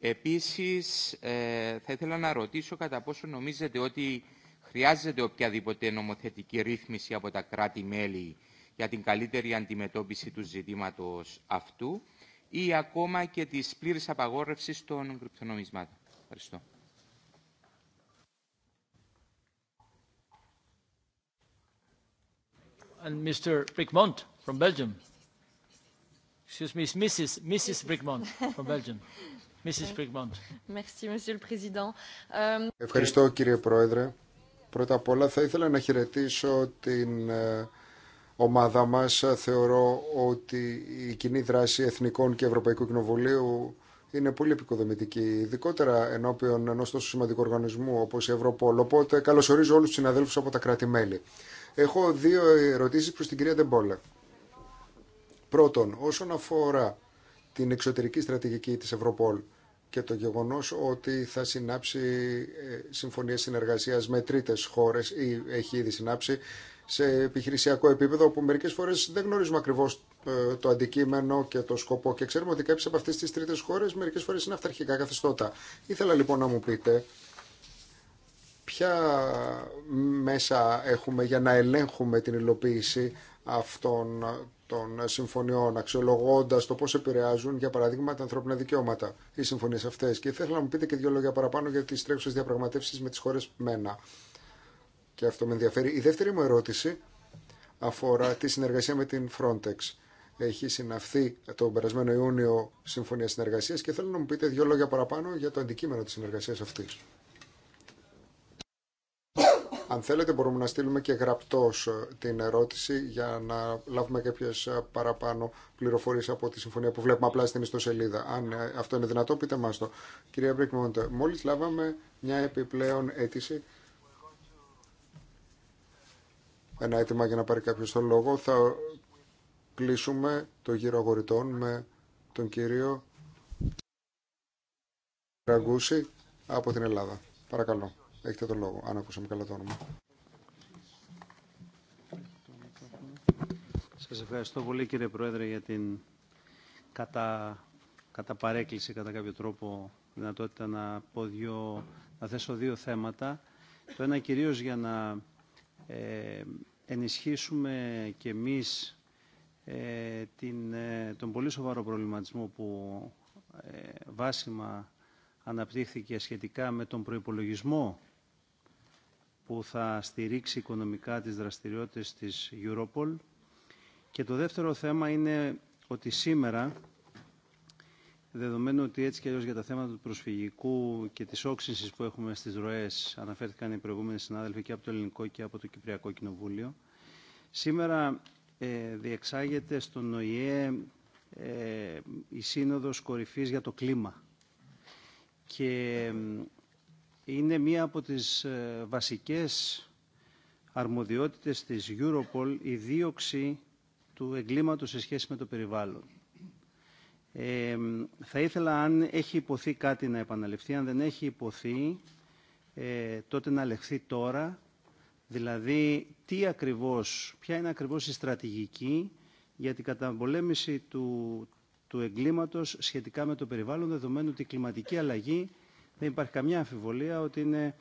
Επίσης, ε, θα ήθελα να ρωτήσω κατά πόσο νομίζετε ότι χρειάζεται οποιαδήποτε νομοθετική ρύθμιση από τα κράτη-μέλη για την καλύτερη αντιμετώπιση του ζητήματος αυτού ή ακόμα και της πλήρης απαγόρευσης των κρυπτονομισμάτων. Ευχαριστώ. Mr. from Belgium. Ευχαριστώ, κύριε Πρόεδρε. Πρώτα απ' όλα θα ήθελα να χαιρετήσω την ε, ομάδα μας. Θεωρώ ότι η κοινή δράση Εθνικών και Ευρωπαϊκού Κοινοβουλίου είναι πολύ επικοδομητική, ειδικότερα ενώπιον ενός τόσο σημαντικού οργανισμού όπως η Ευρωπόλ. Οπότε καλωσορίζω όλους τους συναδέλφου από τα κράτη-μέλη. Έχω δύο ερωτήσεις προς την κυρία Ντεμπόλε. Πρώτον, όσον αφορά την εξωτερική στρατηγική της Ευρωπόλ και το γεγονός ότι θα συνάψει ε, συμφωνίες συνεργασίας με τρίτες χώρες ή έχει ήδη συνάψει σε επιχειρησιακό επίπεδο που μερικές φορές δεν γνωρίζουμε ακριβώς ε, το αντικείμενο και το σκοπό και ξέρουμε ότι κάποιες από αυτές τις τρίτες χώρες μερικές φορές είναι αυταρχικά καθεστώτα. Ήθελα λοιπόν να μου πείτε ποια μέσα έχουμε για να ελέγχουμε την υλοποίηση αυτών των συμφωνιών, αξιολογώντα το πώ επηρεάζουν, για παράδειγμα, τα ανθρώπινα δικαιώματα, οι συμφωνίε αυτέ. Και θέλω να μου πείτε και δύο λόγια παραπάνω για τι τρέχουσε διαπραγματεύσει με τι χώρε ΜΕΝΑ. Και αυτό με ενδιαφέρει. Η δεύτερη μου ερώτηση αφορά τη συνεργασία με την Frontex. Έχει συναυθεί τον περασμένο Ιούνιο συμφωνία συνεργασία και θέλω να μου πείτε δύο λόγια παραπάνω για το αντικείμενο τη συνεργασία αυτή. Αν θέλετε μπορούμε να στείλουμε και γραπτός ε, την ερώτηση για να λάβουμε κάποιες ε, παραπάνω πληροφορίες από τη συμφωνία που βλέπουμε απλά στην ιστοσελίδα. Αν ε, αυτό είναι δυνατό πείτε μας το. Κυρία Μπρικμόντε, μόλις λάβαμε μια επιπλέον αίτηση ένα αίτημα για να πάρει κάποιο τον λόγο. Θα κλείσουμε το γύρο αγορητών με τον κύριο Ραγκούση από την Ελλάδα. Παρακαλώ. Έχετε το λόγο, αν ακούσαμε καλά το όνομα. Σας ευχαριστώ πολύ κύριε Πρόεδρε για την κατά, κατά παρέκκληση, κατά κάποιο τρόπο, δυνατότητα να, πω δύο, να θέσω δύο θέματα. Το ένα κυρίως για να ε, ενισχύσουμε και εμείς ε, την, ε, τον πολύ σοβαρό προβληματισμό που ε, βάσιμα αναπτύχθηκε σχετικά με τον προϋπολογισμό που θα στηρίξει οικονομικά τις δραστηριότητες της Europol. Και το δεύτερο θέμα είναι ότι σήμερα, δεδομένου ότι έτσι και αλλιώς για τα θέματα του προσφυγικού και της όξυνσης που έχουμε στις ροές αναφέρθηκαν οι προηγούμενοι συνάδελφοι και από το Ελληνικό και από το Κυπριακό Κοινοβούλιο, σήμερα ε, διεξάγεται στον ΟΗΕ ε, η Σύνοδος Κορυφής για το Κλίμα. Και είναι μία από τις ε, βασικές αρμοδιότητες της Europol η δίωξη του εγκλήματος σε σχέση με το περιβάλλον. Ε, θα ήθελα αν έχει υποθεί κάτι να επαναληφθεί, αν δεν έχει υποθεί ε, τότε να λεχθεί τώρα, δηλαδή τι ακριβώς, ποια είναι ακριβώς η στρατηγική για την καταπολέμηση του, του εγκλήματος σχετικά με το περιβάλλον, δεδομένου ότι η κλιματική αλλαγή δεν υπάρχει καμιά αμφιβολία ότι είναι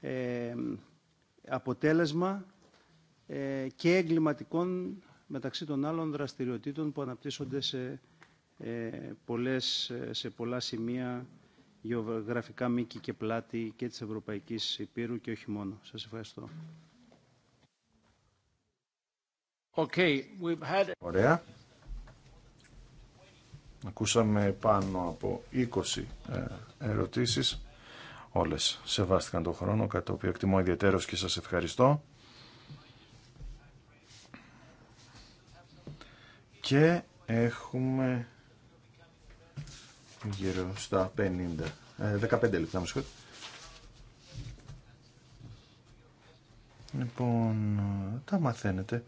ε, αποτέλεσμα ε, και εγκληματικών μεταξύ των άλλων δραστηριοτήτων που αναπτύσσονται σε, ε, πολλές, ε, σε πολλά σημεία γεωγραφικά μήκη και πλάτη και της Ευρωπαϊκής Υπήρου και όχι μόνο. Σας ευχαριστώ. we've had... Ωραία. Ακούσαμε πάνω από 20 ε, ερωτήσεις. Όλες σεβάστηκαν τον χρόνο, κατά το οποίο εκτιμώ ιδιαίτερος και σας ευχαριστώ. Και έχουμε γύρω στα 50, 15 ε, λεπτά Λοιπόν, ε, τα μαθαίνετε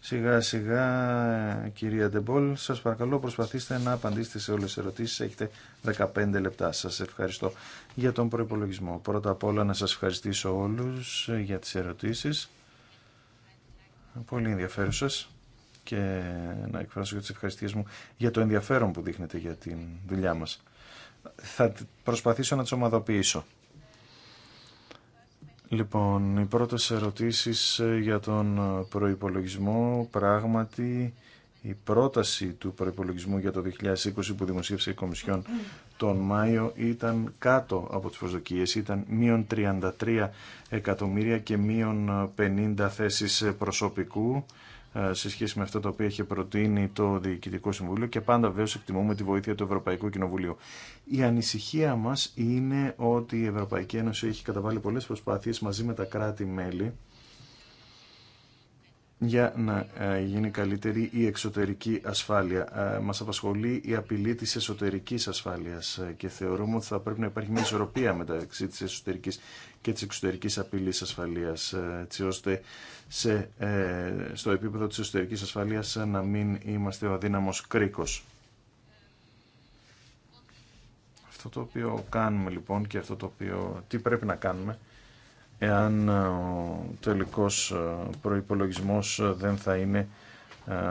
Σιγά σιγά, ε, κυρία Ντεμπόλ, σας παρακαλώ προσπαθήστε να απαντήσετε σε όλες τις ερωτήσεις. Έχετε 15 λεπτά. Σας ευχαριστώ για τον προπολογισμό. Πρώτα απ' όλα να σας ευχαριστήσω όλους ε, για τις ερωτήσεις. Πολύ ενδιαφέρουσες και ε, να εκφράσω και τις ευχαριστίες μου για το ενδιαφέρον που δείχνετε για τη δουλειά μας. Θα προσπαθήσω να τις ομαδοποιήσω. Λοιπόν, οι πρώτε ερωτήσει ε, για τον ε, προϋπολογισμό. Πράγματι, η πρόταση του προϋπολογισμού για το 2020 που δημοσίευσε η Κομισιόν τον Μάιο ήταν κάτω από τις προσδοκίε, Ήταν μείον 33 εκατομμύρια και μείον 50 ε, θέσεις προσωπικού ε, σε σχέση με αυτό το οποία είχε προτείνει το Διοικητικό Συμβούλιο και πάντα βέβαια εκτιμούμε τη βοήθεια του Ευρωπαϊκού Κοινοβουλίου. Η ανησυχία μας είναι ότι η Ευρωπαϊκή Ένωση έχει καταβάλει πολλές προσπάθειες μαζί με τα κράτη-μέλη για να ε, γίνει καλύτερη η εξωτερική ασφάλεια. Ε, μας απασχολεί η απειλή της εσωτερικής ασφάλειας ε, και θεωρούμε ότι θα πρέπει να υπάρχει μια ισορροπία μεταξύ της εσωτερικής και της εξωτερικής απειλής ασφαλείας, έτσι ώστε σε, στο επίπεδο της εσωτερικής ασφαλείας να μην είμαστε ο αδύναμος κρίκος. Αυτό το οποίο κάνουμε λοιπόν και αυτό το οποίο τι πρέπει να κάνουμε εάν ε, ο τελικός ε, προϋπολογισμός ε, δεν θα είναι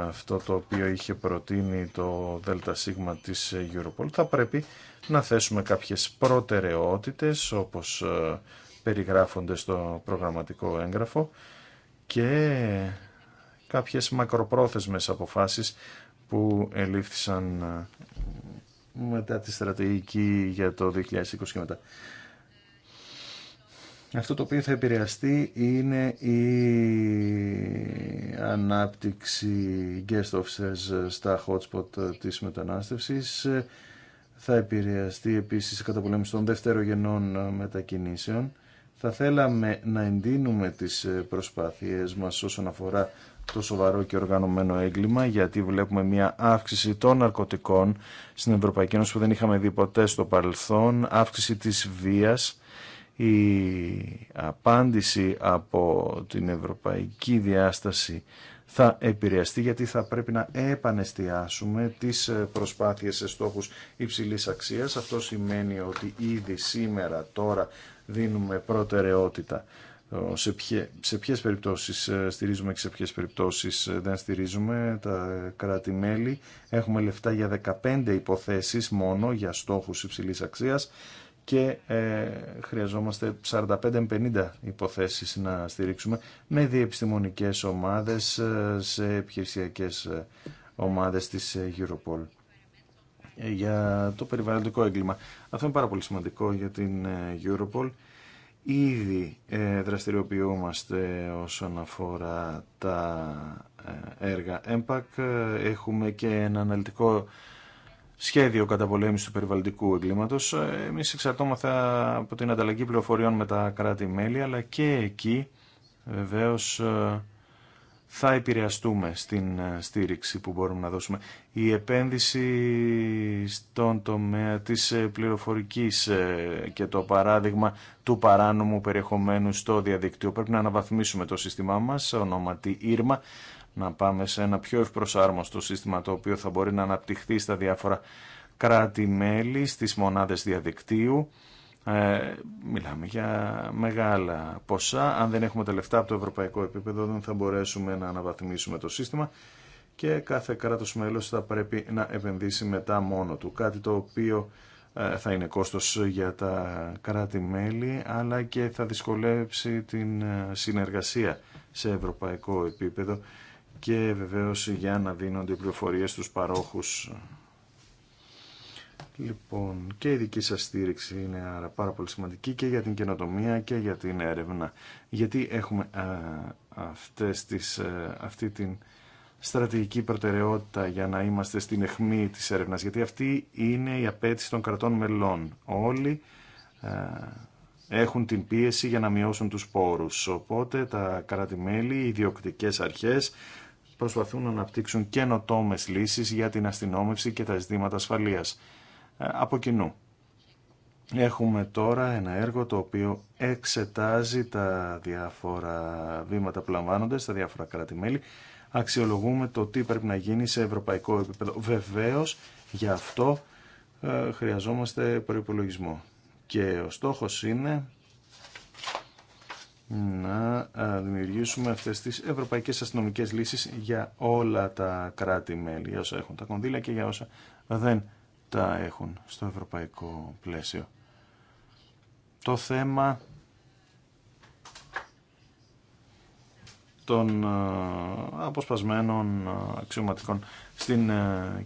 αυτό το οποίο είχε προτείνει το ΔΣ της Europol. Θα πρέπει να θέσουμε κάποιες προτεραιότητες όπως περιγράφονται στο προγραμματικό έγγραφο και κάποιες μακροπρόθεσμες αποφάσεις που ελήφθησαν μετά τη στρατηγική για το 2020 και μετά. Αυτό το οποίο θα επηρεαστεί είναι η ανάπτυξη guest officers στα hotspot της μετανάστευσης. Θα επηρεαστεί επίσης η καταπολέμηση των δευτερογενών μετακινήσεων. Θα θέλαμε να εντείνουμε τις προσπάθειές μας όσον αφορά το σοβαρό και οργανωμένο έγκλημα, γιατί βλέπουμε μια αύξηση των ναρκωτικών στην Ευρωπαϊκή Ένωση που δεν είχαμε δει ποτέ στο παρελθόν, αύξηση της βίας η απάντηση από την ευρωπαϊκή διάσταση θα επηρεαστεί γιατί θα πρέπει να επανεστιάσουμε τις ε, προσπάθειες σε στόχους υψηλής αξίας. Αυτό σημαίνει ότι ήδη σήμερα τώρα δίνουμε προτεραιότητα σε, ποιε, σε ποιες περιπτώσεις ε, στηρίζουμε και σε ποιες περιπτώσεις ε, δεν στηρίζουμε τα κράτη-μέλη. Έχουμε λεφτά για 15 υποθέσεις μόνο για στόχους υψηλής αξίας και ε, χρειαζόμαστε 45-50 υποθέσεις να στηρίξουμε με διεπιστημονικές ομάδες ε, σε επιχειρησιακές ε, ομάδες της Europol για το περιβαλλοντικό έγκλημα. Αυτό είναι πάρα πολύ σημαντικό για την Europol. Ήδη ε, δραστηριοποιούμαστε όσον αφορά τα έργα EMPAC. Έχουμε και ένα αναλυτικό σχέδιο καταπολέμησης του περιβαλλοντικού εγκλήματος. Ε, εμείς εξαρτώμαθα από την ανταλλαγή πληροφοριών με τα κράτη-μέλη, αλλά και εκεί βεβαίως ε, θα επηρεαστούμε στην ε, στήριξη που μπορούμε να δώσουμε. Η επένδυση στον τομέα της πληροφορικής και το παράδειγμα του παράνομου περιεχομένου στο διαδικτύο. Πρέπει να αναβαθμίσουμε το σύστημά μας, ονόματι Ήρμα, να πάμε σε ένα πιο ευπροσάρμοστο σύστημα το οποίο θα μπορεί να αναπτυχθεί στα διάφορα κράτη-μέλη, στις μονάδες διαδικτύου. Ε, μιλάμε για μεγάλα ποσά. Αν δεν έχουμε τα λεφτά από το ευρωπαϊκό επίπεδο δεν θα μπορέσουμε να αναβαθμίσουμε το σύστημα και κάθε κράτος μέλος θα πρέπει να επενδύσει μετά μόνο του. Κάτι το οποίο ε, θα είναι κόστος για τα κράτη-μέλη αλλά και θα δυσκολέψει την ε, συνεργασία σε ευρωπαϊκό επίπεδο και βεβαίως για να δίνονται οι πληροφορίες στους παρόχους. Λοιπόν, και η δική σας στήριξη είναι άρα πάρα πολύ σημαντική και για την καινοτομία και για την έρευνα. Γιατί έχουμε αυτές τις, ε, αυτή την στρατηγική προτεραιότητα για να είμαστε στην αιχμή της έρευνας. Γιατί αυτή είναι η απέτηση των κρατών μελών. Όλοι ε, έχουν την πίεση για να μειώσουν τους πόρους. Οπότε τα κράτη-μέλη, οι ιδιοκτικές αρχές προσπαθούν να αναπτύξουν καινοτόμε λύσεις για την αστυνόμευση και τα ζητήματα ασφαλεία. Ε, από κοινού. Έχουμε τώρα ένα έργο το οποίο εξετάζει τα διάφορα βήματα που λαμβάνονται στα διάφορα κράτη-μέλη. Αξιολογούμε το τι πρέπει να γίνει σε ευρωπαϊκό επίπεδο. Βεβαίω, γι' αυτό ε, χρειαζόμαστε προπολογισμό. Και ο στόχος είναι να δημιουργήσουμε αυτές τις ευρωπαϊκές αστυνομικές λύσεις για όλα τα κράτη-μέλη, για όσα έχουν τα κονδύλια και για όσα δεν τα έχουν στο ευρωπαϊκό πλαίσιο. Το θέμα των αποσπασμένων αξιωματικών στην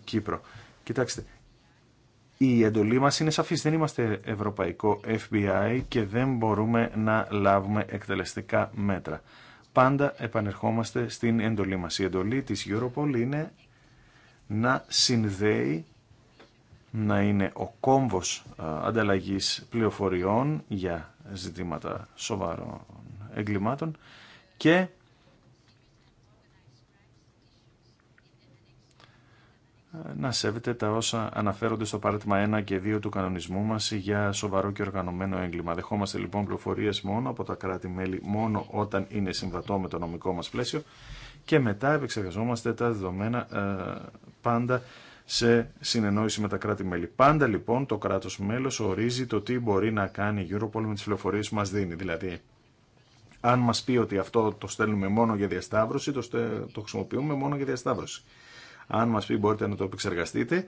Κύπρο. Κοιτάξτε, η εντολή μας είναι σαφής, δεν είμαστε ευρωπαϊκό FBI και δεν μπορούμε να λάβουμε εκτελεστικά μέτρα. Πάντα επανερχόμαστε στην εντολή μας. Η εντολή της Europol είναι να συνδέει, να είναι ο κόμβος ανταλλαγής πληροφοριών για ζητήματα σοβαρών εγκλημάτων και να σέβεται τα όσα αναφέρονται στο παράδειγμα 1 και 2 του κανονισμού μας για σοβαρό και οργανωμένο έγκλημα. Δεχόμαστε λοιπόν πληροφορίες μόνο από τα κράτη-μέλη, μόνο όταν είναι συμβατό με το νομικό μας πλαίσιο και μετά επεξεργαζόμαστε τα δεδομένα ε, πάντα σε συνεννόηση με τα κράτη-μέλη. Πάντα λοιπόν το κράτος μέλος ορίζει το τι μπορεί να κάνει η Europol με τις πληροφορίες που μας δίνει. Δηλαδή, αν μας πει ότι αυτό το στέλνουμε μόνο για διασταύρωση, το, το χρησιμοποιούμε μόνο για διασταύρωση αν μας πει μπορείτε να το επεξεργαστείτε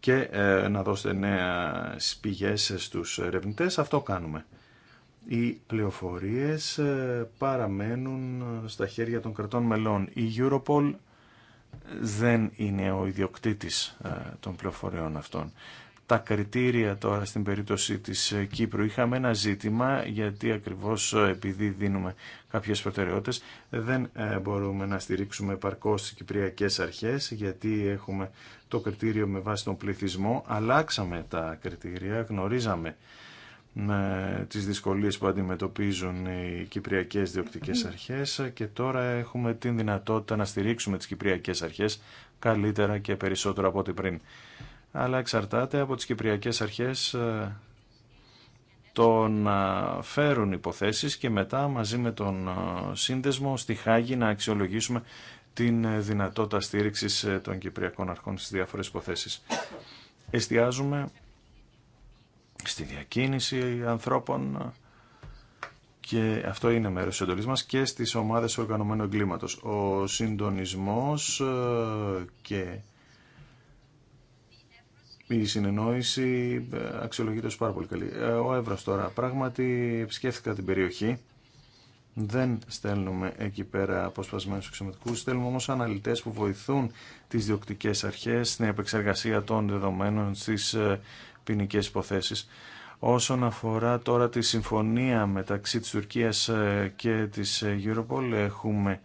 και ε, να δώσετε νέα πηγές στους ερευνητέ. Αυτό κάνουμε. Οι πληροφορίες ε, παραμένουν στα χέρια των κρατών μελών. Η Europol δεν είναι ο ιδιοκτήτης ε, των πληροφοριών αυτών τα κριτήρια τώρα στην περίπτωση της ε, Κύπρου. Είχαμε ένα ζήτημα γιατί ακριβώς ε, επειδή δίνουμε κάποιες προτεραιότητες δεν ε, μπορούμε να στηρίξουμε επαρκώς τις κυπριακές αρχές γιατί έχουμε το κριτήριο με βάση τον πληθυσμό. Αλλάξαμε τα κριτήρια, γνωρίζαμε με τις δυσκολίες που αντιμετωπίζουν οι κυπριακές διοκτικές αρχές και τώρα έχουμε την δυνατότητα να στηρίξουμε τις κυπριακές αρχές καλύτερα και περισσότερο από ό,τι πριν αλλά εξαρτάται από τις κυπριακές αρχές ε, το να φέρουν υποθέσεις και μετά μαζί με τον ε, σύνδεσμο στη Χάγη να αξιολογήσουμε την ε, δυνατότητα στήριξης των κυπριακών αρχών στις διάφορες υποθέσεις. Εστιάζουμε στη διακίνηση ανθρώπων και αυτό είναι μέρος της εντολής μας και στις ομάδες οργανωμένου εγκλήματος. Ο συντονισμός και η συνεννόηση ε, αξιολογείται ως πάρα πολύ καλή. Ε, ο Εύρος τώρα, πράγματι επισκέφθηκα την περιοχή. Δεν στέλνουμε εκεί πέρα αποσπασμένου εξωματικού. στέλνουμε όμως αναλυτές που βοηθούν τις διοκτικέ αρχές στην επεξεργασία των δεδομένων στις ε, ποινικέ υποθέσει. Όσον αφορά τώρα τη συμφωνία μεταξύ της Τουρκίας και της Europol, έχουμε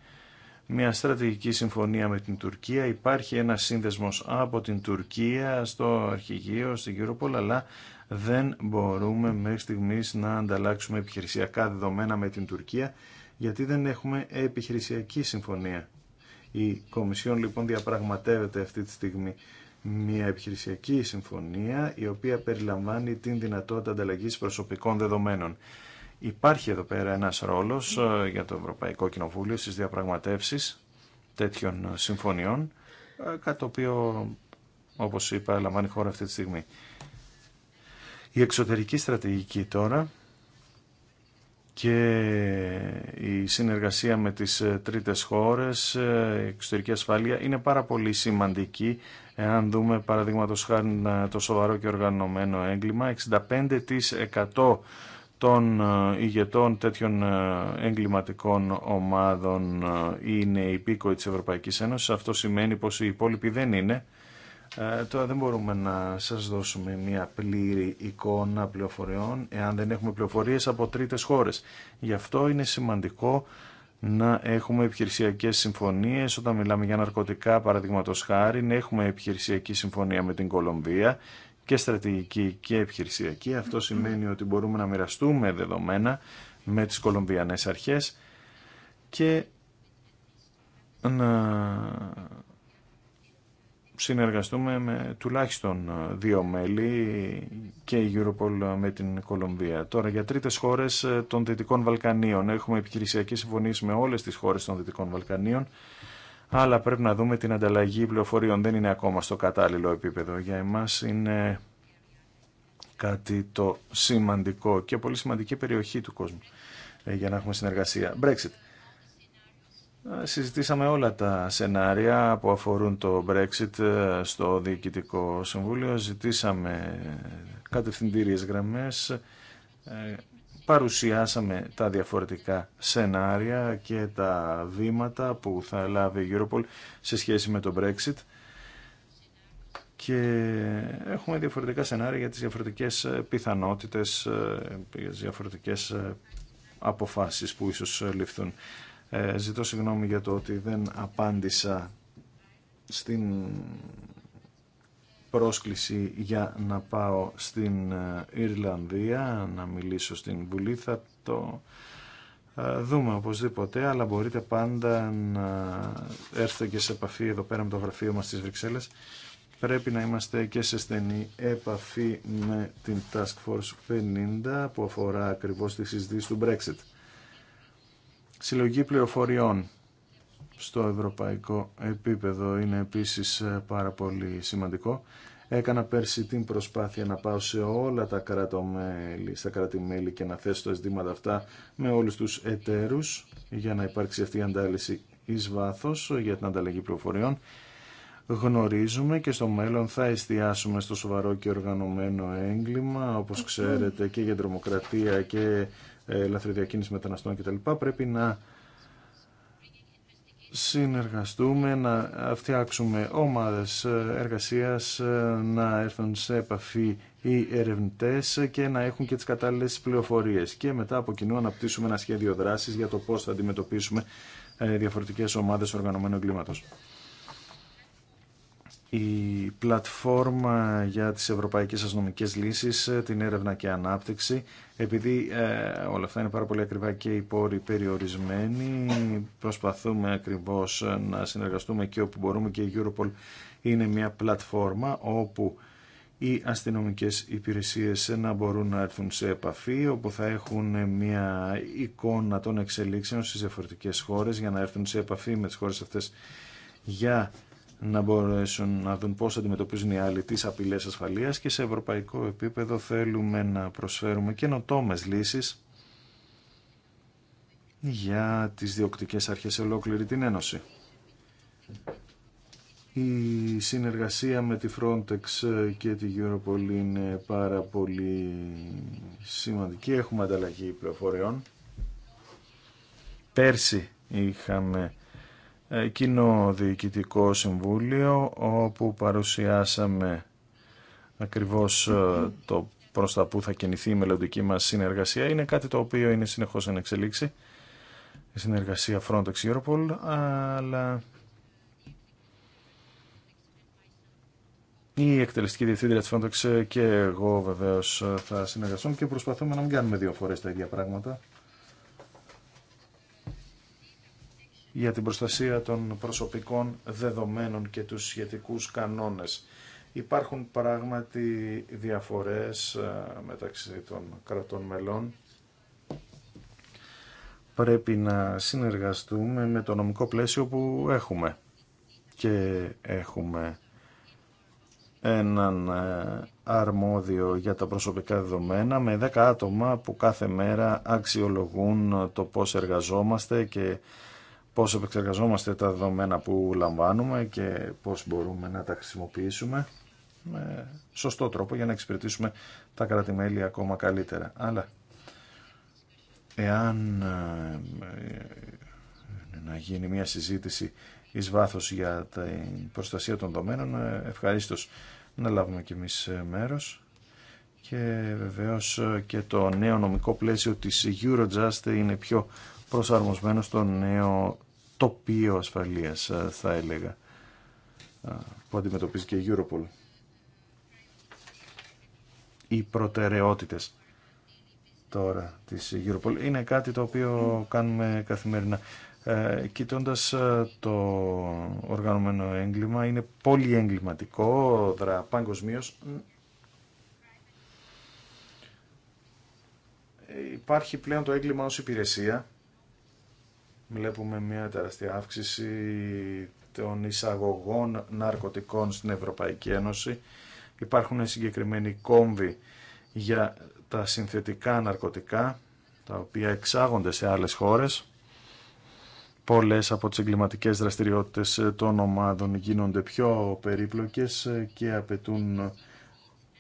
μια στρατηγική συμφωνία με την Τουρκία. Υπάρχει ένα σύνδεσμος από την Τουρκία στο αρχηγείο, στην Europol, αλλά δεν μπορούμε μέχρι στιγμής να ανταλλάξουμε επιχειρησιακά δεδομένα με την Τουρκία, γιατί δεν έχουμε επιχειρησιακή συμφωνία. Η Κομισιόν λοιπόν διαπραγματεύεται αυτή τη στιγμή μια επιχειρησιακή συμφωνία η οποία περιλαμβάνει την δυνατότητα ανταλλαγής προσωπικών δεδομένων. Υπάρχει εδώ πέρα ένας ρόλος ε, για το Ευρωπαϊκό Κοινοβούλιο στις διαπραγματεύσεις τέτοιων συμφωνιών, ε, κάτι το οποίο, όπως είπα, λαμβάνει χώρα αυτή τη στιγμή. Η εξωτερική στρατηγική τώρα και η συνεργασία με τις ε, τρίτες χώρες, η εξωτερική ασφάλεια είναι πάρα πολύ σημαντική. Εάν δούμε παραδείγματος χάρη το σοβαρό και οργανωμένο έγκλημα, 65% των ε, ηγετών τέτοιων ε, εγκληματικών ομάδων ε, είναι υπήκοοι της Ευρωπαϊκής Ένωσης. Αυτό σημαίνει πως οι υπόλοιποι δεν είναι. Ε, τώρα δεν μπορούμε να σας δώσουμε μια πλήρη εικόνα πληροφοριών εάν δεν έχουμε πληροφορίες από τρίτες χώρες. Γι' αυτό είναι σημαντικό να έχουμε επιχειρησιακέ συμφωνίε. Όταν μιλάμε για ναρκωτικά, παραδείγματο χάρη, να έχουμε επιχειρησιακή συμφωνία με την Κολομβία και στρατηγική και επιχειρησιακή. Αυτό σημαίνει ότι μπορούμε να μοιραστούμε δεδομένα με τις Κολομβιανές αρχές και να συνεργαστούμε με τουλάχιστον δύο μέλη και η Europol με την Κολομβία. Τώρα για τρίτες χώρες των Δυτικών Βαλκανίων. Έχουμε επιχειρησιακή συμφωνίες με όλες τις χώρες των Δυτικών Βαλκανίων αλλά πρέπει να δούμε την ανταλλαγή πληροφοριών. Δεν είναι ακόμα στο κατάλληλο επίπεδο. Για εμάς είναι κάτι το σημαντικό και πολύ σημαντική περιοχή του κόσμου ε, για να έχουμε συνεργασία. Brexit. Ε, συζητήσαμε όλα τα σενάρια που αφορούν το Brexit ε, στο Διοικητικό Συμβούλιο. Ζητήσαμε κατευθυντήριες γραμμές παρουσιάσαμε τα διαφορετικά σενάρια και τα βήματα που θα λάβει η Europol σε σχέση με το Brexit και έχουμε διαφορετικά σενάρια για τις διαφορετικές ε, πιθανότητες, ε, για τις διαφορετικές ε, αποφάσεις που ίσως ληφθούν. Ζητώ συγγνώμη για το ότι δεν απάντησα στην πρόσκληση για να πάω στην ε, Ιρλανδία να μιλήσω στην Βουλή θα το ε, δούμε οπωσδήποτε αλλά μπορείτε πάντα να έρθετε και σε επαφή εδώ πέρα με το γραφείο μας στις Βρυξέλλες πρέπει να είμαστε και σε στενή επαφή με την Task Force 50 που αφορά ακριβώς τη συζήτηση του Brexit. Συλλογή πληροφοριών στο ευρωπαϊκό επίπεδο είναι επίσης ε, πάρα πολύ σημαντικό. Έκανα πέρσι την προσπάθεια να πάω σε όλα τα κρατομέλη, στα και να θέσω τα ζητήματα αυτά με όλους τους εταίρους για να υπάρξει αυτή η αντάλυση εις βάθος για την ανταλλαγή πληροφοριών. Γνωρίζουμε και στο μέλλον θα εστιάσουμε στο σοβαρό και οργανωμένο έγκλημα, όπως ξέρετε και για τρομοκρατία και ε, λαθροδιακίνηση μεταναστών κτλ. Πρέπει να συνεργαστούμε, να φτιάξουμε ομάδες εργασίας, να έρθουν σε επαφή οι ερευνητές και να έχουν και τις κατάλληλες πληροφορίες. Και μετά από κοινού αναπτύσσουμε ένα σχέδιο δράσης για το πώς θα αντιμετωπίσουμε ε, διαφορετικές ομάδες οργανωμένου εγκλήματος η πλατφόρμα για τις ευρωπαϊκές αστυνομικές λύσεις, ε, την έρευνα και ανάπτυξη. Επειδή ε, όλα αυτά είναι πάρα πολύ ακριβά και οι πόροι περιορισμένοι, προσπαθούμε ακριβώς ε, να συνεργαστούμε και όπου μπορούμε και η Europol είναι μια πλατφόρμα όπου οι αστυνομικές υπηρεσίες ε, να μπορούν να έρθουν σε επαφή, όπου θα έχουν μια εικόνα των εξελίξεων στις διαφορετικές χώρες για να έρθουν σε επαφή με τις χώρες αυτές για να μπορέσουν να δουν πώς αντιμετωπίζουν οι άλλοι τις απειλές ασφαλείας και σε ευρωπαϊκό επίπεδο θέλουμε να προσφέρουμε καινοτόμε λύσεις για τις διοκτικές αρχές σε ολόκληρη την Ένωση. Η συνεργασία με τη Frontex και τη Europol είναι πάρα πολύ σημαντική. Έχουμε ανταλλαγή πληροφοριών. Πέρσι είχαμε κοινό διοικητικό συμβούλιο όπου παρουσιάσαμε ακριβώς ε, το προς τα που θα κινηθεί η μελλοντική μας συνεργασία. Είναι κάτι το οποίο είναι συνεχώς εν εξελίξη, η συνεργασία Frontex Europol, αλλά η εκτελεστική διευθύντρια της Frontex και εγώ βεβαίως ε, θα συνεργαστούμε και προσπαθούμε να μην κάνουμε δύο φορές τα ίδια πράγματα. για την προστασία των προσωπικών δεδομένων και τους σχετικούς κανόνες. Υπάρχουν πράγματι διαφορές ε, μεταξύ των κρατών μελών. Πρέπει να συνεργαστούμε με το νομικό πλαίσιο που έχουμε. Και έχουμε έναν ε, αρμόδιο για τα προσωπικά δεδομένα με 10 άτομα που κάθε μέρα αξιολογούν το πώς εργαζόμαστε και πώς επεξεργαζόμαστε τα δεδομένα που λαμβάνουμε και πώς μπορούμε να τα χρησιμοποιήσουμε με σωστό τρόπο για να εξυπηρετήσουμε τα κρατημέλη ακόμα καλύτερα. Αλλά εάν ε, ε, να γίνει μια συζήτηση εις βάθος για την προστασία των δεδομένων, ε, ευχαρίστως να λάβουμε κι εμείς μέρος και βεβαίως και το νέο νομικό πλαίσιο της Eurojust είναι πιο προσαρμοσμένο στο νέο τοπίο ασφαλείας, ε, θα έλεγα, ε, που αντιμετωπίζει και η Europol. Οι προτεραιότητες τώρα της Europol είναι κάτι το οποίο κάνουμε καθημερινά. Ε, κοιτώντας ε, το οργανωμένο έγκλημα, είναι εγκληματικό δρά παγκοσμίω. Υπάρχει πλέον το έγκλημα ως υπηρεσία βλέπουμε μια τεράστια αύξηση των εισαγωγών ναρκωτικών στην Ευρωπαϊκή Ένωση. Υπάρχουν συγκεκριμένοι κόμβοι για τα συνθετικά ναρκωτικά, τα οποία εξάγονται σε άλλες χώρες. Πολλές από τις εγκληματικέ δραστηριότητες των ομάδων γίνονται πιο περίπλοκες και απαιτούν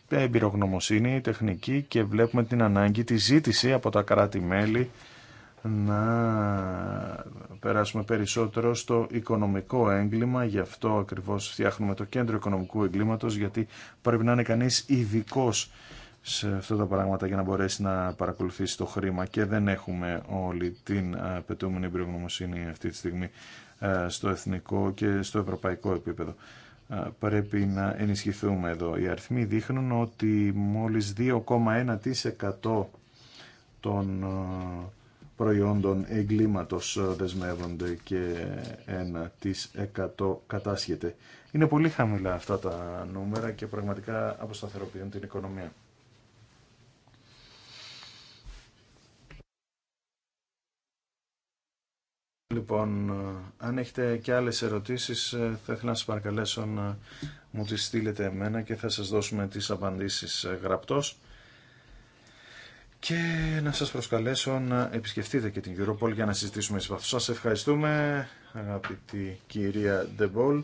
εμπειρογνωμοσύνη, τεχνική και βλέπουμε την ανάγκη τη ζήτηση από τα κράτη-μέλη να περάσουμε περισσότερο στο οικονομικό έγκλημα. Γι' αυτό ακριβώς φτιάχνουμε το κέντρο οικονομικού εγκλήματος, γιατί πρέπει να είναι κανείς ειδικό σε αυτά τα πράγματα για να μπορέσει να παρακολουθήσει το χρήμα και δεν έχουμε όλη την απαιτούμενη εμπειρογνωμοσύνη αυτή τη στιγμή ε, στο εθνικό και στο ευρωπαϊκό επίπεδο. Ε, πρέπει να ενισχυθούμε εδώ. Οι αριθμοί δείχνουν ότι μόλις 2,1% των ε, προϊόντων εγκλήματος ε, δεσμεύονται και ένα εκατό κατάσχεται. Είναι πολύ χαμηλά αυτά τα νούμερα και πραγματικά αποσταθεροποιούν την οικονομία. Λοιπόν, ε, αν έχετε και άλλες ερωτήσεις ε, θα ήθελα να σας παρακαλέσω να μου τις στείλετε εμένα και θα σας δώσουμε τις απαντήσεις γραπτός και να σας προσκαλέσω να επισκεφτείτε και την Europol για να συζητήσουμε εις βάθος. Σας ευχαριστούμε αγαπητή κυρία Ντεμπόλ.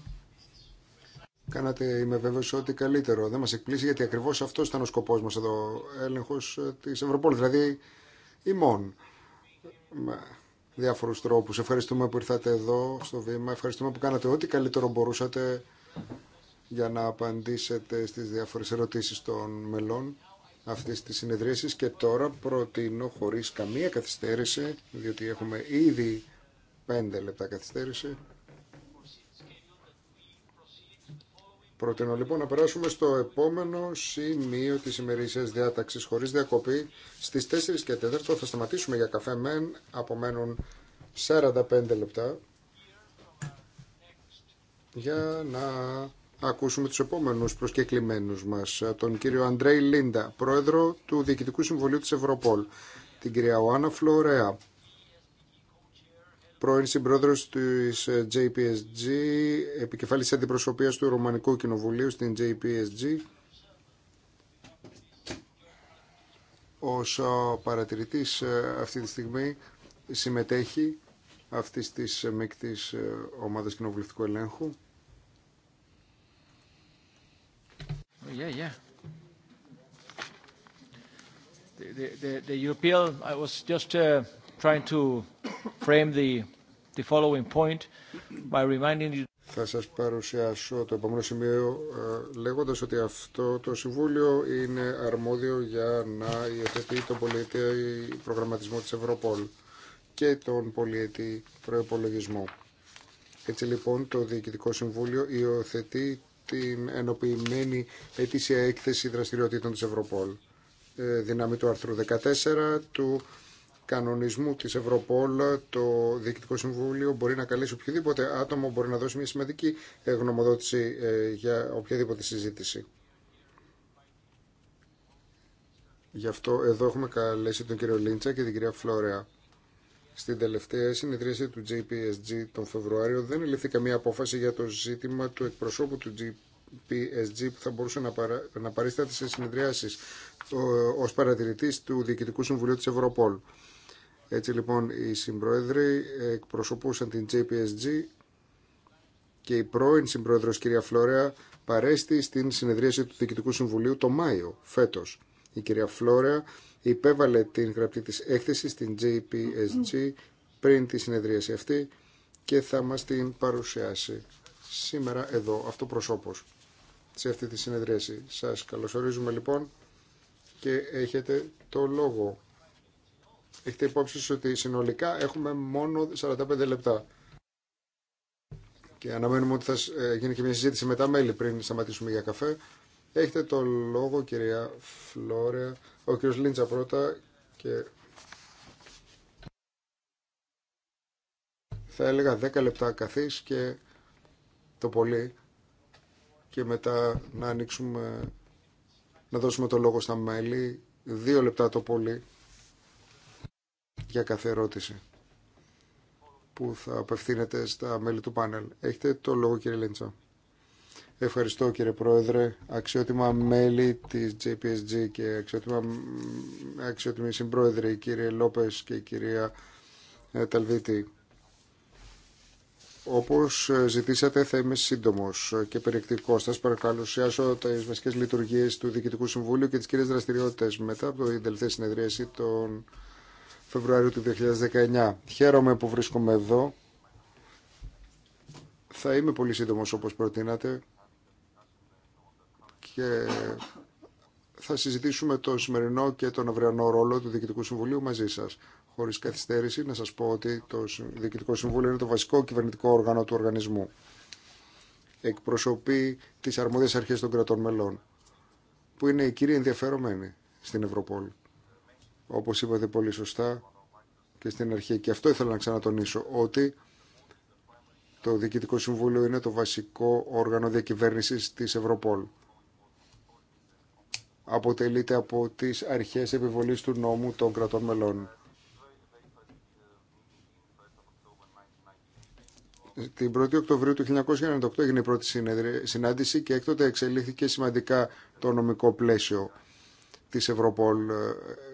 Κάνατε, είμαι βέβαιο ότι καλύτερο. Δεν μα εκπλήσει γιατί ακριβώ αυτό ήταν ο σκοπό μα εδώ. Έλεγχο τη Ευρωπόλη, δηλαδή ημών. Με διάφορου τρόπου. Ευχαριστούμε που ήρθατε εδώ στο βήμα. Ευχαριστούμε που κάνατε ό,τι καλύτερο μπορούσατε για να απαντήσετε στι διάφορε ερωτήσει των μελών αυτές τις συνεδρίαση και τώρα προτείνω χωρί καμία καθυστέρηση, διότι έχουμε ήδη 5 λεπτά καθυστέρηση. Προτείνω λοιπόν να περάσουμε στο επόμενο σημείο της ημερήσιας διάταξης χωρίς διακοπή. Στις 4 και 4 θα σταματήσουμε για καφέ μεν, απομένουν 45 λεπτά για να ακούσουμε τους επόμενους προσκεκλημένους μας, ε, τον κύριο Αντρέι Λίντα, πρόεδρο του Διοικητικού Συμβουλίου της Ευρωπόλ, την κυρία Οάννα Φλωρέα, πρώην συμπρόεδρος της ε, JPSG, επικεφαλής αντιπροσωπείας του Ρωμανικού Κοινοβουλίου στην JPSG, ως ε, παρατηρητής αυτή τη στιγμή συμμετέχει αυτής της μεικτής ομάδας κοινοβουλευτικού ελέγχου. yeah, yeah. The, the, the, I was just uh, trying to frame the, the following point by reminding you. Θα σας παρουσιάσω το επόμενο σημείο ε, λέγοντας ότι αυτό το Συμβούλιο είναι αρμόδιο για να υιοθετεί τον πολιετή προγραμματισμό της Ευρωπόλ και τον πολιετή προϋπολογισμό. Έτσι λοιπόν το Διοικητικό Συμβούλιο υιοθετεί την ενοποιημένη ετήσια έκθεση δραστηριοτήτων της Ευρωπόλ. Ε, δυνάμει του άρθρου 14 του κανονισμού της Ευρωπόλ το Διοικητικό Συμβούλιο μπορεί να καλέσει οποιοδήποτε άτομο μπορεί να δώσει μια σημαντική ε, γνωμοδότηση ε, για οποιαδήποτε συζήτηση. Γι' αυτό εδώ έχουμε καλέσει τον κύριο Λίντσα και την κυρία Φλόρεα. Στην τελευταία συνεδρίαση του JPSG τον Φεβρουάριο δεν ελήφθη καμία απόφαση για το ζήτημα του εκπροσώπου του JPSG που θα μπορούσε να, παρα... να παρίσταται σε συνεδριάσεις ως παρατηρητής του Διοικητικού Συμβουλίου της Ευρωπόλ. Έτσι λοιπόν οι συμπρόεδροι εκπροσωπούσαν την JPSG και η πρώην συμπρόεδρος κυρία Φλόρεα παρέστη στην συνεδρίαση του Διοικητικού Συμβουλίου το Μάιο φέτος. Η κυρία Φλόρεα υπέβαλε την γραπτή της έκθεση στην JPSG πριν τη συνεδρίαση αυτή και θα μας την παρουσιάσει σήμερα εδώ αυτοπροσώπως σε αυτή τη συνεδρίαση. Σας καλωσορίζουμε λοιπόν και έχετε το λόγο. Έχετε υπόψη ότι συνολικά έχουμε μόνο 45 λεπτά. Και αναμένουμε ότι θα ε, γίνει και μια συζήτηση με τα μέλη πριν σταματήσουμε για καφέ. Έχετε το λόγο κυρία Φλόρεα, ο κύριος Λίντσα πρώτα και θα έλεγα 10 λεπτά καθής και το πολύ και μετά να ανοίξουμε, να δώσουμε το λόγο στα μέλη, δύο λεπτά το πολύ για κάθε ερώτηση που θα απευθύνεται στα μέλη του πάνελ. Έχετε το λόγο κύριε Λίντσα. Ευχαριστώ κύριε Πρόεδρε, αξιότιμα μέλη της JPSG και αξιότιμα, συμπρόεδρε η κύριε Λόπες και κυρία ε, Ταλβίτη. Όπως ζητήσατε θα είμαι σύντομος και περιεκτικός. Θα σας παρακαλουσιάσω τις βασικές λειτουργίες του Διοικητικού Συμβούλου και τις κύριες δραστηριότητες μετά από την τελευταία συνεδρίαση τον Φεβρουάριο του 2019. Χαίρομαι που βρίσκομαι εδώ. Θα είμαι πολύ σύντομος όπως προτείνατε και θα συζητήσουμε το σημερινό και τον αυριανό ρόλο του Διοικητικού Συμβουλίου μαζί σα, χωρί καθυστέρηση να σα πω ότι το Διοικητικό Συμβούλιο είναι το βασικό κυβερνητικό όργανο του οργανισμού. Εκπροσωπεί τι αρμόδιες αρχέ των κρατών μελών, που είναι οι κύριοι ενδιαφερομένοι στην Ευρωπόλ. Όπω είπατε πολύ σωστά και στην αρχή, και αυτό ήθελα να ξανατονίσω, ότι το Διοικητικό Συμβούλιο είναι το βασικό όργανο διακυβέρνηση τη Ευρωπόλ αποτελείται από τις αρχές επιβολής του νόμου των κρατών μελών. Την 1η Οκτωβρίου του 1998 έγινε η πρώτη συνάντηση και έκτοτε εξελίχθηκε σημαντικά το νομικό πλαίσιο της Ευρωπόλ.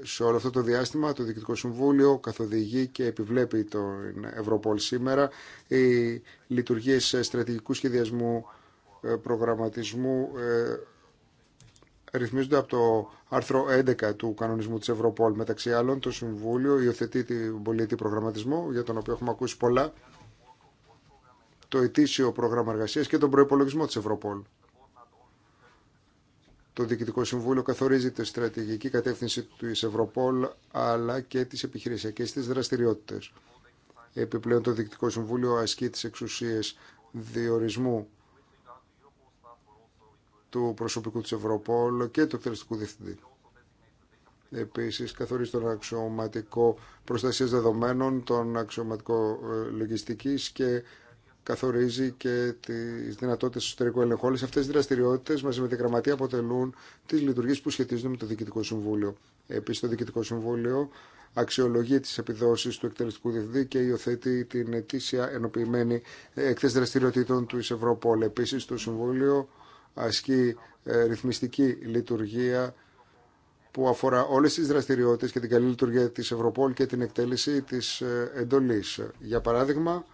Σε όλο αυτό το διάστημα το Διοικητικό Συμβούλιο καθοδηγεί και επιβλέπει τον Ευρωπόλ σήμερα. Οι λειτουργίες στρατηγικού σχεδιασμού, ε, προγραμματισμού, ε, ρυθμίζονται από το άρθρο 11 του κανονισμού της Ευρωπόλ. Μεταξύ άλλων, το Συμβούλιο υιοθετεί την πολιτική προγραμματισμό, για τον οποίο έχουμε ακούσει πολλά, το ετήσιο πρόγραμμα εργασία και τον προπολογισμό της Ευρωπόλ. Το Διοικητικό Συμβούλιο καθορίζει τη στρατηγική κατεύθυνση τη Ευρωπόλ αλλά και τις επιχειρησιακές της δραστηριότητες. Επιπλέον το Διοικητικό Συμβούλιο ασκεί τις εξουσίες διορισμού του προσωπικού της Ευρωπόλ και του εκτελεστικού διευθυντή. Επίσης, καθορίζει τον αξιωματικό προστασίας δεδομένων, τον αξιωματικό ε, λογιστικής και καθορίζει και τις δυνατότητες του εσωτερικού ελεγχού. Όλες αυτές οι δραστηριότητες μαζί με τη γραμματεία αποτελούν τις λειτουργίες που σχετίζονται με το Διοικητικό Συμβούλιο. Επίσης, το Διοικητικό Συμβούλιο αξιολογεί τις επιδόσεις του εκτελεστικού διευθυντή και υιοθετεί την ετήσια ενοποιημένη έκθεση ε, δραστηριοτήτων του Ευρωπόλ. Επίση, το Συμβούλιο ασκεί ε, ρυθμιστική λειτουργία που αφορά όλες τις δραστηριότητες και την καλή λειτουργία της Ευρωπόλ και την εκτέλεση της ε, εντολής. Για παράδειγμα,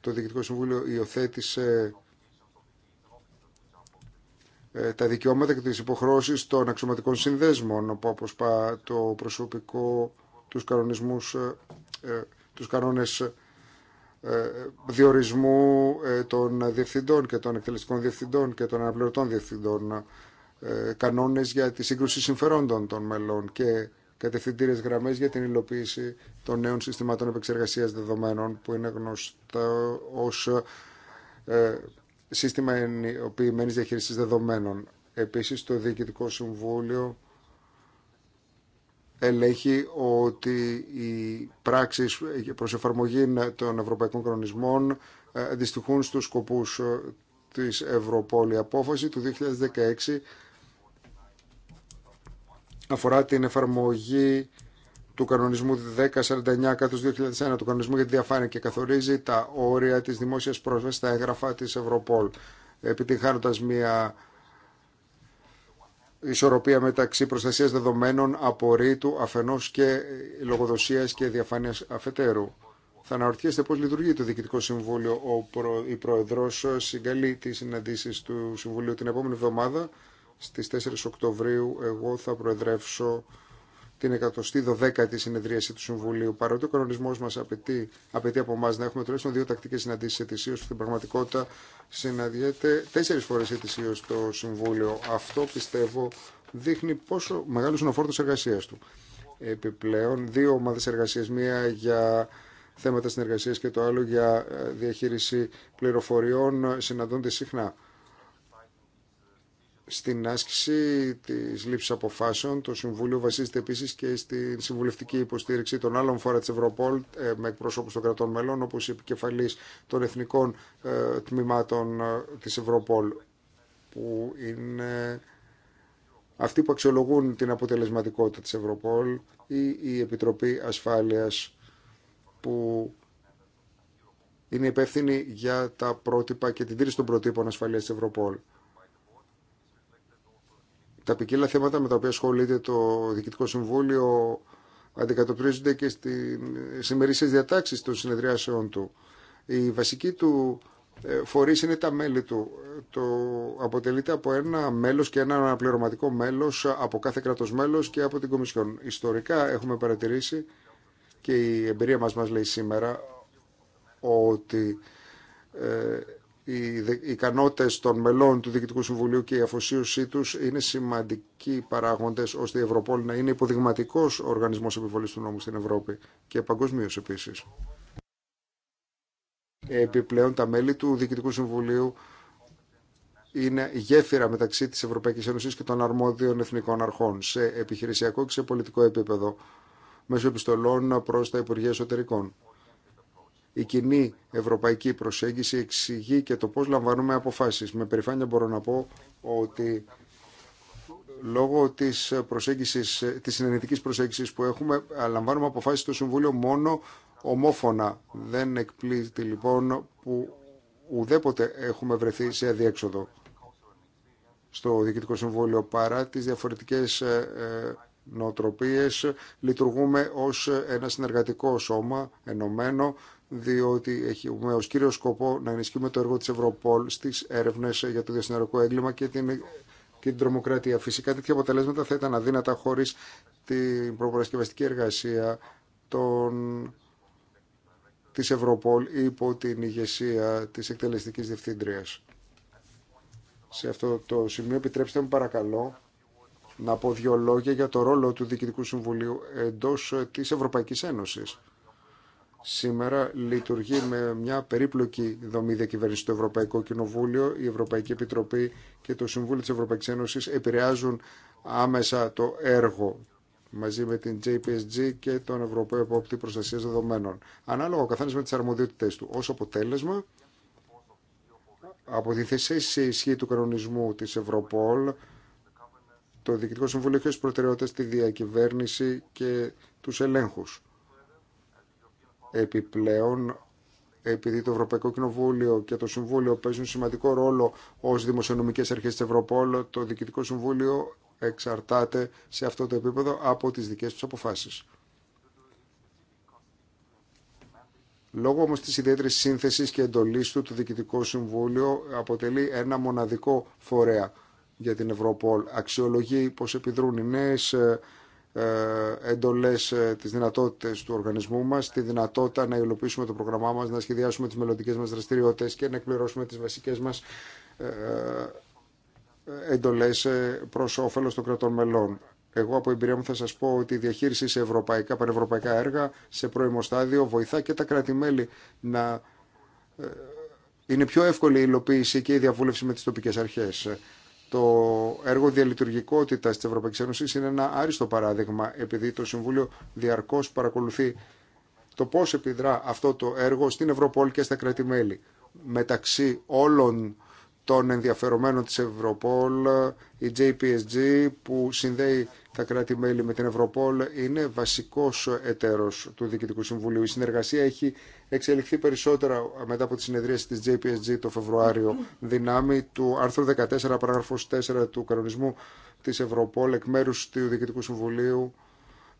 το Διοικητικό Συμβούλιο υιοθέτησε ε, τα δικαιώματα και τις υποχρώσεις των αξιωματικών συνδέσμων που αποσπά το προσωπικό τους κανονισμούς, τους κανόνες ε, διορισμού ε, των διευθυντών και των εκτελεστικών διευθυντών και των αναπληρωτών διευθυντών ε, κανόνες για τη σύγκρουση συμφερόντων των μελών και κατευθυντήρες γραμμές για την υλοποίηση των νέων συστημάτων επεξεργασίας δεδομένων που είναι γνωστό ως σύστημα ενοποιημένης διαχείρισης δεδομένων. Επίσης, το Διοικητικό Συμβούλιο ελέγχει ότι οι πράξεις προς εφαρμογή των ευρωπαϊκών κανονισμών αντιστοιχούν ε, στους σκοπούς ε, της Ευρωπόλη. απόφαση του 2016 αφορά την εφαρμογή του κανονισμού 1049 κάτω 2001 του κανονισμού για τη διαφάνεια και καθορίζει τα όρια της δημόσιας πρόσβασης στα έγγραφα της Ευρωπόλ επιτυγχάνοντας μια ισορροπία μεταξύ προστασίας δεδομένων, απορρίτου, αφενός και λογοδοσίας και διαφάνειας αφετέρου. Θα αναρωτιέστε πώς λειτουργεί το Διοικητικό Συμβούλιο. Ο προ... Η Πρόεδρος συγκαλεί τις συναντήσεις του Συμβουλίου την επόμενη εβδομάδα. Στις 4 Οκτωβρίου εγώ θα προεδρεύσω την 112η συνεδρίαση του Συμβουλίου. Παρότι ο κανονισμό μα απαιτεί, από εμά να έχουμε τουλάχιστον δύο τακτικέ συναντήσει ετησίω, που στην πραγματικότητα συναντιέται τέσσερι φορέ ετησίω το Συμβούλιο. Αυτό πιστεύω δείχνει πόσο μεγάλο είναι ο φόρτο εργασία του. Επιπλέον, δύο ομάδε εργασία, μία για θέματα συνεργασία και το άλλο για ε, διαχείριση πληροφοριών, συναντώνται συχνά. Στην άσκηση της λήψης αποφάσεων, το Συμβούλιο βασίζεται επίση και στην συμβουλευτική υποστήριξη των άλλων φορά τη Ευρωπόλ ε, με εκπροσώπους των κρατών μελών, όπως η επικεφαλής των εθνικών ε, τμήματων ε, της Ευρωπόλ, που είναι αυτοί που αξιολογούν την αποτελεσματικότητα της Ευρωπόλ ή η Επιτροπή Ασφάλειας που είναι υπεύθυνη για τα πρότυπα και την τήρηση των προτύπων ασφαλείας της Ευρωπόλ τα ποικίλα θέματα με τα οποία ασχολείται το Διοικητικό Συμβούλιο αντικατοπτρίζονται και στι ημερήσεις διατάξεις των συνεδριάσεών του. Η βασική του ε, φορείς είναι τα μέλη του. Το αποτελείται από ένα μέλος και ένα αναπληρωματικό μέλος από κάθε κράτος μέλος και από την Κομισιόν. Ιστορικά έχουμε παρατηρήσει και η εμπειρία μα μας λέει σήμερα ότι ε, οι ικανότητες των μελών του Διοικητικού Συμβουλίου και η αφοσίωσή του είναι σημαντικοί παράγοντε ώστε η Ευρωπόλη να είναι υποδειγματικό οργανισμό επιβολή του νόμου στην Ευρώπη και παγκοσμίω επίση. Επιπλέον τα μέλη του Διοικητικού Συμβουλίου είναι γέφυρα μεταξύ της Ευρωπαϊκής Ένωσης και των αρμόδιων εθνικών αρχών σε επιχειρησιακό και σε πολιτικό επίπεδο μέσω επιστολών προς τα Υπουργεία Εσωτερικών. Η κοινή ευρωπαϊκή προσέγγιση εξηγεί και το πώς λαμβάνουμε αποφάσεις. Με περηφάνεια μπορώ να πω ότι λόγω της, προσέγγισης, της συνενετικής προσέγγισης που έχουμε λαμβάνουμε αποφάσεις στο Συμβούλιο μόνο ομόφωνα. Δεν εκπλήττει λοιπόν που ουδέποτε έχουμε βρεθεί σε αδιέξοδο στο Διοικητικό Συμβούλιο παρά τις διαφορετικές ε, ε, νοοτροπίες λειτουργούμε ως ένα συνεργατικό σώμα ενωμένο διότι έχουμε ως κύριο σκοπό να ενισχύουμε το έργο της Ευρωπόλ στις έρευνες για το διασυνορικό έγκλημα και την, και την τρομοκρατία. Φυσικά τέτοια αποτελέσματα θα ήταν αδύνατα χωρίς την προπαρασκευαστική εργασία των της Ευρωπόλ υπό την ηγεσία της εκτελεστικής διευθύντριας. Σε αυτό το σημείο επιτρέψτε μου παρακαλώ να πω δύο λόγια για το ρόλο του Διοικητικού Συμβουλίου εντός της Ευρωπαϊκής Ένωσης σήμερα λειτουργεί με μια περίπλοκη δομή διακυβέρνηση. Το Ευρωπαϊκό Κοινοβούλιο, η Ευρωπαϊκή Επιτροπή και το Συμβούλιο της Ευρωπαϊκής Ένωσης επηρεάζουν άμεσα το έργο μαζί με την JPSG και τον Ευρωπαίο Επόπτη Προστασία Δεδομένων. Ανάλογα ο καθένα με τι αρμοδιότητέ του. Ω αποτέλεσμα, από τη θέση σε ισχύ του κανονισμού τη Ευρωπόλ, το Διοικητικό Συμβούλιο έχει ω προτεραιότητα τη διακυβέρνηση και του ελέγχου. Επιπλέον, επειδή το Ευρωπαϊκό Κοινοβούλιο και το Συμβούλιο παίζουν σημαντικό ρόλο ως δημοσιονομικές αρχές της Ευρωπόλ, το Διοικητικό Συμβούλιο εξαρτάται σε αυτό το επίπεδο από τις δικές τους αποφάσεις. Λόγω όμως της ιδιαίτερης σύνθεσης και εντολής του, το Διοικητικό Συμβούλιο αποτελεί ένα μοναδικό φορέα για την Ευρωπόλ. Αξιολογεί πώς επιδρούν οι νέες ε, εντολές, ε, τις δυνατότητες του οργανισμού μας, τη δυνατότητα να υλοποιήσουμε το πρόγραμμά μας, να σχεδιάσουμε τις μελλοντικέ μας δραστηριότητες και να εκπληρώσουμε τις βασικές μας ε, εντολές προς όφελος των κρατών μελών. Εγώ από εμπειρία μου θα σας πω ότι η διαχείριση σε ευρωπαϊκά, πανευρωπαϊκά έργα σε πρώιμο στάδιο βοηθά και τα κράτη-μέλη να είναι πιο εύκολη η υλοποίηση και η διαβούλευση με τις τοπικές αρχές. Το έργο διαλειτουργικότητα τη Ευρωπαϊκή Ένωση είναι ένα άριστο παράδειγμα, επειδή το Συμβούλιο διαρκώ παρακολουθεί το πώ επιδρά αυτό το έργο στην Ευρωπόλ και στα κράτη-μέλη. Μεταξύ όλων των ενδιαφερομένων της Ευρωπόλ, η JPSG που συνδέει τα κράτη-μέλη με την Ευρωπόλ είναι βασικός εταίρος του Διοικητικού Συμβουλίου. Η συνεργασία έχει εξελιχθεί περισσότερα μετά από τη συνεδρίαση της JPSG το Φεβρουάριο δυνάμει του άρθρου 14 παράγραφος 4 του κανονισμού της Ευρωπόλ εκ μέρους του Διοικητικού Συμβουλίου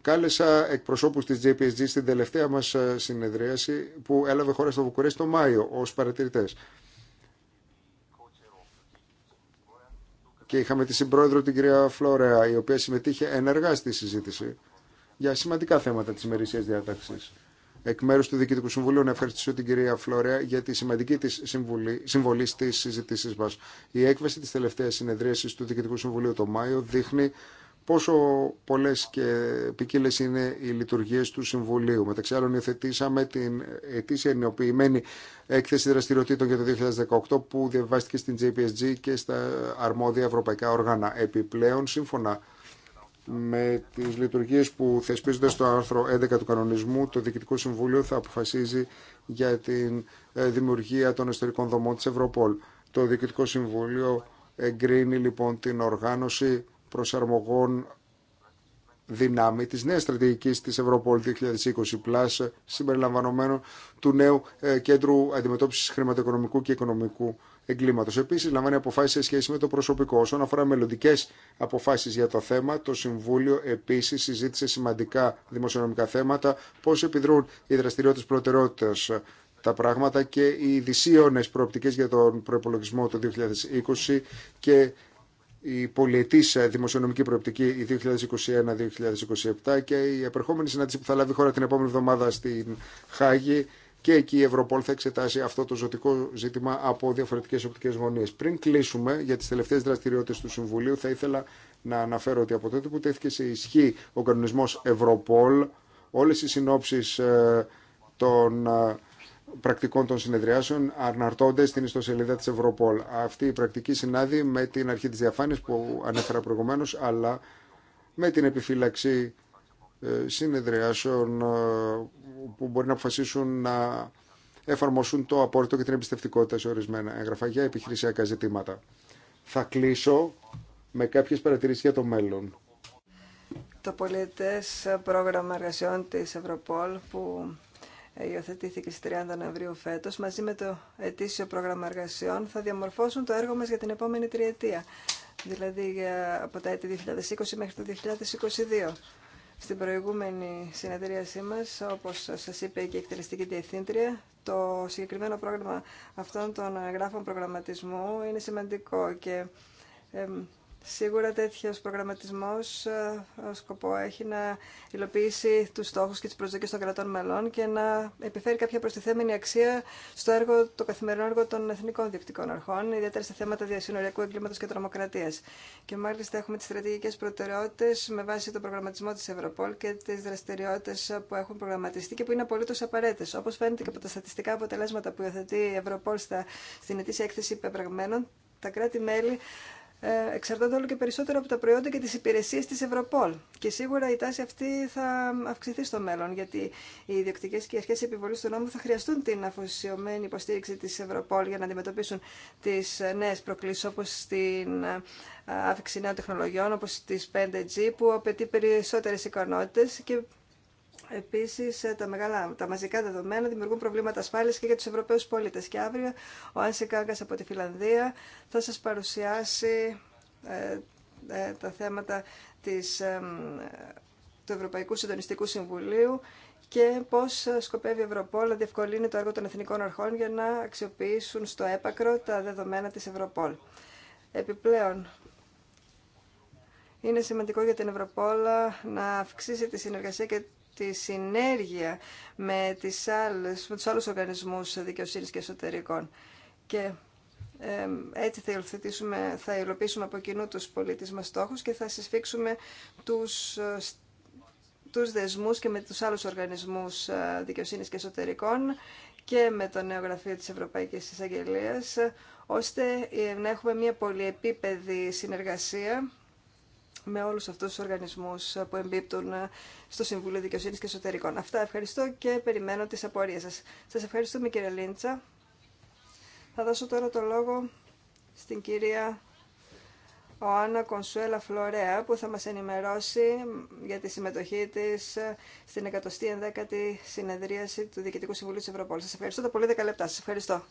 Κάλεσα εκπροσώπους της JPSG στην τελευταία μας ε, συνεδρίαση που έλαβε χώρα στο Βουκουρέστι το Μάιο ως παρατηρητές. Και είχαμε τη συμπρόεδρο την κυρία Φλόρεα, η οποία συμμετείχε ενεργά στη συζήτηση για σημαντικά θέματα της ημερησίας διάταξης εκ μέρου του Διοικητικού Συμβουλίου να ευχαριστήσω την κυρία Φλόρεα για τη σημαντική τη συμβολή στι συζητήσεις μα. Η έκβαση τη τελευταία συνεδρίασης του Διοικητικού Συμβουλίου το Μάιο δείχνει πόσο πολλέ και ποικίλε είναι οι λειτουργίε του Συμβουλίου. Μεταξύ άλλων, υιοθετήσαμε την ετήσια ενοποιημένη έκθεση δραστηριοτήτων για το 2018 που διαβάστηκε στην JPSG και στα αρμόδια ευρωπαϊκά όργανα. Επιπλέον, σύμφωνα με τις λειτουργίε που θεσπίζονται στο άρθρο 11 του κανονισμού, το Διοικητικό Συμβούλιο θα αποφασίζει για τη ε, δημιουργία των εσωτερικών δομών τη Ευρωπόλ. Το Διοικητικό Συμβούλιο εγκρίνει λοιπόν την οργάνωση προσαρμογών δυνάμει της νέας στρατηγικής της Ευρωπόλ 2020 συμπεριλαμβανομένων συμπεριλαμβανομένου του νέου ε, κέντρου αντιμετώπισης χρηματοοικονομικού και οικονομικού εγκλήματο. Επίση, λαμβάνει αποφάσει σε σχέση με το προσωπικό. Όσον αφορά μελλοντικέ αποφάσει για το θέμα, το Συμβούλιο επίση συζήτησε σημαντικά δημοσιονομικά θέματα, πώ επιδρούν οι δραστηριότητε προτεραιότητα τα πράγματα και οι δυσίωνε προοπτικές για τον προπολογισμό το 2020 και η πολιετη δημοσιονομική προοπτική 2021-2027 και η επερχόμενη συνάντηση που θα λάβει η χώρα την επόμενη εβδομάδα στην Χάγη και εκεί η Ευρωπόλ θα εξετάσει αυτό το ζωτικό ζήτημα από διαφορετικέ οπτικέ γωνίε. Πριν κλείσουμε για τι τελευταίε δραστηριότητε του Συμβουλίου, θα ήθελα να αναφέρω ότι από τότε που τέθηκε σε ισχύ ο κανονισμό Ευρωπόλ, όλε οι συνόψει ε, των ε, πρακτικών των συνεδριάσεων αναρτώνται στην ιστοσελίδα της Ευρωπόλ. Αυτή η πρακτική συνάδει με την αρχή της διαφάνειας που ανέφερα προηγουμένως, αλλά με την επιφύλαξη ε, συνεδριάσεων ε, που μπορεί να αποφασίσουν να εφαρμόσουν το απόρριτο και την εμπιστευτικότητα σε ορισμένα έγγραφα για επιχειρησιακά ζητήματα. Θα κλείσω με κάποιες παρατηρήσεις για το μέλλον. Το πολιτές πρόγραμμα εργασιών της Ευρωπόλ που υιοθετήθηκε στις 30 Νοεμβρίου φέτος μαζί με το ετήσιο πρόγραμμα εργασιών θα διαμορφώσουν το έργο μας για την επόμενη τριετία δηλαδή από τα έτη 2020 μέχρι το 2022. Στην προηγούμενη συνεδρίασή μας, όπως σας είπε και η εκτελεστική διευθύντρια, το συγκεκριμένο πρόγραμμα αυτών των γράφων προγραμματισμού είναι σημαντικό και Σίγουρα τέτοιο προγραμματισμός ε, σκοπό έχει να υλοποιήσει του στόχου και τι προσδοκίε των κρατών μελών και να επιφέρει κάποια προστιθέμενη αξία στο έργο, το καθημερινό έργο των εθνικών διεκτικών αρχών, ιδιαίτερα στα θέματα διασυνοριακού εγκλήματος και τρομοκρατία. Και μάλιστα έχουμε τι στρατηγικέ προτεραιότητε με βάση τον προγραμματισμό τη Ευρωπόλ και τι δραστηριότητε που έχουν προγραμματιστεί και που είναι απολύτω απαραίτητε. Όπω φαίνεται και από τα στατιστικά αποτελέσματα που υιοθετεί η Ευρωπόλ στην έκθεση υπεπραγμένων, τα κράτη-μέλη ε, εξαρτάται όλο και περισσότερο από τα προϊόντα και τις υπηρεσίες της Ευρωπόλ. Και σίγουρα η τάση αυτή θα αυξηθεί στο μέλλον, γιατί οι ιδιοκτικές και οι αρχές επιβολής του νόμου θα χρειαστούν την αφοσιωμένη υποστήριξη της Ευρωπόλ για να αντιμετωπίσουν τις νέες προκλήσεις, όπως την ε, αύξηση νέων τεχνολογιών, όπως τις 5G, που απαιτεί περισσότερες ικανότητες και Επίση, ε, τα, μεγάλα, τα μαζικά δεδομένα δημιουργούν προβλήματα ασφάλεια και για του Ευρωπαίου πολίτε. Και αύριο ο Άνση Κάγκα από τη Φιλανδία θα σα παρουσιάσει ε, ε, τα θέματα της, του Ευρωπαϊκού Συντονιστικού Συμβουλίου και πώ σκοπεύει η Ευρωπόλ να διευκολύνει το έργο των εθνικών αρχών για να αξιοποιήσουν στο έπακρο τα δεδομένα τη Ευρωπόλ. Επιπλέον, είναι σημαντικό για την Ευρωπόλα να αυξήσει τη συνεργασία και τη συνέργεια με, τις άλλες, με τους άλλους οργανισμούς δικαιοσύνης και εσωτερικών. Και έτσι θα, υλοποιήσουμε, θα από κοινού τους πολίτες μας στόχους και θα συσφίξουμε τους, τους δεσμούς και με τους άλλους οργανισμούς ε, δικαιοσύνης και εσωτερικών και με το νέο γραφείο της Ευρωπαϊκής Εισαγγελίας, ώστε ε, να έχουμε μια πολυεπίπεδη συνεργασία με όλους αυτούς τους οργανισμούς που εμπίπτουν στο Συμβούλιο Δικαιοσύνης και Εσωτερικών. Αυτά ευχαριστώ και περιμένω τις απορίες σας. Σας ευχαριστούμε κύριε Λίντσα. Θα δώσω τώρα το λόγο στην κυρία Οάννα Κονσουέλα Φλωρέα που θα μας ενημερώσει για τη συμμετοχή της στην 110 η συνεδρίαση του Διοικητικού Συμβουλίου της Ευρωπόλης. Σας ευχαριστώ τα πολύ 10 λεπτά. Σας ευχαριστώ.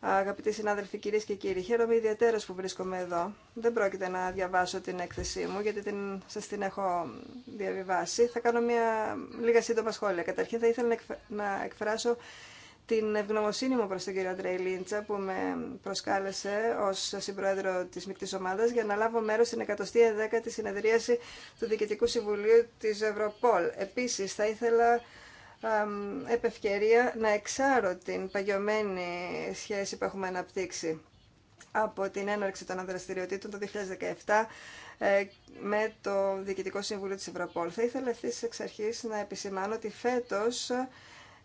Αγαπητοί συνάδελφοι, κυρίε και κύριοι, χαίρομαι ιδιαίτερα που βρίσκομαι εδώ. Δεν πρόκειται να διαβάσω την έκθεσή μου, γιατί την, σα την έχω διαβιβάσει. Θα κάνω μια λίγα σύντομα σχόλια. Καταρχήν, θα ήθελα να εκφράσω την ευγνωμοσύνη μου προ τον κύριο Αντρέη Λίντσα, που με προσκάλεσε ω συμπρόεδρο τη μεικτή ομάδα για να λάβω μέρο στην 110η συνεδρίαση του Διοικητικού Συμβουλίου τη Ευρωπόλ. Επίση, θα ήθελα επευκαιρία να εξάρω την παγιωμένη σχέση που έχουμε αναπτύξει από την έναρξη των ανδραστηριοτήτων το 2017 ε, με το Διοικητικό Συμβούλιο της Ευρωπόλ. Θα ήθελα αυτή εξ αρχής να επισημάνω ότι φέτος ε,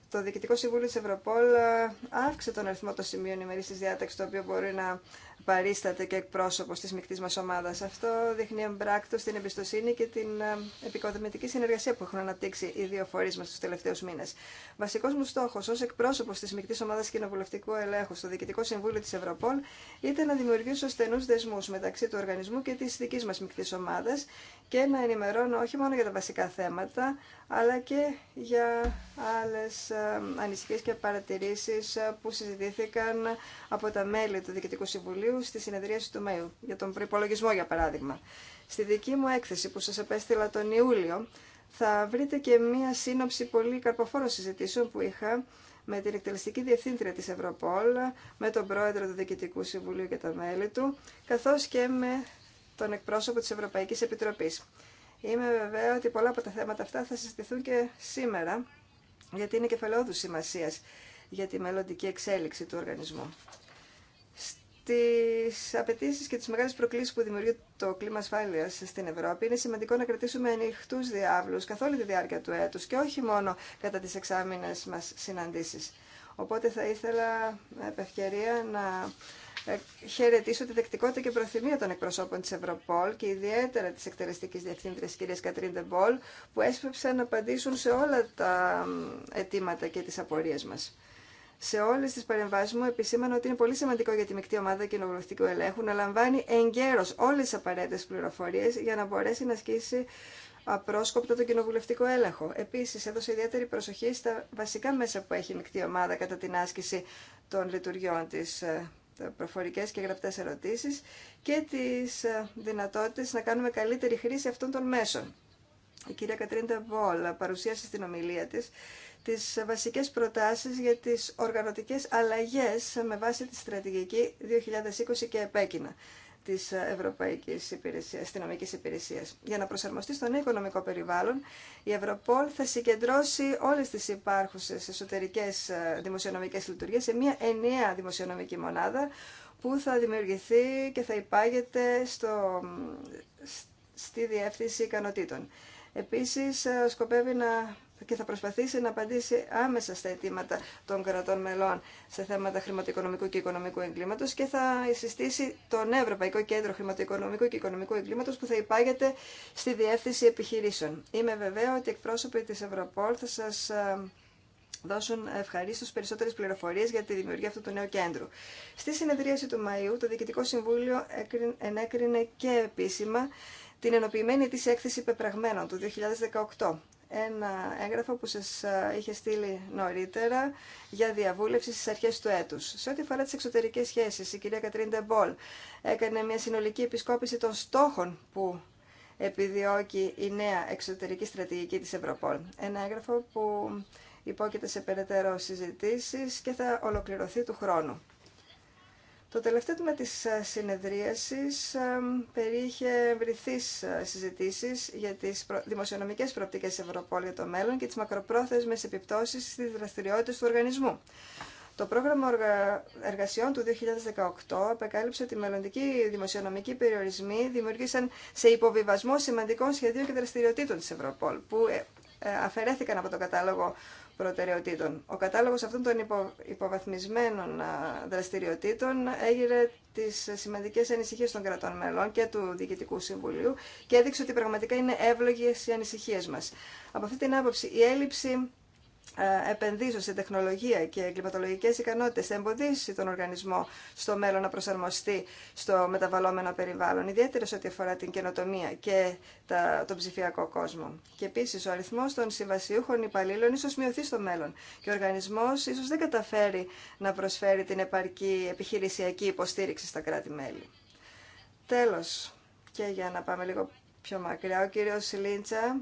το Διοικητικό Συμβούλιο της Ευρωπόλ ε, αύξησε τον αριθμό των σημείων ημερής της διάταξης, το οποίο μπορεί να παρίσταται και εκπρόσωπος της μεικτής μας ομάδας. Αυτό δείχνει εμπράκτο στην εμπιστοσύνη και την ε, επικοδομητική συνεργασία που έχουν αναπτύξει οι δύο φορείς μας τους τελευταίους μήνες. Βασικός μου στόχος ως εκπρόσωπος της μεικτής ομάδας κοινοβουλευτικού ελέγχου στο Διοικητικό Συμβούλιο της Ευρωπόλ ήταν να δημιουργήσω στενούς δεσμούς μεταξύ του οργανισμού και της δικής μας μεικτής ομάδας και να ενημερώνω όχι μόνο για τα βασικά θέματα, αλλά και για άλλες ανησυχίες και παρατηρήσεις ε, που συζητήθηκαν από τα μέλη του Διοικητικού Συμβουλίου στη συνεδρίαση του Μαΐου, για τον προπολογισμό για παράδειγμα. Στη δική μου έκθεση που σας επέστειλα τον Ιούλιο, θα βρείτε και μία σύνοψη πολύ καρποφόρων συζητήσεων που είχα με την εκτελεστική διευθύντρια της Ευρωπόλ, με τον πρόεδρο του Διοικητικού Συμβουλίου και τα μέλη του, καθώς και με τον εκπρόσωπο της Ευρωπαϊκής Επιτροπής. Είμαι βέβαια ότι πολλά από τα θέματα αυτά θα συζητηθούν και σήμερα, γιατί είναι κεφαλαιόδου σημασία για τη μελλοντική εξέλιξη του οργανισμού. Στι απαιτήσει και τι μεγάλε προκλήσει που δημιουργεί το κλίμα ασφάλεια στην Ευρώπη, είναι σημαντικό να κρατήσουμε ανοιχτού διάβλου καθ' όλη τη διάρκεια του έτου και όχι μόνο κατά τι εξάμεινε μα συναντήσει. Οπότε θα ήθελα επ' ευκαιρία να ε, χαιρετήσω τη δεκτικότητα και προθυμία των εκπροσώπων της Ευρωπόλ και ιδιαίτερα της εκτελεστικής διευθύντρια κυρίας Κατρίν Ντεμπόλ που έσπεψαν να απαντήσουν σε όλα τα αιτήματα και τις απορίες μας. Σε όλε τι παρεμβάσει μου επισήμανα ότι είναι πολύ σημαντικό για τη μεικτή ομάδα κοινοβουλευτικού ελέγχου να λαμβάνει εγκαίρω όλε τι απαραίτητε πληροφορίε για να μπορέσει να ασκήσει απρόσκοπτα το κοινοβουλευτικό έλεγχο. Επίση, έδωσε ιδιαίτερη προσοχή στα βασικά μέσα που έχει η μεικτή ομάδα κατά την άσκηση των λειτουργιών τη ε, ε, προφορικές και γραπτές ερωτήσεις και τις ε, δυνατότητες να κάνουμε καλύτερη χρήση αυτών των μέσων. Η κυρία Κατρίντα Βόλα παρουσίασε στην ομιλία της τις βασικές προτάσεις για τις οργανωτικές αλλαγές με βάση τη στρατηγική 2020 και επέκεινα. Τη Ευρωπαϊκή Υπηρεσία. Αστυνομικής Υπηρεσία. Για να προσαρμοστεί στο νέο οικονομικό περιβάλλον, η Ευρωπόλ θα συγκεντρώσει όλε τι υπάρχουσε εσωτερικέ ε, δημοσιονομικέ λειτουργίε σε μια ενιαία δημοσιονομική μονάδα που θα δημιουργηθεί και θα υπάγεται στο, στη Διεύθυνση Ικανοτήτων. Επίσης, ε, σκοπεύει να και θα προσπαθήσει να απαντήσει άμεσα στα αιτήματα των κρατών μελών σε θέματα χρηματοοικονομικού και οικονομικού εγκλήματο και θα συστήσει τον Ευρωπαϊκό Κέντρο Χρηματοοικονομικού και Οικονομικού Εγκλήματο που θα υπάγεται στη διεύθυνση επιχειρήσεων. Είμαι βεβαία ότι εκπρόσωποι τη Ευρωπόλ θα σα ε, δώσουν ευχαρίστω περισσότερε πληροφορίε για τη δημιουργία αυτού του νέου κέντρου. Στη συνεδρίαση του Μαΐου, το Διοικητικό Συμβούλιο ενέκρινε και επίσημα την ενοποιημένη τη έκθεση πεπραγμένων του 2018 ένα έγγραφο που σας ε, είχε στείλει νωρίτερα για διαβούλευση στις αρχές του έτους. Σε ό,τι αφορά τις εξωτερικές σχέσεις, η κυρία Κατρίν Μπολ έκανε μια συνολική επισκόπηση των στόχων που επιδιώκει η νέα εξωτερική στρατηγική της Ευρωπόλ. Ένα έγγραφο που υπόκειται σε περαιτέρω συζητήσεις και θα ολοκληρωθεί του χρόνου. Το τελευταίο τμήμα της ε, συνεδρίασης ε, περιείχε βρυθείς ε, συζητήσεις για τις δημοσιονομικές προοπτικές Ευρωπόλ για το μέλλον και τις μακροπρόθεσμες επιπτώσεις στις δραστηριότητες του οργανισμού. Το πρόγραμμα εργασιών του 2018 απεκάλυψε ότι οι μελλοντικοί δημοσιονομικοί περιορισμοί δημιουργήσαν σε υποβιβασμό σημαντικών σχεδίων και δραστηριοτήτων της Ευρωπόλ, που αφαιρέθηκαν από το κατάλογο προτεραιοτήτων. Ο κατάλογος αυτών των υπο, υποβαθμισμένων δραστηριοτήτων έγινε τις σημαντικές ανησυχίες των κρατών μελών και του Διοικητικού Συμβουλίου και έδειξε ότι πραγματικά είναι εύλογες οι ανησυχίες μας. Από αυτή την άποψη, η έλλειψη ε, επενδύσω σε τεχνολογία και εγκληματολογικέ ικανότητε, θα εμποδίσει τον οργανισμό στο μέλλον να προσαρμοστεί στο μεταβαλλόμενο περιβάλλον, ιδιαίτερα σε ό,τι αφορά την καινοτομία και τα, τον ψηφιακό κόσμο. Και επίση, ο αριθμό των συμβασιούχων υπαλλήλων ίσω μειωθεί στο μέλλον και ο οργανισμό ίσω δεν καταφέρει να προσφέρει την επαρκή επιχειρησιακή υποστήριξη στα κράτη-μέλη. Τέλο, και για να πάμε λίγο πιο μακριά, ο κύριο Σιλίντσα.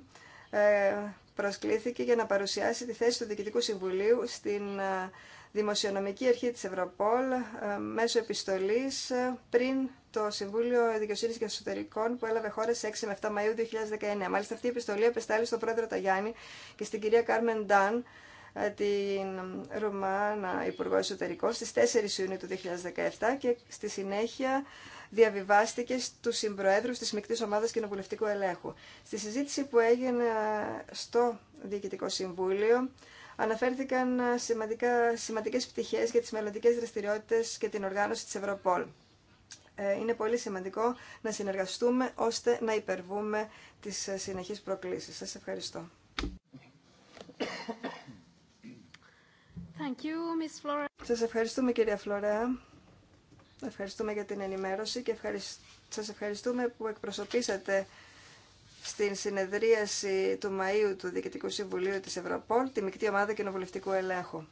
ε, προσκλήθηκε για να παρουσιάσει τη θέση του Διοικητικού Συμβουλίου στην ε, Δημοσιονομική Αρχή της Ευρωπόλ ε, μέσω επιστολής ε, πριν το Συμβούλιο Δικαιοσύνη και Εσωτερικών που έλαβε χώρα σε 6 με 7 Μαΐου 2019. Μάλιστα, αυτή η επιστολή επεστάλλει στον πρόεδρο Ταγιάννη και στην κυρία Κάρμεν Ντάν, την Ρουμάνα Υπουργό Εσωτερικών, στις 4 Ιουνίου του 2017 και στη συνέχεια διαβιβάστηκε στους συμπροέδρους της Μικτής Ομάδας Κοινοβουλευτικού Ελέγχου. Στη συζήτηση που έγινε στο Διοικητικό Συμβούλιο αναφέρθηκαν σημαντικέ σημαντικές πτυχές για τις μελλοντικές δραστηριότητες και την οργάνωση της Ευρωπόλ. Ε, είναι πολύ σημαντικό να συνεργαστούμε ώστε να υπερβούμε τις ε, συνεχείς προκλήσεις. Σας ευχαριστώ. Σα ευχαριστούμε κυρία Φλωρέα. Ευχαριστούμε για την ενημέρωση και ευχαρισ... σας ευχαριστούμε που εκπροσωπήσατε στην συνεδρίαση του Μαΐου του Διοικητικού Συμβουλίου της Ευρωπόλ τη Μικτή Ομάδα Κοινοβουλευτικού Ελέγχου.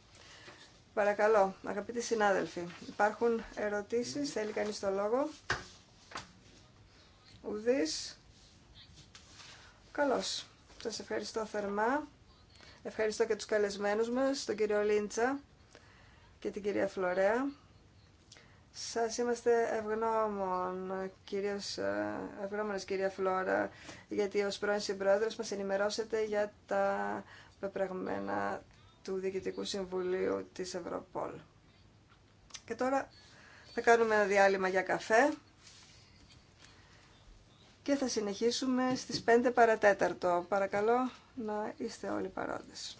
Παρακαλώ, αγαπητοί συνάδελφοι, υπάρχουν ερωτήσεις, θέλει κανείς το λόγο. Ουδής. Καλώς. Σας ευχαριστώ θερμά. Ευχαριστώ και τους καλεσμένους μας, τον κύριο Λίντσα και την κυρία Φλωρέα. Σας είμαστε ευγνώμων, κυρίως, ε, ευγνώμονες κυρία Φλόρα, γιατί ως πρώην συμπρόεδρος μας ενημερώσετε για τα πεπραγμένα του Διοικητικού Συμβουλίου της Ευρωπόλ. Και τώρα θα κάνουμε ένα διάλειμμα για καφέ και θα συνεχίσουμε στις 5 παρατέταρτο. Παρακαλώ να είστε όλοι παρόντες.